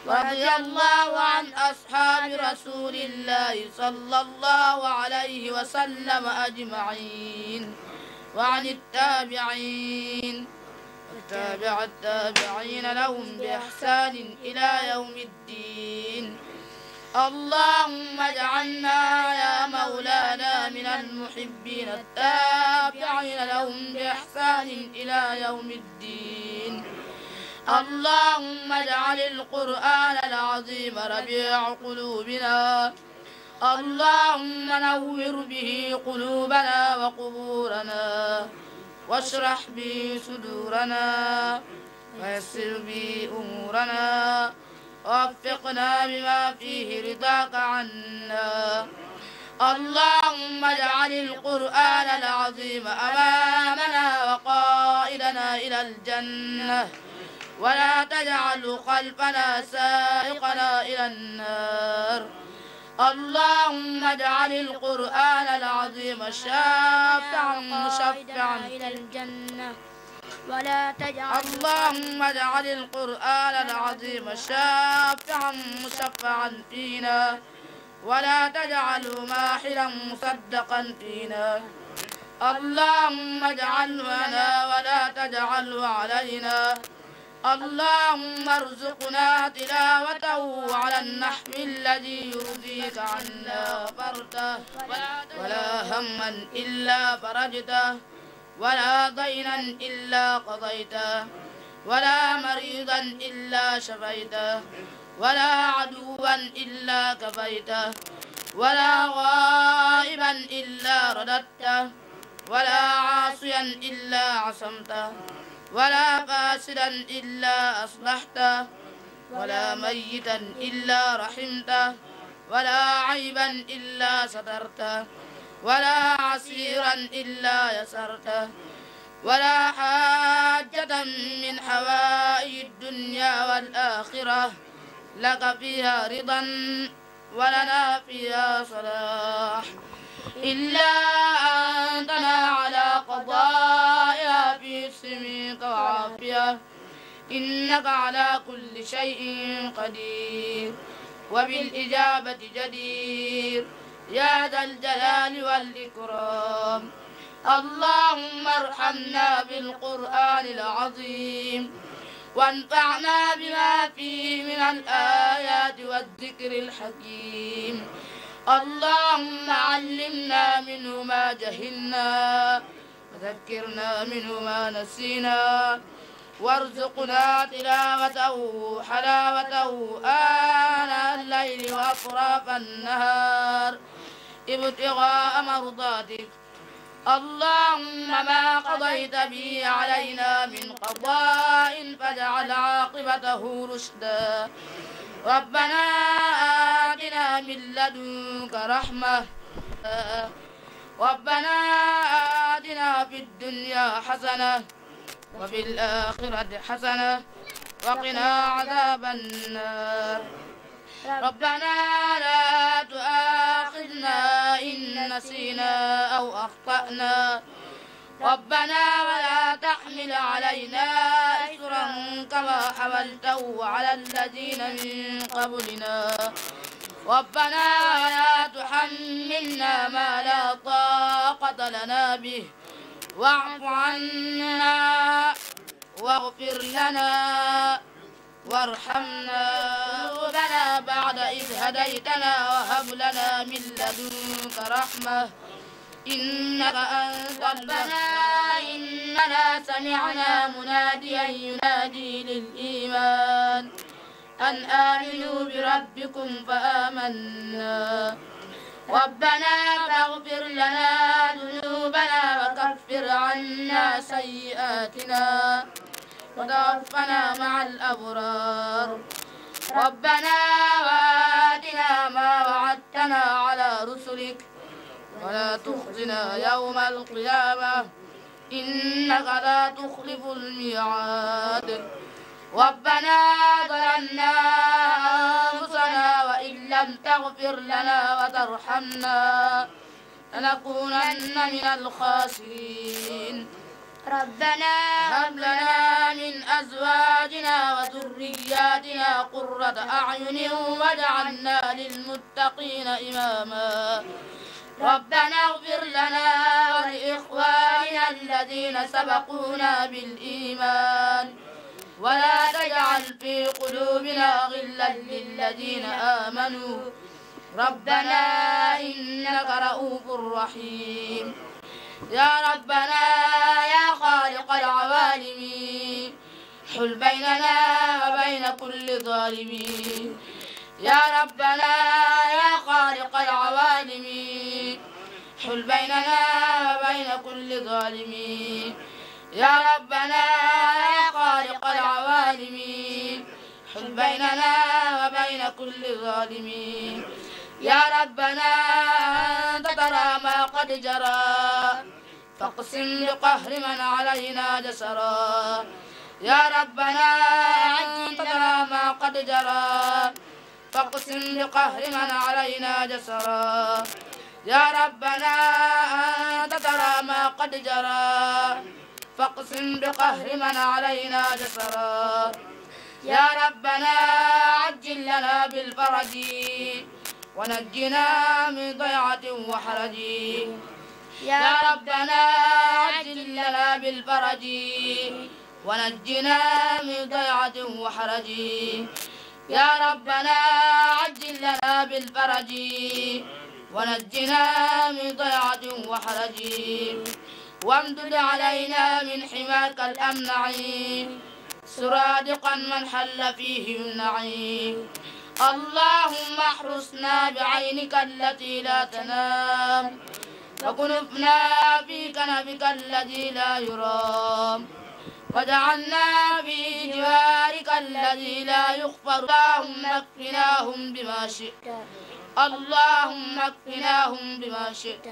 ورضي الله عن أصحاب رسول الله صلى الله عليه وسلم أجمعين وعن التابعين وتابع التابعين لهم بإحسان إلى يوم الدين اللهم اجعلنا يا مولانا من المحبين التابعين لهم بإحسان إلى يوم الدين اللهم اجعل القرآن العظيم ربيع قلوبنا اللهم نور به قلوبنا وقبورنا واشرح به صدورنا ويسر به أمورنا ووفقنا بما فيه رضاك عنا اللهم اجعل القرآن العظيم أمامنا وقائدنا إلى الجنة ولا تجعل خلفنا سائقنا إلى النار اللهم اجعل القرآن العظيم شافعا مشفعا إلى الجنة ولا تجعل اللهم اجعل القرآن العظيم شافعا مشفعا فينا ولا تجعله ماحلا مصدقا فينا اللهم اجعله لنا ولا تجعله علينا اللهم ارزقنا تلاوته على النحو الذي يرضيك عنا فرته ولا هما إلا فرجته ولا دينا إلا قضيته ولا مريضا إلا شفيته ولا عدوا إلا كفيته ولا غائبا إلا رددته ولا عاصيا إلا عصمته ولا فاسدا إلا أصلحته ولا ميتا إلا رحمته ولا عيبا إلا سترته ولا عسيرا إلا يسرته ولا حاجة من حوائج الدنيا والآخرة لك فيها رضا ولنا فيها صلاح إلا أنتنا على قضائها في سميك وعافية إنك على كل شيء قدير وبالإجابة جدير يا ذا الجلال والإكرام اللهم ارحمنا بالقرآن العظيم وانفعنا بما فيه من الآيات والذكر الحكيم اللهم علمنا منه ما جهلنا وذكرنا منه ما نسينا وارزقنا تلاوته حلاوته آناء الليل وأطراف النهار ابتغاء مرضاتك اللهم ما قضيت به علينا من قضاء فاجعل عاقبته رشدا ربنا آتنا من لدنك رحمة ربنا آتنا في الدنيا حسنة وفي الآخرة حسنة وقنا عذاب النار ربنا لا تؤاخذنا إن نسينا أو أخطأنا ربنا ولا تحمل علينا إسرا كما حملته على الذين من قبلنا ربنا ولا تحملنا ما لا طاقة لنا به واعف عنا واغفر لنا وارحمنا ربنا بعد إذ هديتنا وهب لنا من لدنك رحمة إنك أنت ربنا إننا سمعنا مناديا ينادي للإيمان أن آمنوا بربكم فآمنا ربنا فاغفر لنا ذنوبنا وكفر عنا سيئاتنا وتوفنا مع الأبرار ربنا وآتنا ما وعدتنا على رسلك ولا تخزنا يوم القيامة إنك لا تخلف الميعاد ربنا ظلمنا أنفسنا وإن لم تغفر لنا وترحمنا لنكونن من الخاسرين ربنا هب لنا من أزواجنا وذرياتنا قرة أعين واجعلنا للمتقين إماما ربنا اغفر لنا ولإخواننا الذين سبقونا بالإيمان ولا تجعل في قلوبنا غلا للذين آمنوا ربنا إنك رؤوف رحيم يا ربنا يا خالق العوالمين حل بيننا وبين كل ظالمين يا ربنا يا خالق العوالمين حل بيننا وبين كل ظالمين يا ربنا يا خالق العوالمين حل بيننا وبين كل ظالمين يا ربنا يرى ما قد جرى فاقسم بقهر من علينا جسرا يا ربنا أنتنا ما قد جرى فاقسم بقهر من علينا جسرا يا ربنا أنت ترى ما قد جرى فاقسم بقهر من علينا جسرا يا ربنا عجل لنا بالفرج ونجنا من ضيعة وحرج يا ربنا عجل لنا بالفرج ونجنا من ضيعة وحرج يا ربنا عجل لنا بالفرج ونجنا من ضيعة وحرج وامدد علينا من حماك الأمنع سرادقا من حل فيه النعيم اللهم احرسنا بعينك التي لا تنام وكنفنا في كنفك الذي لا يرام وجعلنا في جوارك الذي لا يخفر اللهم اكفناهم بما شئت اللهم اكفناهم بما شئت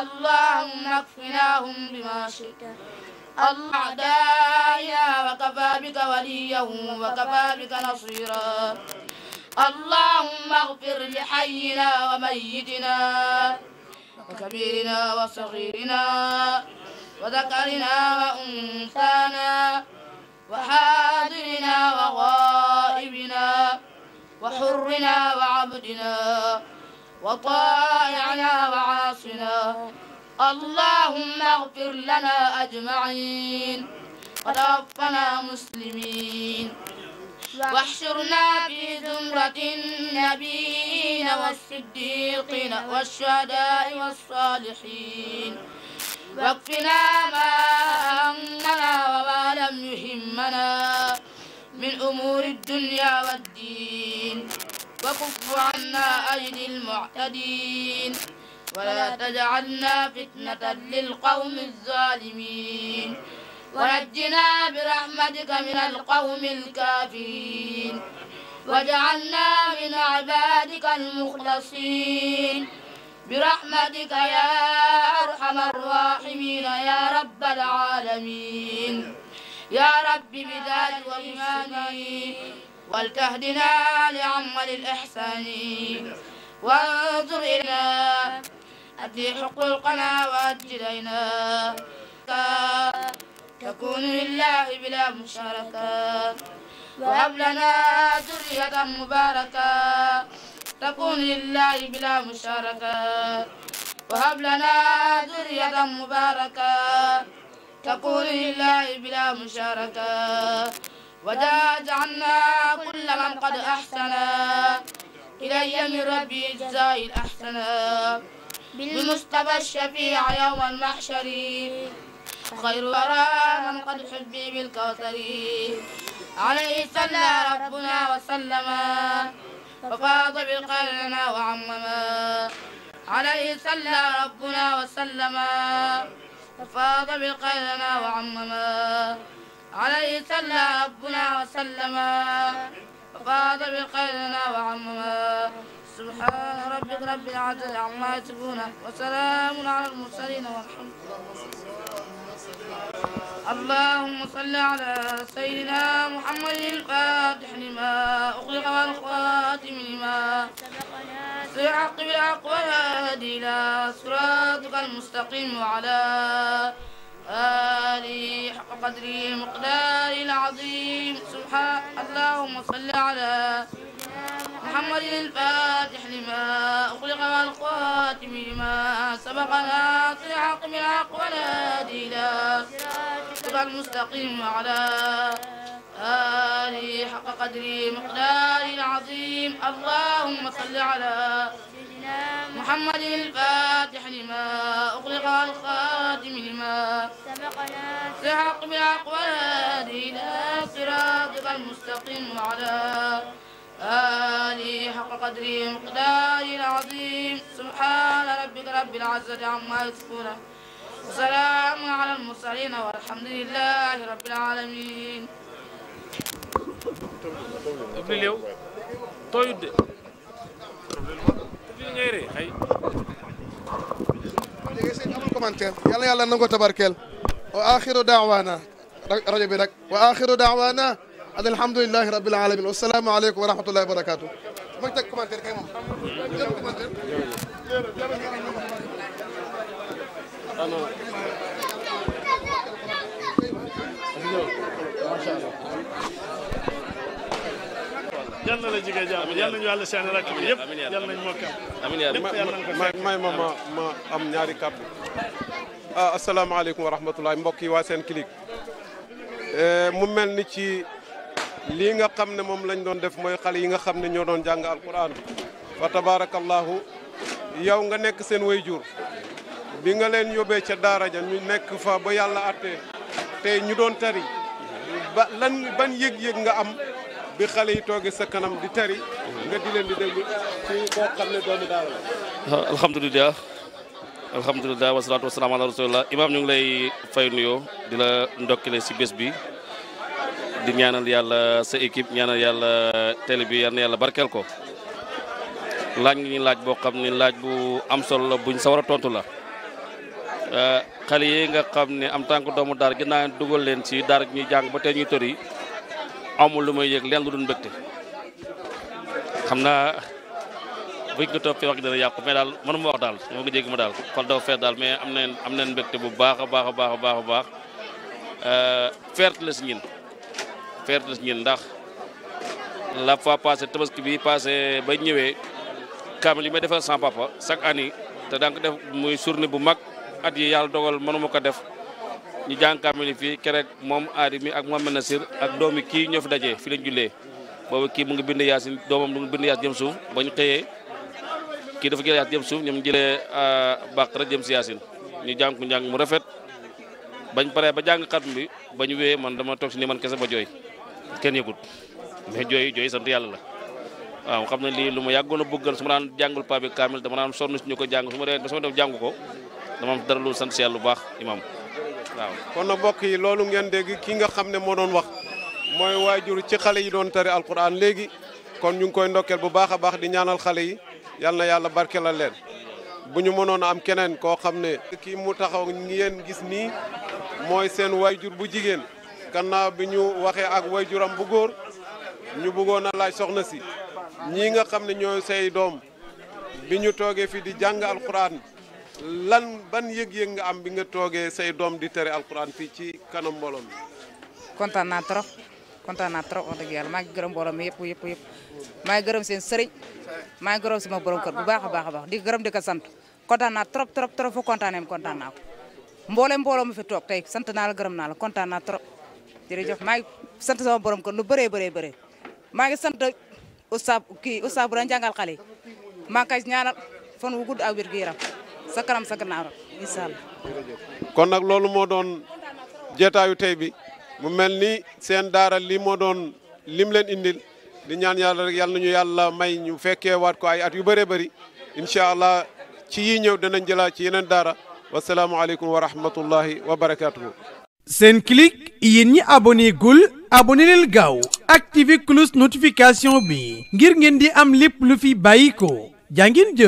اللهم اكفناهم بما شئت أعدائنا وكفى بك وليا وكفى بك نصيرا اللهم اغفر لحينا وميتنا وكبيرنا وصغيرنا وذكرنا وأنثانا وحاضرنا وغائبنا وحرنا وعبدنا وطائعنا وعاصنا اللهم اغفر لنا أجمعين وتوفنا مسلمين واحشرنا في زمرة النبيين والصديقين والشهداء والصالحين واكفنا ما همنا وما لم يهمنا من أمور الدنيا والدين وكف عنا أيدي المعتدين ولا تجعلنا فتنة للقوم الظالمين ونجنا برحمتك من القوم الكافرين واجعلنا من عبادك المخلصين برحمتك يا أرحم الراحمين يا رب العالمين يا رب بذات وإيماني ولتهدنا لعمل الإحسان وانظر إلينا أتي حقوقنا وأجلينا تكون لله بلا مشاركة وهب لنا ذرية مباركة تكون لله بلا مشاركة وهب لنا ذرية مباركة تكون لله بلا مشاركة وجاءت عنا كل من قد أحسن إلي من ربي الجزاء الأحسن بالمصطفى الشفيع يوم المحشر خير وراء من قد حبي بالكوثر عليه صلى ربنا وسلم وفاض بالقلنا وعمما عليه صلى ربنا وسلم وفاض بالقلنا وعمما عليه صلى ربنا وسلم وفاض بالقلنا وعمما سبحان ربك رب العزة عما يصفون وسلام على المرسلين والحمد لله اللهم صل على سيدنا محمد الفاتح لما أغلق والخاتم لما سبق بالحق والهادي إلى صراطك المستقيم وعلى آله حق قدره مقداره العظيم سبحان اللهم صل على محمد الفاتح لما أخلق والخاتم لما سبق ناصر الحق بالحق والهادي إلى صراط المستقيم وعلى آله حق قدره مقداره العظيم اللهم صل على محمد الفاتح لما أغلق الخاتم لما سبقنا سحق بالأقوال إلى صراطك المستقيم وعلى آله حق قدره مقداره العظيم سبحان ربك رب العزة عما يصفون وسلام على المرسلين والحمد لله رب العالمين تبليو طيب غيري اي commentaire yàlla yàlla nangoo tabarkeel wa axiru daawaana rajo bi rek wa axiru daawaana ada alhamdulilahi rabbil alamin wasalaamu aleykum wa rahmatullahi wa barakatu mag teg commentaire kay moom jël commentaire yal na la jigéen jàmm yal nañu yàlla seen rakk bi yëpp yal nañu mokkam amiin may ma ma ma am ñaari kàddu ah, asalaamaaleykum wa rahmatulah mbokk yi waa Senclic eh, mu mel ni ci lii nga xam ne moom lañ doon def mooy xale yi nga xam ne ñoo doon jàng alquran fa tabarakallahu yow nga nekk seen way jur bi nga leen yóbbee ca daara ja ñu nekk fa ba yàlla attee tey ñu doon tari ba lan ban yëg-yëg nga am bi xale yi toogee sa kanam di tari nga di leen di déglu ci koo xam ne doomu daara la alhamdulilah alhamdulilah wasalaatu wasalaam ala rasulillah imaam ñu ngi lay fay nuyoo di la ndokkile si bés bi di ñaanal yàlla sa équipe ñaanal yàlla télé bi yal na yàlla barkeel ko laaj ngi ñu laaj boo xam ne laaj bu am solo la buñ sa war a tontu la euh, xale yi nga xam ne am tànk doomu daar naa dugal leen ci daar ñuy jàng ba tey ñuy tëri amul lu may yëg leen lu du mbégte xam naa buñ ko toppee wax gi dana daal mënuma wax ma daal xol dafa mais am na am nañ mbégte bu baax a baax a baax a baax a baax euh, ferte la si faire la ñun ndax la fois passé tabaski bi passé ba ñëwee kaamil yi may defal san papa chaque année te daan ko def muy journée bu mag at yi yàlla dogal mënuma ko def ñu jàng kaamil yi fii kerek moom aari mi ak Mohamed Nasir ak doomi kii ñoo fi dajee fi lañ jullee boobu kii mu ngi bind yaasin doomam mu ngi bind yaas jëm suuf ba ñu xëyee kii dafa jël yaas jëm suuf ñoom jëlee ah, bàqara jëm si yaasin ñu jàng ku njàng mu rafet bañ paree ba jàng xatum bi ba ñu man dama toog si ba jooy kenn yëgut mais jooy jooy sant yàlla la waaw xam na lii lu ma yàggoon a bëggal su ma daan jàngul paa bi kaamil dama daan sonn suñu ko jàng su ma demee ba sama def jàngu ko dama dara lu sant si yàlla bu baax imam waaw kon na bokk yi loolu ngeen dégg ki nga xam ne moo doon wax mooy waajur ci xale yi doon tari alquran léegi kon ñu ngi koy ndokkeel bu baax a baax di ñaanal xale yi yal na yàlla la leen bu ñu mënoon am keneen koo xam ne kii mu taxaw ngeen gis nii mooy seen waajur bu jigéen gannaaw bi ñu waxee ak waajuram bu góor ñu bëggoon a laaj soxna si ñii nga xam ne ñooy say doom bi ñu toogee fii di jàng alquran lan ban yëg-yëg nga am bi nga toogee say doom di tere alquran fii ci kanam mbooloo mi. kontaan naa trop kontaan naa trop gërëm mbooloo mi yëpp yëpp yëpp maa gërëm seen sëriñ maa ngi gërëm sama borom bu baax a baax a di gërëm di sant kontaan naa trop trop trop fu kontaanee kontaan fi toog tey sant naa la gërëm naa la kontaan trop. jërëjëf maa ngi sant borom kon lu bëree bëree bëree maa ngi sant oustaz kii oustaz bu daan jàngal xale yi maa ngi koy ñaanal fan wu gudd ak wér gu yaram sa allah kon nag loolu moo doon jeetaayu tey bi mu mel ni seen daara lii moo doon lim leen indil di ñaan yàlla rek yàlla ñu yàlla may ñu fekke waat ko ay at yu bëree bëri incha allah ci yii ñëw danañ jëlaat ci yeneen daara wasalaamualeykum wa rahmatullahi wa barakaatuhu. seen Senclic yéen ñi abonné gul abonné gaaw activé cloche notification bi ngir ngeen di am lépp lu fi bàyyi ko jaa ngeen jëf